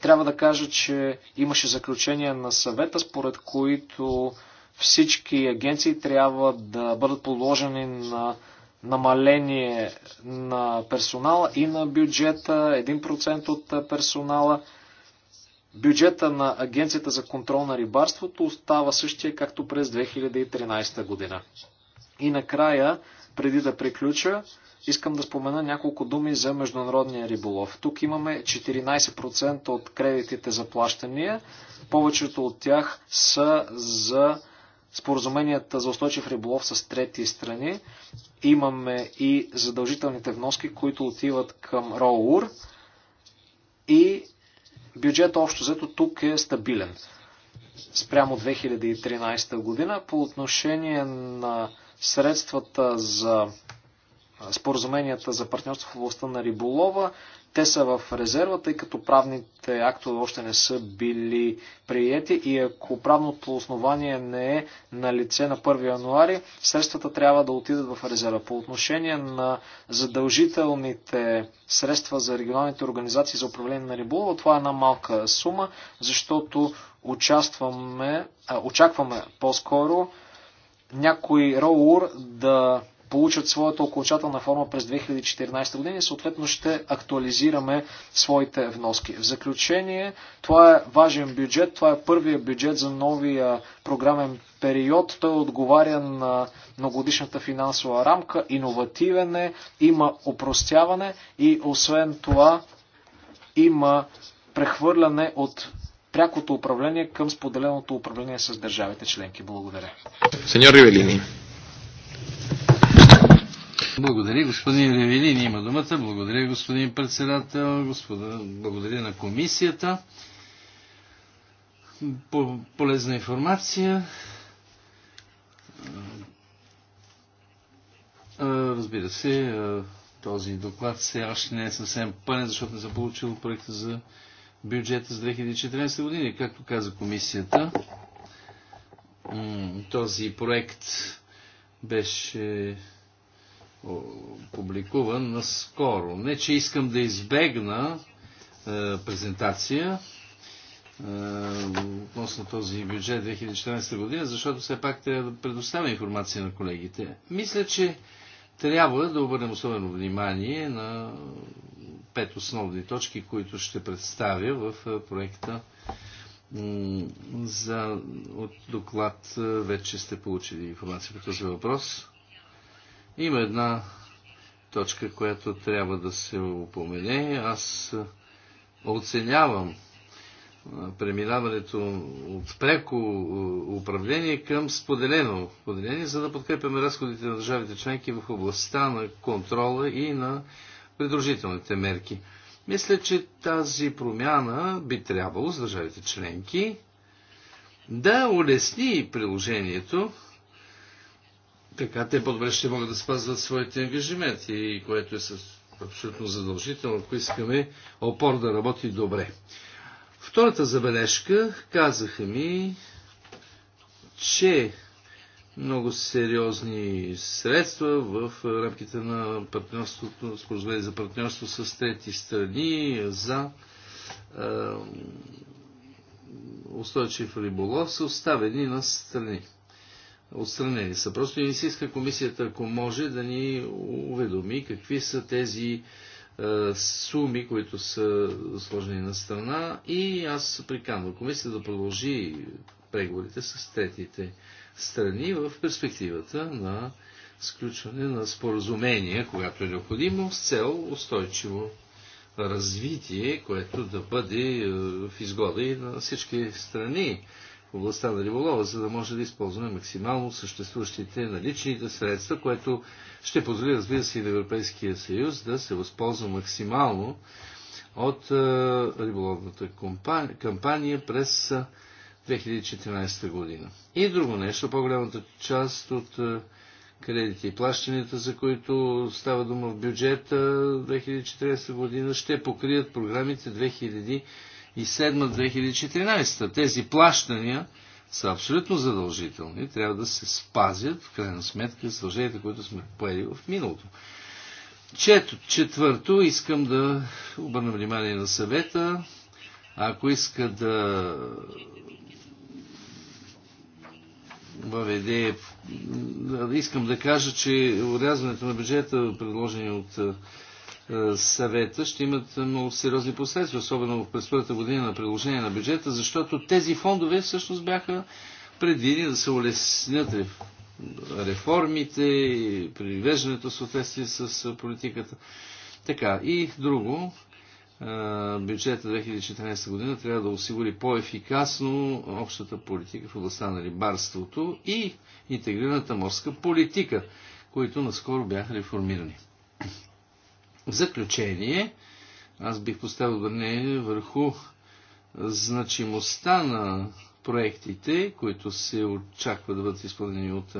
трябва да кажа, че имаше заключение на съвета, според които всички агенции трябва да бъдат подложени на намаление на персонала и на бюджета, 1% от персонала. Бюджета на Агенцията за контрол на рибарството остава същия, както през 2013 година. И накрая, преди да приключа, искам да спомена няколко думи за международния риболов. Тук имаме 14% от кредитите за плащания. Повечето от тях са за споразуменията за устойчив риболов с трети страни. Имаме и задължителните вноски, които отиват към РОУР. И бюджет общо взето тук е стабилен спрямо 2013 година. По отношение на средствата за споразуменията за партньорство в областта на риболова, те са в резерва, тъй като правните актове още не са били приети и ако правното основание не е на лице на 1 януари, средствата трябва да отидат в резерва. По отношение на задължителните средства за регионалните организации за управление на риболова, това е една малка сума, защото очакваме по-скоро някой роур да получат своята окончателна форма през 2014 година и съответно ще актуализираме своите вноски. В заключение, това е важен бюджет, това е първия бюджет за новия програмен период. Той отговаря на многодишната финансова рамка, иновативен е, има опростяване и освен това има прехвърляне от прякото управление към споделеното управление с държавите членки. Благодаря. Сеньор Ривелини. Благодаря, господин Ревелин има думата. Благодаря, господин председател. Господа... Благодаря на комисията. По полезна информация. Разбира се, този доклад все още не е съвсем пълен, защото не съм получил проекта за бюджета за 2014 година. Както каза комисията, този проект беше публикуван наскоро. Не, че искам да избегна е, презентация е, относно този бюджет 2014 година, защото все пак трябва да предоставя информация на колегите. Мисля, че трябва да обърнем особено внимание на пет основни точки, които ще представя в е, проекта за от доклад. Вече сте получили информация по този въпрос. Има една точка, която трябва да се упомене. Аз оценявам преминаването от преко управление към споделено управление, за да подкрепяме разходите на държавите членки в областта на контрола и на придружителните мерки. Мисля, че тази промяна би трябвало с държавите членки да улесни приложението така те по-добре ще могат да спазват своите ангажименти, и което е абсолютно задължително, ако искаме опор да работи добре. Втората забележка казаха ми, че много сериозни средства в рамките на партньорството, споразумение за партньорство с трети страни за е, устойчив риболов са оставени на страни отстранени са. Просто не се иска комисията, ако може, да ни уведоми какви са тези е, суми, които са сложени на страна и аз приканвам комисията да продължи преговорите с третите страни в перспективата на сключване на споразумения, когато е необходимо, с цел устойчиво развитие, което да бъде е, в изгода и на всички страни в областта на риболова, за да може да използваме максимално съществуващите наличните средства, което ще позволи, разбира се, и на Европейския съюз да се възползва максимално от е, риболовната кампания през 2014 е, година. И друго нещо, по-голямата част от е, кредити и плащанията, за които става дума в бюджета 2014 година, ще покрият програмите 2000 2007-2014. Тези плащания са абсолютно задължителни, трябва да се спазят, в крайна сметка, задълженията, които сме поели в миналото. Чето, четвърто, искам да обърна внимание на съвета. Ако иска да въведе... Искам да кажа, че урязването на бюджета, предложение от е, съвета ще имат много сериозни последствия, особено в през първата година на предложение на бюджета, защото тези фондове всъщност бяха предвидени да се улеснят реформите и привеждането в съответствие с политиката. Така, и друго, е, бюджета 2014 година трябва да осигури по-ефикасно общата политика в областта на рибарството и интегрираната морска политика, които наскоро бяха реформирани. В заключение, аз бих поставил ударение върху значимостта на проектите, които се очаква да бъдат изпълнени от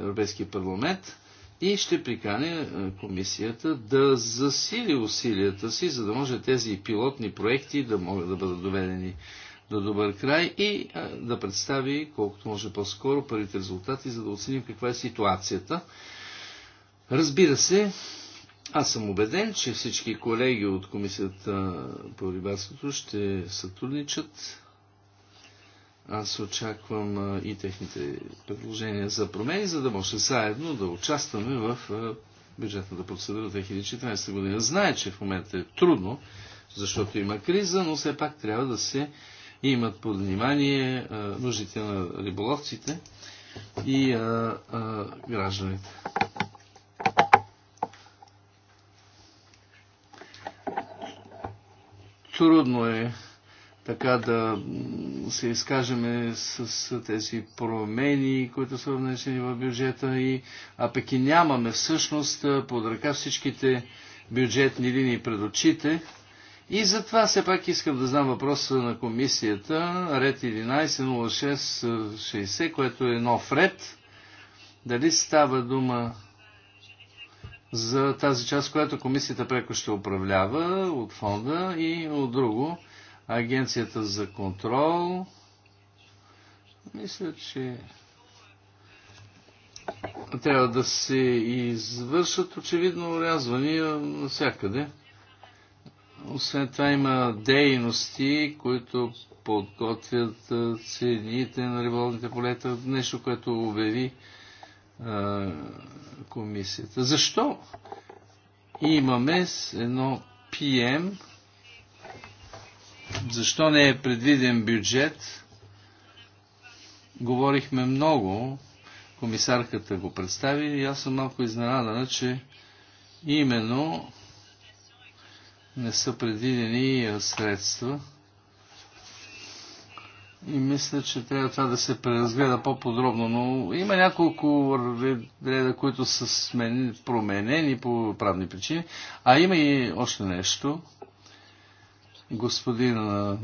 Европейския парламент и ще приканя комисията да засили усилията си, за да може тези пилотни проекти да могат да бъдат доведени до добър край и да представи колкото може по-скоро първите резултати, за да оценим каква е ситуацията. Разбира се, аз съм убеден, че всички колеги от Комисията по рибарството ще сътрудничат. Аз очаквам и техните предложения за промени, за да може заедно да участваме в бюджетната процедура 2014 година. Знае, че в момента е трудно, защото има криза, но все пак трябва да се имат под внимание нуждите на риболовците и а, а, гражданите. Трудно е така да се изкажеме с тези промени, които са внесени в бюджета, и, а пък и нямаме всъщност под ръка всичките бюджетни линии пред очите. И затова все пак искам да знам въпроса на комисията, ред 110660, което е нов ред. Дали става дума за тази част, която комисията преко ще управлява от фонда и от друго агенцията за контрол. Мисля, че трябва да се извършат очевидно урязвания навсякъде. Освен това има дейности, които подготвят цените на риболовните полета, нещо, което обяви комисията. Защо имаме едно ПМ? Защо не е предвиден бюджет? Говорихме много. Комисарката го представи и аз съм малко изненадана, че именно не са предвидени средства и мисля, че трябва това да се преразгледа по-подробно, но има няколко реда, които са смени, променени по правни причини. А има и още нещо. Господин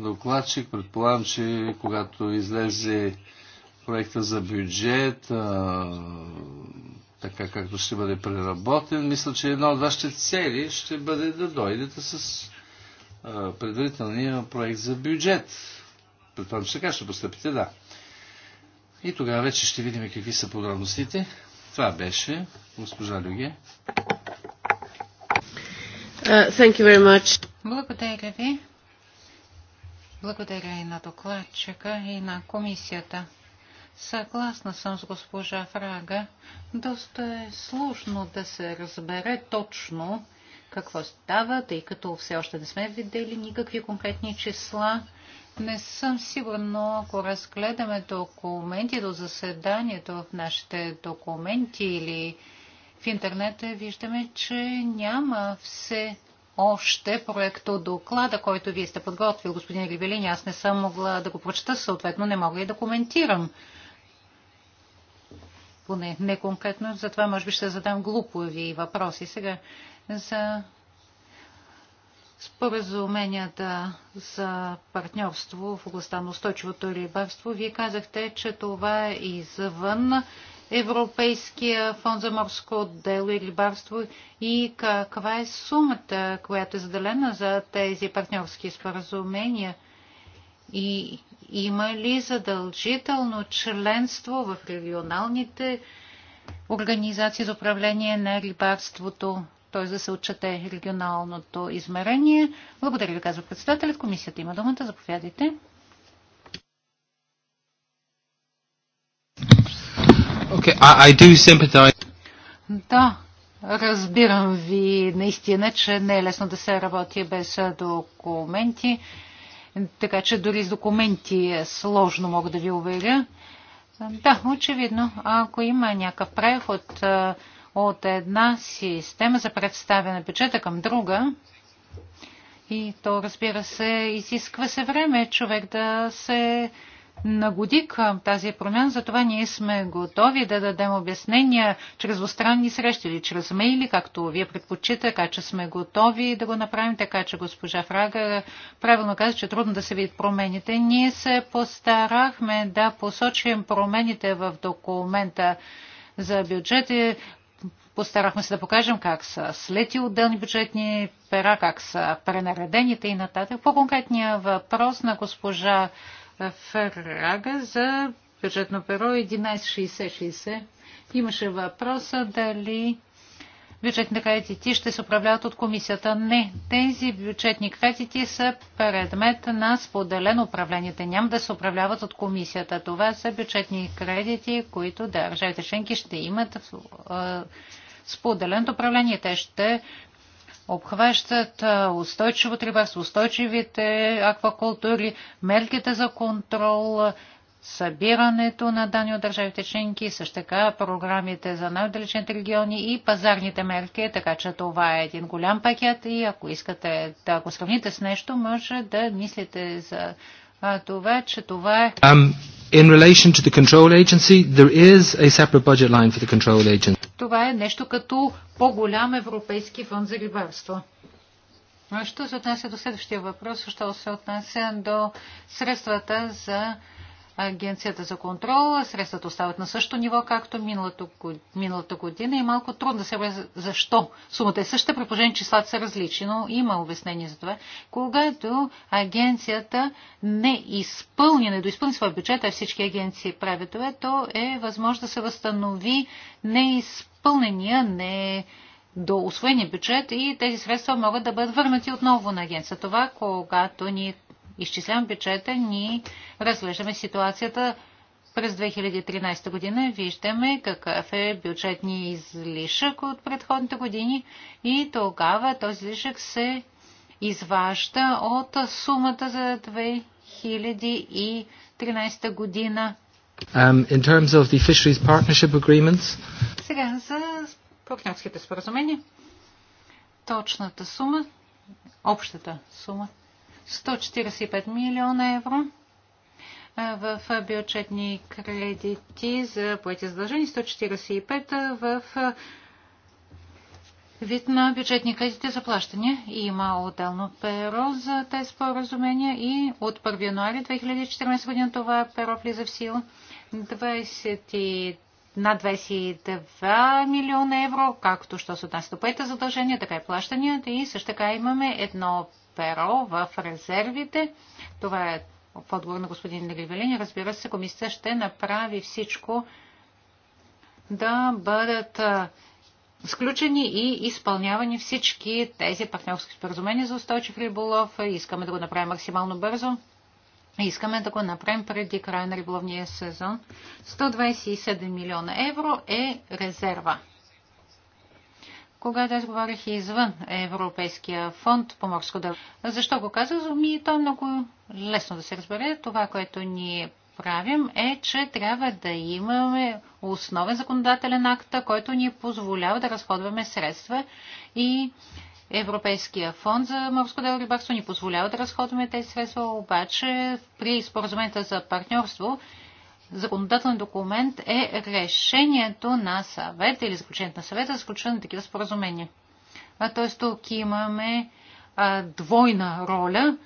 докладчик, предполагам, че когато излезе проекта за бюджет, а, така както ще бъде преработен, мисля, че една от вашите цели ще бъде да дойдете с а, предварителния проект за бюджет предполагам, че така ще постъпите, да. И тогава вече ще видим какви са подробностите. Това беше госпожа Люге. Uh, Благодаря ви. Благодаря и на докладчика, и на комисията. Съгласна съм с госпожа Фрага. Доста е сложно да се разбере точно какво става, тъй като все още не сме видели никакви конкретни числа. Не съм сигурна, но ако разгледаме документи до заседанието в нашите документи или в интернет, виждаме, че няма все още проекто доклада, който вие сте подготвил, господин Ривелин. Аз не съм могла да го прочета, съответно не мога и да коментирам. Поне не конкретно, затова може би ще задам глупови въпроси сега за споразуменията за партньорство в областта на устойчивото рибарство. Вие казахте, че това е извън Европейския фонд за морско дело и рибарство и каква е сумата, която е заделена за тези партньорски споразумения и има ли задължително членство в регионалните организации за управление на рибарството т.е. да се отчете регионалното измерение. Благодаря ви, казва председателят. Комисията има думата. Заповядайте. Okay, I, I do sympathize. Да, разбирам ви наистина, че не е лесно да се работи без документи. Така че дори с документи е сложно, мога да ви уверя. Да, очевидно, ако има някакъв преход, от от една система за представяне на бюджета към друга. И то, разбира се, изисква се време човек да се нагоди към тази промяна, затова ние сме готови да дадем обяснения чрез двустранни срещи или чрез мейли, както вие предпочитате, така че сме готови да го направим, така че госпожа Фрага правилно каза, че трудно да се видят промените. Ние се постарахме да посочим промените в документа за бюджети. Постарахме се да покажем как са слети отделни бюджетни пера, как са пренаредените и нататък. По конкретния въпрос на госпожа Ферага за бюджетно перо 116060 имаше въпроса дали бюджетни кредити ще се управляват от комисията. Не, тези бюджетни кредити са предмет на споделено управление. Те няма да се управляват от комисията. Това са бюджетни кредити, които държавите членки ще имат споделеното управление. Те ще обхващат устойчиво рибарство, устойчивите аквакултури, мерките за контрол, събирането на данни от държавите членки, също така програмите за най далечните региони и пазарните мерки, така че това е един голям пакет и ако искате да го сравните с нещо, може да мислите за това, че това е... Um, In relation to the control agency, there is a separate budget line for the control agency. Това е нещо като по-голям европейски фонд за рибарство. Що се отнася до следващия въпрос, що се отнася до средствата за агенцията за контрол. Средствата остават на същото ниво, както миналата, миналата година и малко трудно да се влезе защо. Сумата е същата, при положение числата са различни, но има обяснение за това. Когато агенцията не изпълни, не доизпълни своя бюджет, а всички агенции правят това, то е възможно да се възстанови неизпълнения, не до освоения бюджет и тези средства могат да бъдат върнати отново на агенция. Това, когато ние изчислявам бюджета, ние разглеждаме ситуацията през 2013 година. Виждаме какъв е ни излишък от предходните години и тогава този излишък се изважда от сумата за 2013 година. Um, in terms of the fisheries partnership agreements. Сега за партньорските споразумения. Точната сума, общата сума 145 милиона евро в бюджетни кредити за поети задължения, 145 в вид на бюджетни кредити за плащане. Има отделно перо за тези споразумения и от 1 януари 2014 година това перо влиза в сила 20 на 22 милиона евро, както що се отнася до поета задължения, така и плащанията. И също така имаме едно перо в резервите. Това е в отговор на господин Гривелин. Разбира се, комисията ще направи всичко да бъдат сключени и изпълнявани всички тези партньорски споразумения за устойчив риболов. Искаме да го направим максимално бързо. Искаме да го направим преди края на риболовния сезон. 127 милиона евро е резерва когато аз говорих извън Европейския фонд по морско дълго. Защо го казах? Ми то е много лесно да се разбере. Това, което ние правим е, че трябва да имаме основен законодателен акт, който ни позволява да разходваме средства и Европейския фонд за морско дело рибарство ни позволява да разходваме тези средства, обаче при споразумента за партньорство законодателен документ е решението на съвета или заключението на съвета за сключване на такива споразумения. Т.е. тук имаме а, двойна роля.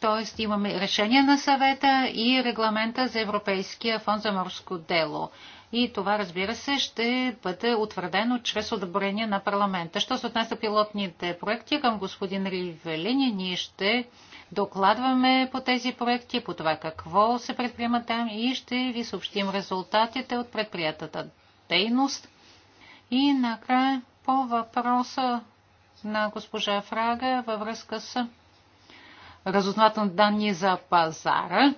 Т.е. имаме решение на съвета и регламента за Европейския фонд за морско дело. И това, разбира се, ще бъде утвърдено чрез одобрение на парламента. Що се отнася пилотните проекти към господин Ривелини, ние ще докладваме по тези проекти, по това какво се предприема там и ще ви съобщим резултатите от предприятата дейност. И накрая по въпроса на госпожа Фрага във връзка с разузнавателни данни за пазара.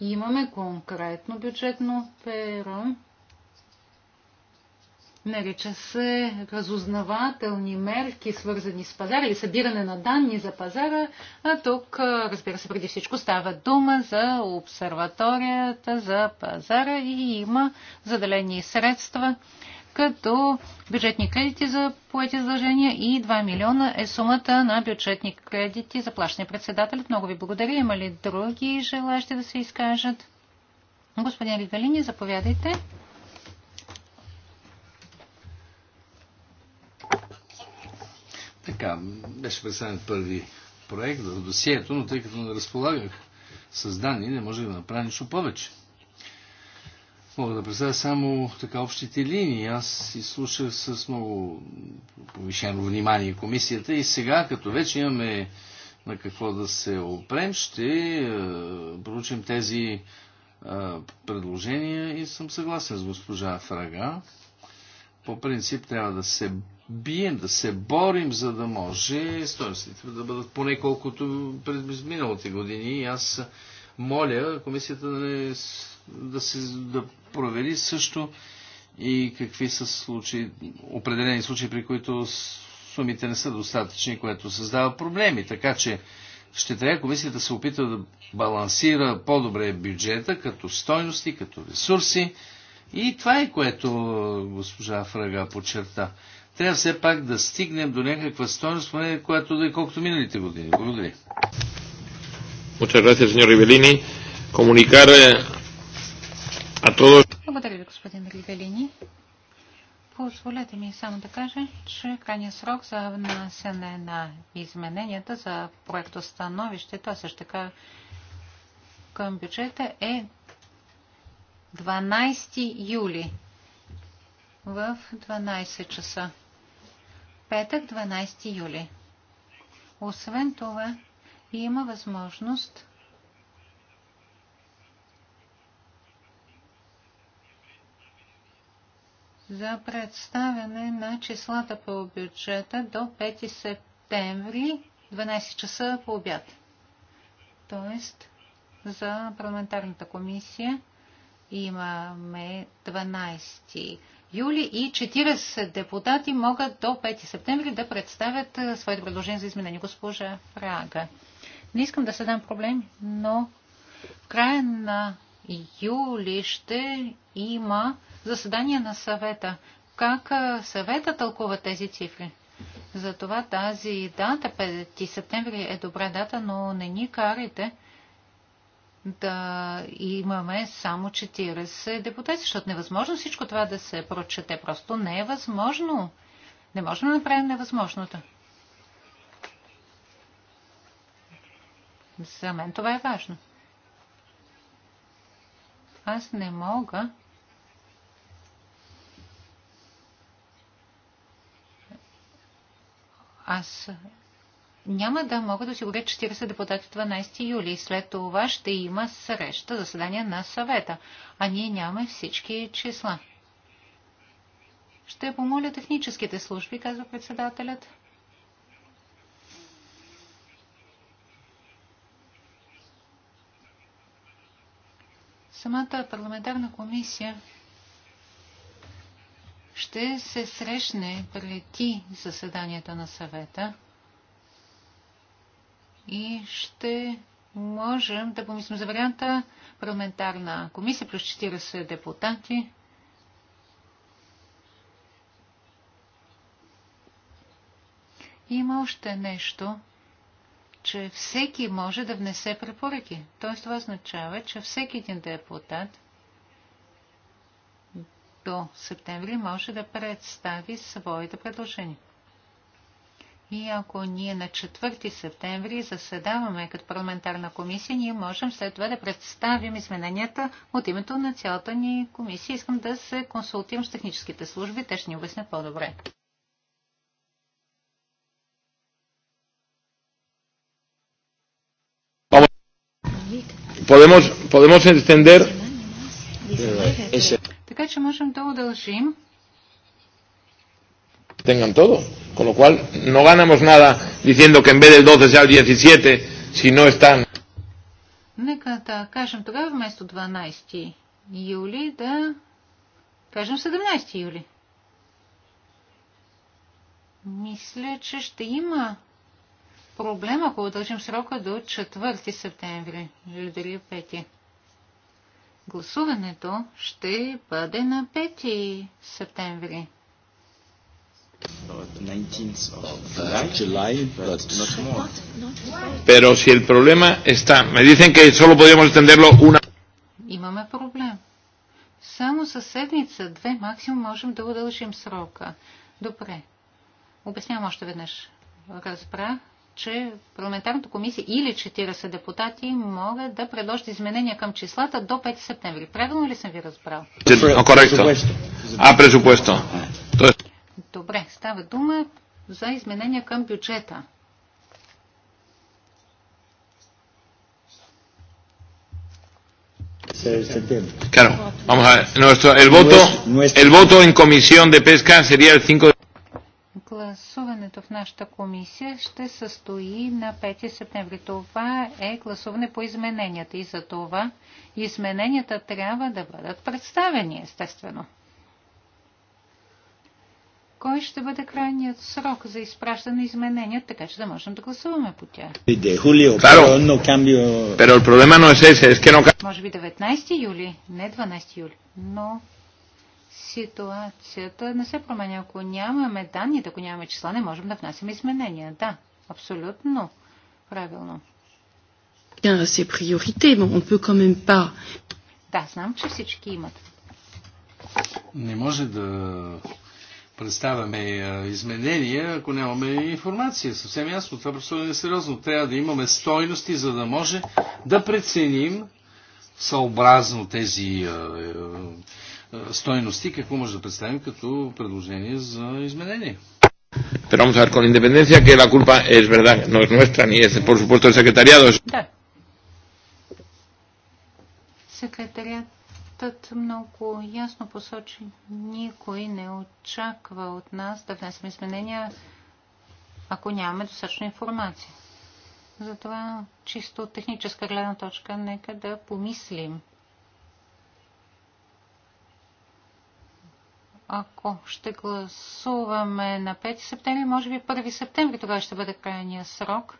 Имаме конкретно бюджетно перо Нарича се разузнавателни мерки, свързани с пазара или събиране на данни за пазара. А тук, разбира се, преди всичко става дума за обсерваторията за пазара и има заделени средства като бюджетни кредити за поети задължения и 2 милиона е сумата на бюджетни кредити за плащане. Председателят, много ви благодаря. Има ли други желащи да се изкажат? Господин Ригалини, заповядайте. Така, беше представен първи проект в досието, но тъй като не разполагах с данни, не може да направя нищо повече. Мога да представя само така общите линии. Аз изслушах с много повишено внимание комисията и сега, като вече имаме на какво да се опрем, ще е, проучим тези е, предложения и съм съгласен с госпожа Фрага. По принцип трябва да се бием, да се борим, за да може стоеностите да бъдат поне колкото през миналите години. И аз моля комисията да, не, да, се, да провери също и какви са случаи, определени случаи, при които сумите не са достатъчни, което създава проблеми. Така че ще трябва комисията да се опита да балансира по-добре бюджета като стойности, като ресурси. И това е което госпожа Фрага подчерта трябва все пак да стигнем до някаква стойност, поне която да е колкото миналите години. Благодаря. Muchas gracias, señor Rivellini. Comunicar eh, a todos... Благодаря ви, господин Ривелини. Позволете ми само да кажа, че крайният срок за внасяне на измененията за проектостановището, а също така към бюджета е 12 юли в 12 часа петък, 12 юли. Освен това, има възможност за представяне на числата по бюджета до 5 септември, 12 часа по обяд. Тоест, за парламентарната комисия имаме 12 юли и 40 депутати могат до 5 септември да представят своите предложения за изменение. Госпожа Фрага. Не искам да се дам проблем, но в края на юли ще има заседание на съвета. Как съвета тълкува тези цифри? Затова тази дата, 5 септември, е добра дата, но не ни карайте да имаме само 40 депутати, защото невъзможно всичко това да се прочете. Просто не е възможно. Не можем да направим невъзможното. За мен това е важно. Аз не мога аз няма да могат да осигурят 40 депутати 12 юли. След това ще има среща, заседание на съвета, а ние нямаме всички числа. Ще помоля техническите служби, казва председателят. Самата парламентарна комисия ще се срещне преди заседанието на съвета и ще можем да помислим за варианта парламентарна комисия плюс 40 депутати. Има още нещо, че всеки може да внесе препоръки. Т.е. това означава, че всеки един депутат до септември може да представи своите предложения. И ако ние на 4 септември заседаваме като парламентарна комисия, ние можем след това да представим измененията от името на цялата ни комисия. Искам да се консултирам с техническите служби, те ще ни обяснят по-добре. Podemos, podemos entender. Така че можем да удължим tengan todo. Con lo cual, no ganamos nada diciendo que en vez del 12 sea el 17, si no están. Нека да кажем тогава вместо 12 юли да кажем 17 юли. Мисля, че ще има проблем, ако удължим срока до 4 септември или дали 5. Е Гласуването ще бъде на 5 септември. Pero si el problema está, me dicen que solo podíamos extenderlo una. Имаме проблем. Само със седмица, две максимум можем да удължим срока. Добре. Обяснявам още веднъж. Разбра, че парламентарната комисия или 40 депутати могат да предложат изменения към числата до 5 септември. Правилно ли съм ви разбрал? А, презупуесто. Тоест... Добре, става дума за изменения към бюджета. Claro, vamos a ver. Nuestro, el, voto, el voto en comisión de pesca sería el 5 de... Гласуването в нашата комисия ще състои на 5 септември. Това е гласуване по измененията и за това измененията трябва да бъдат представени, естествено кой ще бъде крайният срок за изпращане на изменения, така че да можем да гласуваме по тях. Може би 19 юли, не 12 юли, но ситуацията не се променя. Ако нямаме данни, ако нямаме числа, не можем да внасяме изменения. Да, абсолютно правилно. Да, знам, че всички имат. Не може да представяме е, изменения, ако нямаме информация. Съвсем ясно, това просто е несериозно. Трябва да имаме стойности, за да може да преценим съобразно тези е, е, стойности, какво може да представим като предложение за изменение. Pero vamos a ver, con independencia que la culpa es verdad, no es nuestra, ni es por supuesto el secretariado. Да. Секретарият Текстът много ясно посочи, никой не очаква от нас да внесем изменения, ако нямаме достатъчно информация. Затова чисто от техническа гледна точка нека да помислим. Ако ще гласуваме на 5 септември, може би 1 септември тогава ще бъде крайния срок.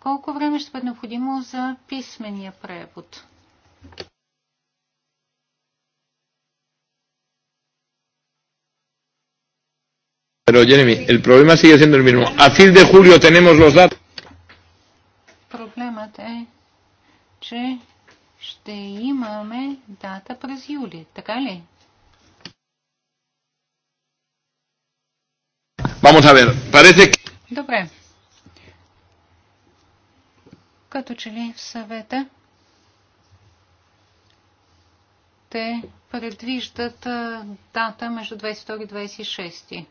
Колко време ще бъде необходимо за писмения превод? Pero Jeremy, el problema sigue siendo el mismo. A fin de julio tenemos los datos. Проблемът е, че ще имаме дата през юли, така ли? Vamos a ver, parece que... Добре. Като че ли в съвета те предвиждат дата между 22 и 26.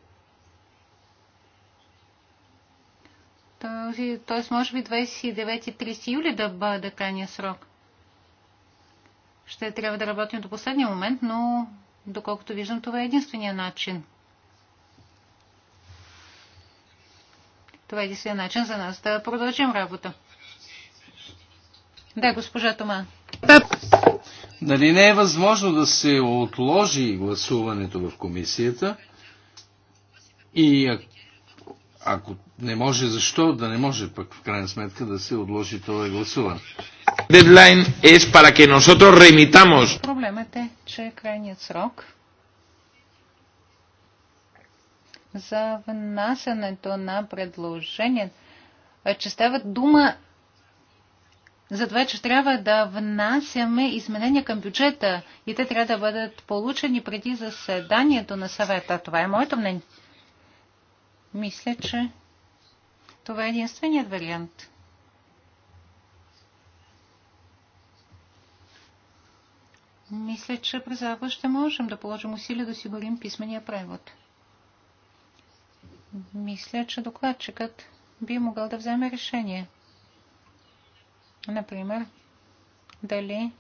т.е. може би 29-30 юли да бъде крайния срок. Ще трябва да работим до последния момент, но доколкото виждам, това е единствения начин. Това е единствения начин за нас да продължим работа. Да, госпожа Тома. Нали не е възможно да се отложи гласуването в комисията и ако не може, защо да не може пък в крайна сметка да се отложи това гласуване? Дедлайн е para que nosotros remitamos. Проблемът е, че крайният срок за внасянето на предложение, е, че става дума за това, че трябва да внасяме изменения към бюджета и те трябва да бъдат получени преди заседанието на съвета. Това е моето мнение. Мисля, че това е единственият вариант. Мисля, че през август ще можем да положим усилия да осигурим писмения превод. Мисля, че докладчикът би могъл да вземе решение. Например, дали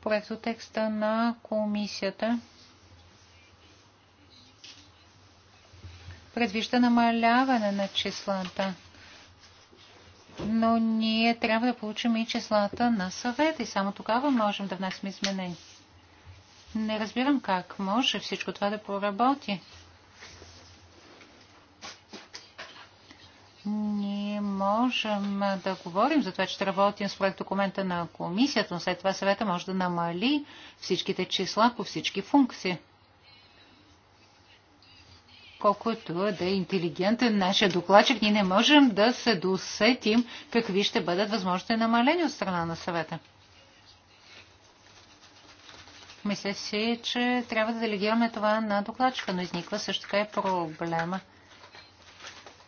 проектотекста на комисията предвижда намаляване на числата. Но ние трябва да получим и числата на съвета и само тогава можем да внесем изменения. Не разбирам как може всичко това да проработи. Ние можем да говорим за това, че работим работим според документа на комисията, но след това съвета може да намали всичките числа по всички функции колкото да е интелигентен нашия докладчик, ние не можем да се досетим какви ще бъдат възможните намалени от страна на съвета. Мисля си, че трябва да делегираме това на докладчика, но изниква също така и проблема,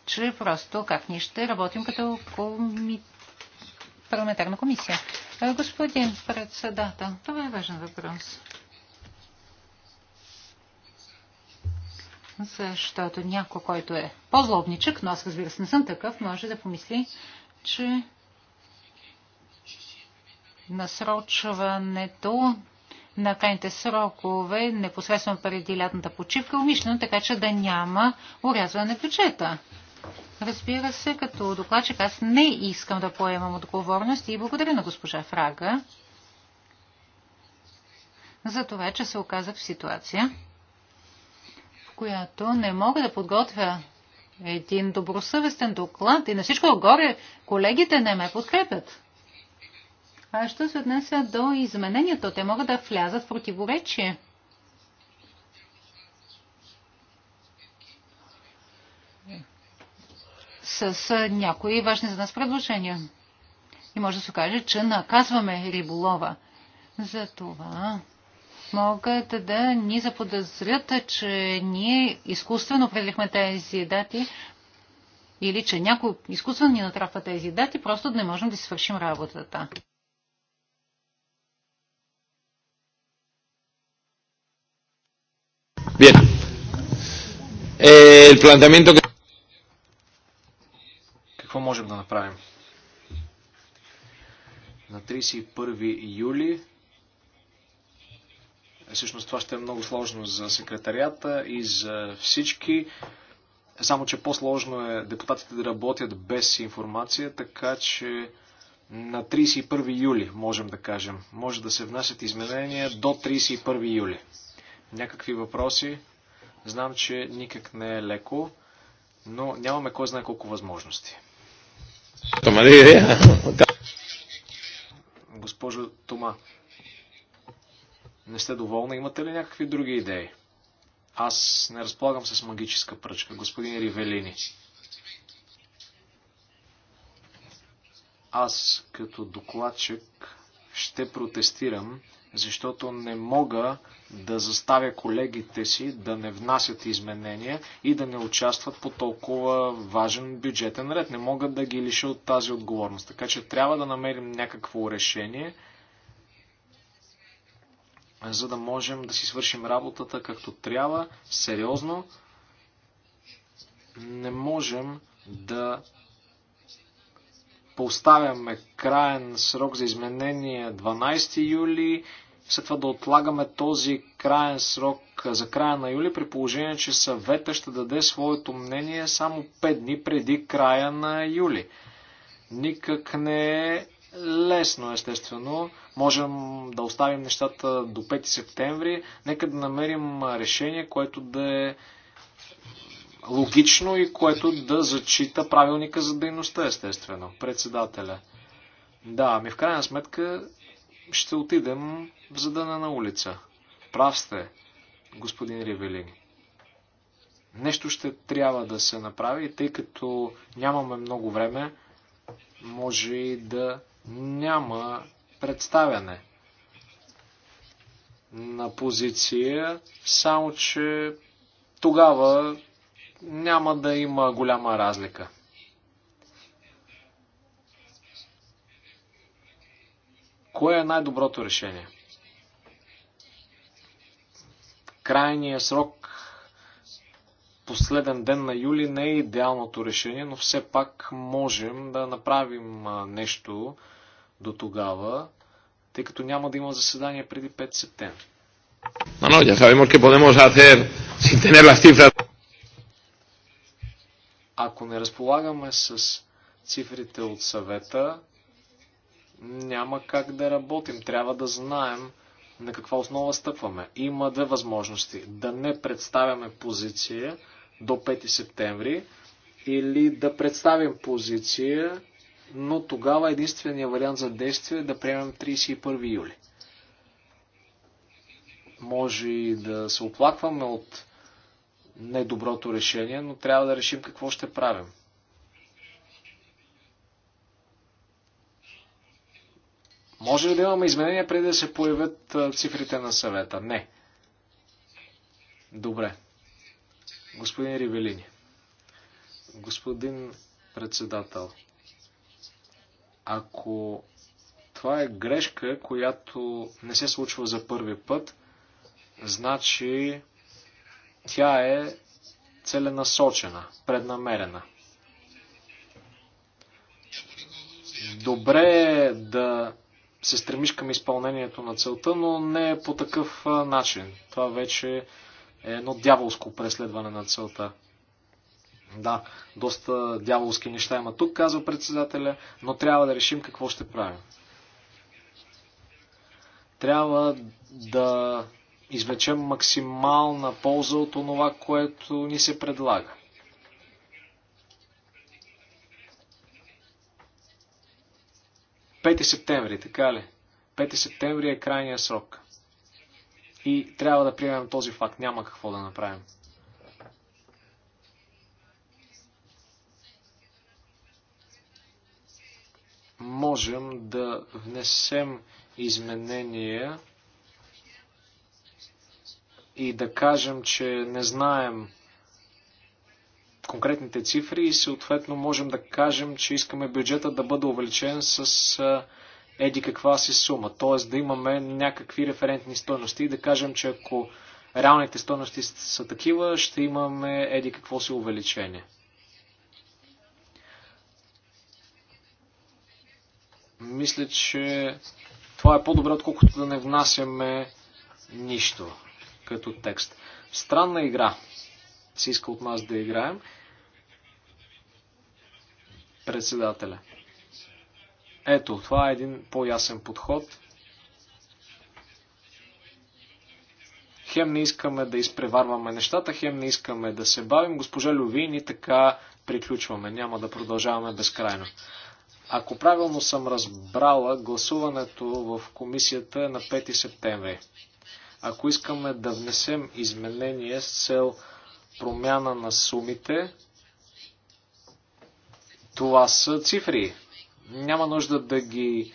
че просто как ние ще работим като коми... парламентарна комисия. Господин председател, това е важен въпрос. защото някой, който е по-злобничък, но аз разбира се не съм такъв, може да помисли, че насрочването на крайните срокове непосредствено преди лятната почивка е умишлено, така че да няма урязване на бюджета. Разбира се, като докладчик аз не искам да поемам отговорност и благодаря на госпожа Фрага за това, че се оказах в ситуация, която не мога да подготвя един добросъвестен доклад и на всичко отгоре колегите не ме подкрепят. А що се отнася до изменението, те могат да влязат в противоречие. С някои важни за нас предложения. И може да се каже, че наказваме риболова. за това могат да ни заподозрят, че ние изкуствено определихме тези дати или че някой изкуствено ни натрапва тези дати, просто не можем да си свършим работата. Bien. Eh, el planteamiento que... Какво можем да направим? На 31 юли е, всъщност това ще е много сложно за секретарията и за всички. Само, че по-сложно е депутатите да работят без информация, така че на 31 юли, можем да кажем. Може да се внасят изменения до 31 юли. Някакви въпроси? Знам, че никак не е леко, но нямаме кой знае колко възможности. Тома, Госпожо Тома, не сте доволни? Имате ли някакви други идеи? Аз не разполагам с магическа пръчка, господин Ривелини. Аз като докладчик ще протестирам, защото не мога да заставя колегите си да не внасят изменения и да не участват по толкова важен бюджетен ред. Не мога да ги лиша от тази отговорност. Така че трябва да намерим някакво решение – за да можем да си свършим работата както трябва, сериозно. Не можем да поставяме краен срок за изменение 12 юли, след това да отлагаме този краен срок за края на юли, при положение, че съвета ще даде своето мнение само 5 дни преди края на юли. Никак не е лесно, естествено можем да оставим нещата до 5 септември. Нека да намерим решение, което да е логично и което да зачита правилника за дейността, естествено, председателя. Да, ми в крайна сметка ще отидем в задана на улица. Прав сте, господин Ривелин. Нещо ще трябва да се направи, тъй като нямаме много време, може и да няма представяне на позиция, само че тогава няма да има голяма разлика. Кое е най-доброто решение? Крайният срок, последен ден на юли, не е идеалното решение, но все пак можем да направим нещо, до тогава, тъй като няма да има заседание преди 5 септември. No, no, ya sabemos que podemos hacer sin tener las cifras. Ако не разполагаме с цифрите от съвета, няма как да работим. Трябва да знаем на каква основа стъпваме. Има две възможности. Да не представяме позиция до 5 септември или да представим позиция но тогава единствения вариант за действие е да приемем 31 юли. Може и да се оплакваме от недоброто решение, но трябва да решим какво ще правим. Може ли да имаме изменения преди да се появят цифрите на съвета? Не. Добре. Господин Ривелини. Господин председател. Ако това е грешка, която не се случва за първи път, значи тя е целенасочена, преднамерена. Добре е да се стремиш към изпълнението на целта, но не по такъв начин. Това вече е едно дяволско преследване на целта. Да, доста дяволски неща има тук, казва председателя, но трябва да решим какво ще правим. Трябва да извлечем максимална полза от това, което ни се предлага. Пети септември, така ли? 5 септември е крайния срок. И трябва да приемем този факт. Няма какво да направим. можем да внесем изменения и да кажем, че не знаем конкретните цифри и съответно можем да кажем, че искаме бюджета да бъде увеличен с еди каква си сума. Т.е. да имаме някакви референтни стоености и да кажем, че ако реалните стоености са такива, ще имаме еди какво си увеличение. Мисля, че това е по-добре, отколкото да не внасяме нищо като текст. Странна игра се иска от нас да играем. Председателя. Ето, това е един по-ясен подход. Хем не искаме да изпреварваме нещата, хем не искаме да се бавим. Госпожа Лювин и така приключваме. Няма да продължаваме безкрайно. Ако правилно съм разбрала, гласуването в комисията е на 5 септември. Ако искаме да внесем изменение с цел промяна на сумите, това са цифри. Няма нужда да ги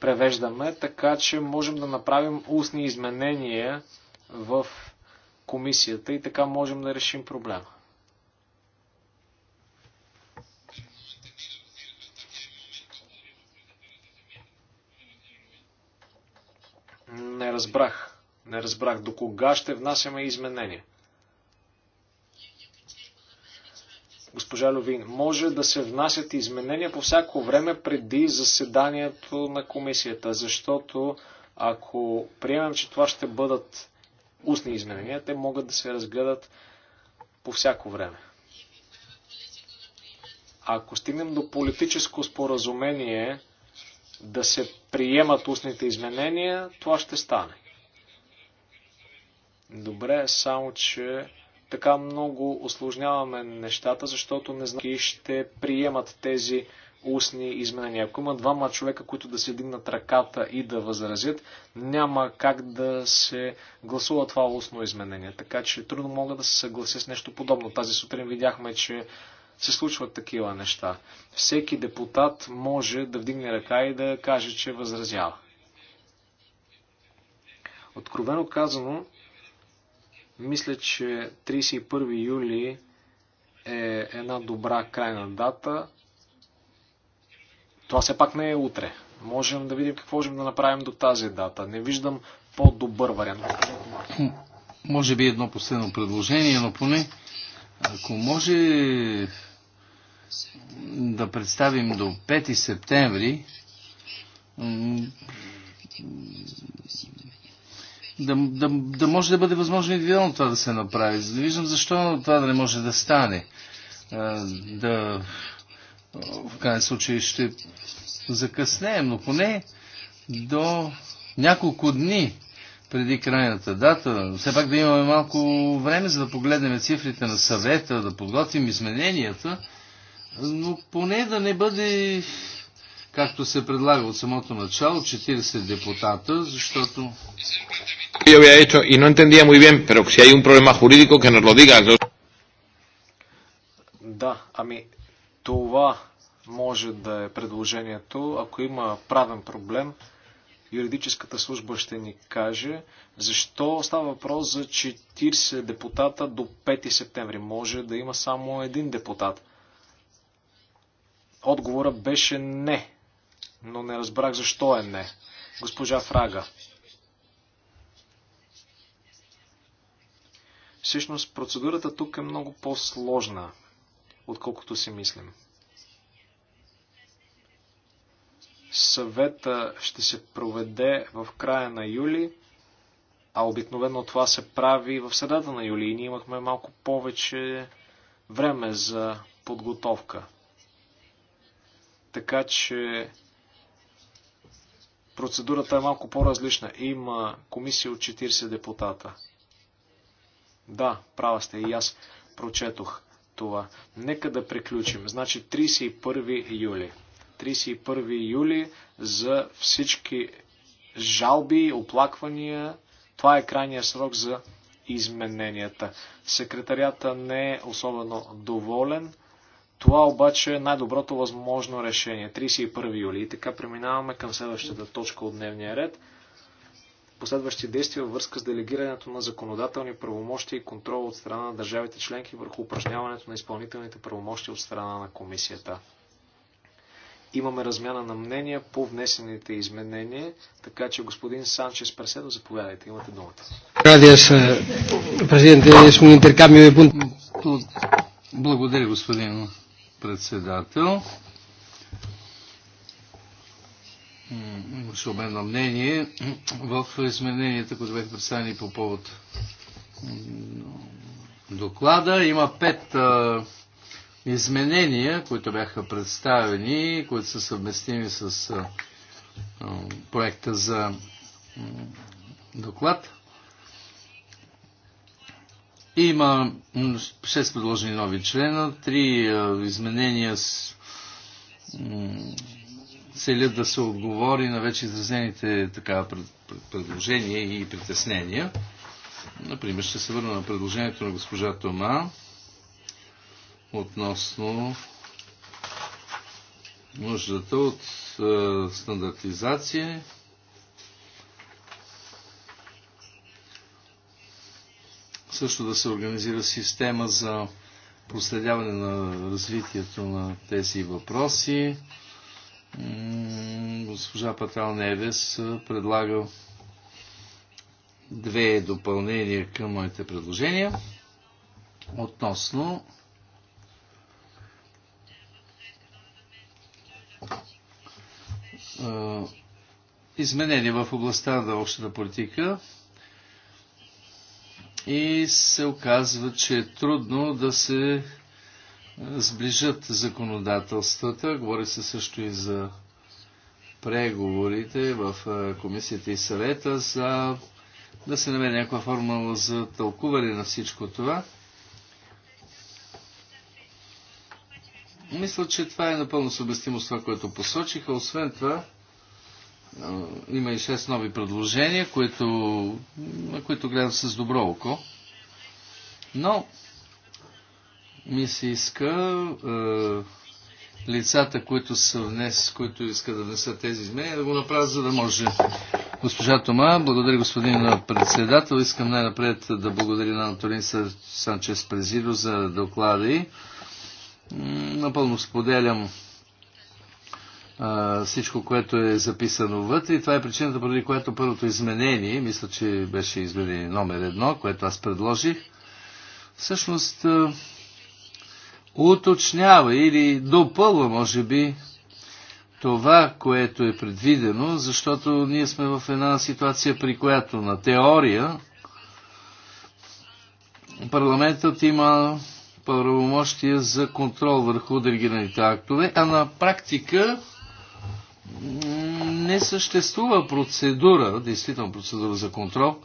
превеждаме, така че можем да направим устни изменения в комисията и така можем да решим проблема. Не разбрах. Не разбрах. До кога ще внасяме изменения? Госпожа Лювин, може да се внасят изменения по всяко време преди заседанието на комисията, защото ако приемем, че това ще бъдат устни изменения, те могат да се разгледат по всяко време. Ако стигнем до политическо споразумение, да се приемат устните изменения, това ще стане. Добре, само че така много осложняваме нещата, защото не знам ще приемат тези устни изменения. Ако има двама човека, които да се дигнат ръката и да възразят, няма как да се гласува това устно изменение. Така че трудно мога да се съглася с нещо подобно. Тази сутрин видяхме, че се случват такива неща. Всеки депутат може да вдигне ръка и да каже, че възразява. Откровено казано, мисля, че 31 юли е една добра крайна дата. Това все пак не е утре. Можем да видим какво можем да направим до тази дата. Не виждам по-добър вариант. Може би едно последно предложение, но поне ако може да представим до 5 септември да, да, да може да бъде възможно индивидуално това да се направи. за Да виждам защо това да не може да стане. Да, в крайен случай ще закъснеем, но поне до няколко дни преди крайната дата. Все пак да имаме малко време, за да погледнем цифрите на съвета, да подготвим измененията но поне да не бъде, както се предлага от самото начало, 40 депутата, защото... Yo había hecho y no entendía muy bien, pero si hay un problema jurídico que nos lo diga. Да, ами това може да е предложението. Ако има правен проблем, юридическата служба ще ни каже защо става въпрос за 40 депутата до 5 септември. Може да има само един депутат. Отговора беше не, но не разбрах защо е не. Госпожа Фрага. Всъщност процедурата тук е много по-сложна, отколкото си мислим. Съвета ще се проведе в края на юли, а обикновено това се прави в средата на юли и ние имахме малко повече време за подготовка. Така че процедурата е малко по-различна. Има комисия от 40 депутата. Да, права сте и аз прочетох това. Нека да приключим. Значи 31 юли. 31 юли за всички жалби, оплаквания. Това е крайния срок за измененията. Секретарията не е особено доволен. Това обаче е най-доброто възможно решение. 31 юли. И така преминаваме към следващата точка от дневния ред. Последващи действия във връзка с делегирането на законодателни правомощи и контрол от страна на държавите членки върху упражняването на изпълнителните правомощи от страна на комисията. Имаме размяна на мнения по внесените изменения, така че господин Санчес Преседо, заповядайте, имате думата. Е, Благодаря, господин председател. Имаше обменно мнение в измененията, които бяха представени по повод доклада. Има пет изменения, които бяха представени, които са съвместими с проекта за доклад. Има 6 предложени нови члена, 3 изменения с целят да се отговори на вече изразените така предложения и притеснения. Например, ще се върна на предложението на госпожа Тома относно нуждата от стандартизация Също да се организира система за проследяване на развитието на тези въпроси. Госпожа Патрал Невес предлага две допълнения към моите предложения относно изменения в областта на общата политика и се оказва, че е трудно да се е, сближат законодателствата. Говори се също и за преговорите в е, комисията и съвета за да се намери някаква формула за тълкуване на всичко това. Мисля, че това е напълно съвместимо с това, което посочиха. Освен това, има и 6 нови предложения, които, на които гледам с добро око. Но ми се иска е, лицата, които са внес, които искат да внесат тези изменения, да го направят, за да може. Госпожа Тома, благодаря господин председател. Искам най-напред да благодаря на Антолин Санчес Президо за доклада и напълно споделям а, всичко, което е записано вътре. И това е причината, поради която първото изменение, мисля, че беше изменение номер едно, което аз предложих, всъщност а, уточнява или допълва, може би, това, което е предвидено, защото ние сме в една ситуация, при която на теория парламентът има правомощия за контрол върху делегираните актове, а на практика не съществува процедура, действително процедура за контрол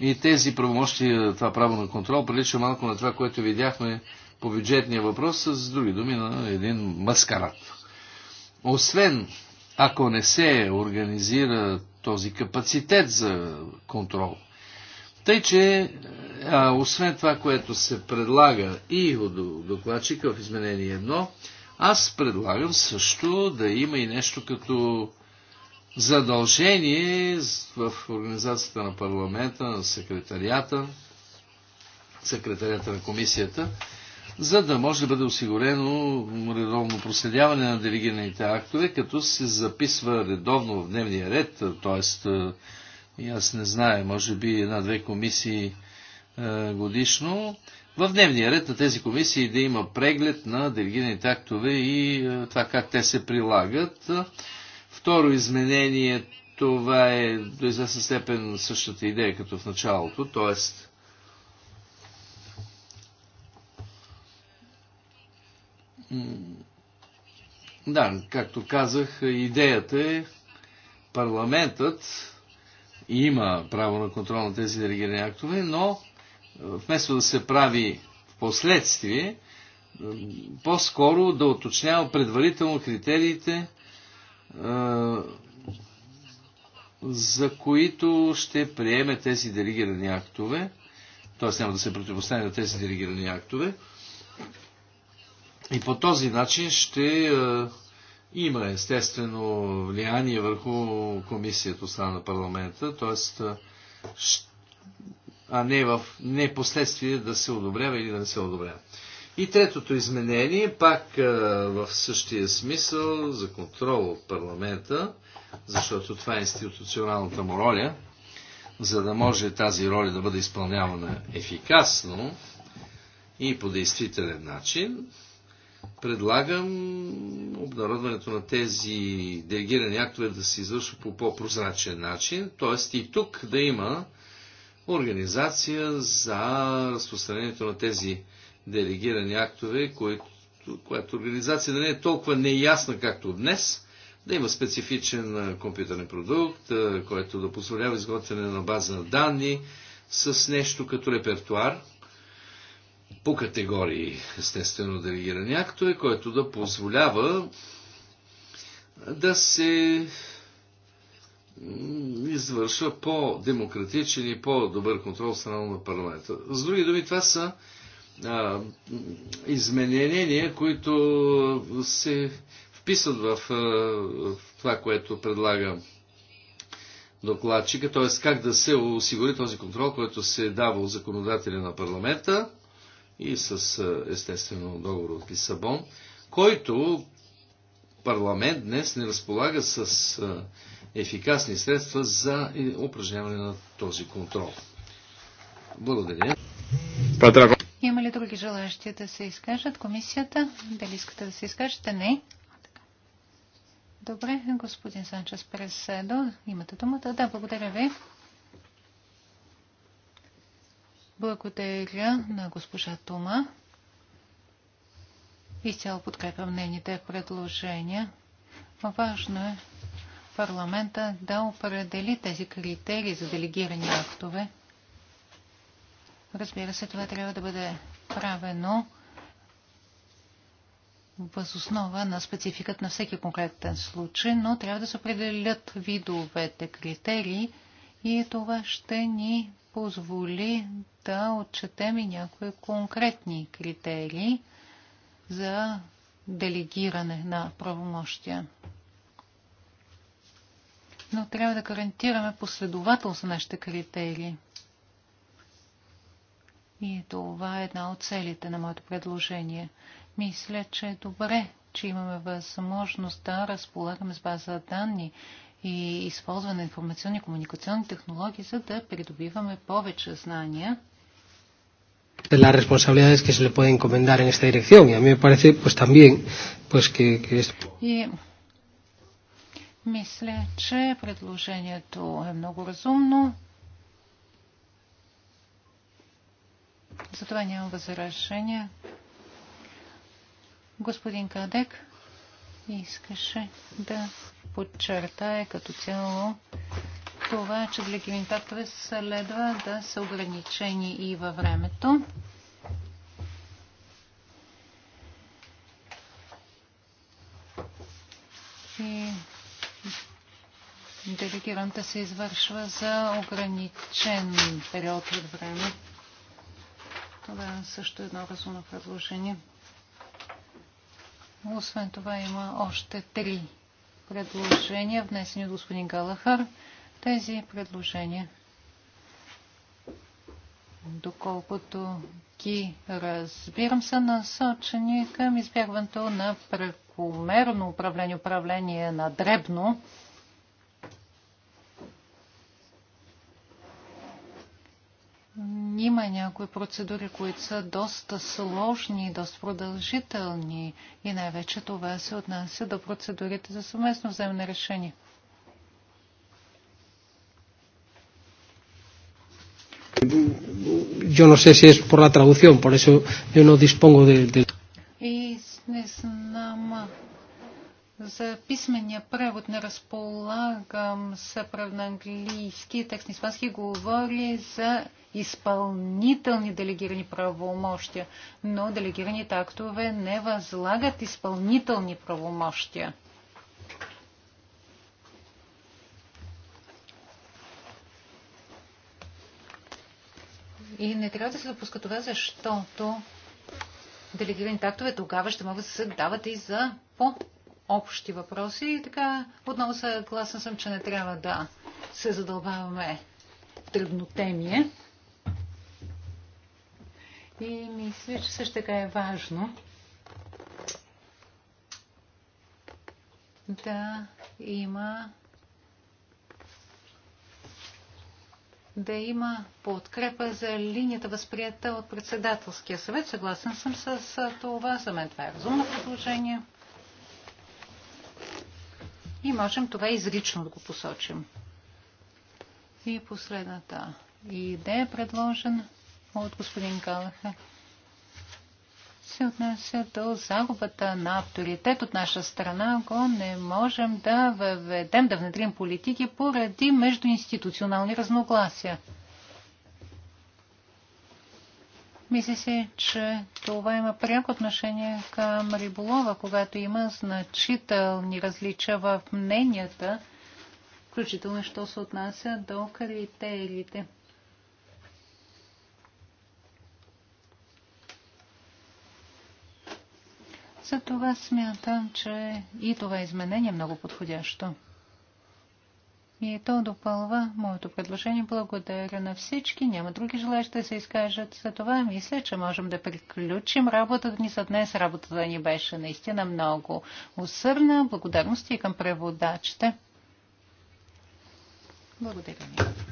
и тези правомощи, това право на контрол прилича малко на това, което видяхме по бюджетния въпрос, с други думи на един маскарад. Освен ако не се организира този капацитет за контрол. Тъй, че а, освен това, което се предлага и от докладчика в изменение едно, аз предлагам също да има и нещо като задължение в организацията на парламента, на секретарията, секретарията на комисията, за да може да бъде осигурено редовно проследяване на делегираните актове, като се записва редовно в дневния ред, т.е. аз не знае, може би една-две комисии е, годишно, в дневния ред на тези комисии да има преглед на делегираните актове и е, това как те се прилагат. Второ изменение, това е до известна степен същата идея като в началото, т.е. Да, както казах, идеята е парламентът има право на контрол на тези делегирани актове, но вместо да се прави в последствие, по-скоро да оточнява предварително критериите, е, за които ще приеме тези делегирани актове, т.е. няма да се противостане на тези делегирани актове. И по този начин ще е, има естествено влияние върху комисията от страна на парламента, т.е. Е, а не в непоследствие да се одобрява или да не се одобрява. И третото изменение, пак а, в същия смисъл за контрол от парламента, защото това е институционалната му роля, за да може тази роля да бъде изпълнявана ефикасно и по действителен начин, предлагам обнародването на тези делегирани актове да се извършва по по-прозрачен начин, т.е. и тук да има организация за разпространението на тези делегирани актове, които, която организация да не е толкова неясна, както днес, да има специфичен компютърен продукт, който да позволява изготвяне на база на данни с нещо като репертуар, по категории, естествено, делегирани актове, който да позволява да се извършва по-демократичен и по-добър контрол в страна на парламента. С други думи, това са а, изменения, които се вписват в, а, в това, което предлага докладчика, т.е. как да се осигури този контрол, който се е дава от законодателя на парламента и с естествено договор от Лисабон, който парламент днес не разполага с ефикасни средства за упражняване на този контрол. Благодаря. Има ли други желащи да се изкажат? Комисията? Дали искате да се изкажете? Не. Добре, господин Санчес Преседо, имате думата. Да, благодаря ви. Благодаря на госпожа Тума. Изцяло подкрепям нейните предложения. Важно е парламента да определи тези критерии за делегирани актове. Разбира се, това трябва да бъде правено възоснова на спецификът на всеки конкретен случай, но трябва да се определят видовете критерии и това ще ни позволи да отчетем и някои конкретни критерии за делегиране на правомощия но трябва да гарантираме последователност на нашите критерии. И това е една от целите на моето предложение. Мисля, че е добре, че имаме възможност да разполагаме с база данни и използване на информационни и комуникационни технологии, за да придобиваме повече знания. de las responsabilidades que se le puede encomendar en esta dirección y a mí me parece pues también pues que, que... Y мисля, че предложението е много разумно. Затова нямам възражения. Господин Кадек искаше да подчертае като цяло това, че гликемитатове следва да са ограничени и във времето. И Делегирането се извършва за ограничен период от време. Това е също едно разумно предложение. Освен това има още три предложения, внесени от господин Галахар. Тези предложения, доколкото ги разбирам, са насочени към избягването на прекомерно управление, управление на дребно, Има някои процедури, които са доста сложни, доста продължителни и най-вече това се отнася до процедурите за съвместно вземане решение. Yo no sé si es por la traducción, por eso yo no dispongo de... de... И не знам за писмения превод не разполагам с английски. Текст на испански говори за изпълнителни делегирани правомощия, но делегираните актове не възлагат изпълнителни правомощия. И не трябва да се допуска това, защото делегираните актове тогава ще могат да се дават и за по-общи въпроси. И така, отново съгласна съм, че не трябва да се задълбаваме в дребнотемие. И мисля, че също така е важно да има да има подкрепа за линията възприята от председателския съвет. Съгласен съм с това. За мен това е разумно предложение. И можем това изрично да го посочим. И последната идея, предложена от господин Калаха се отнася до загубата на авторитет от наша страна, ако не можем да въведем, да внедрим политики поради междуинституционални разногласия. Мисля се, че това има пряко отношение към риболова, когато има значителни различия в мненията, включително що се отнася до критериите. За това смятам, че и това изменение е много подходящо. И то допълва моето предложение. Благодаря на всички. Няма други желаящи да се изкажат. За това мисля, че можем да приключим работата ни за днес. Работата ни беше наистина много усърна. Благодарности към преводачите. Благодаря ви.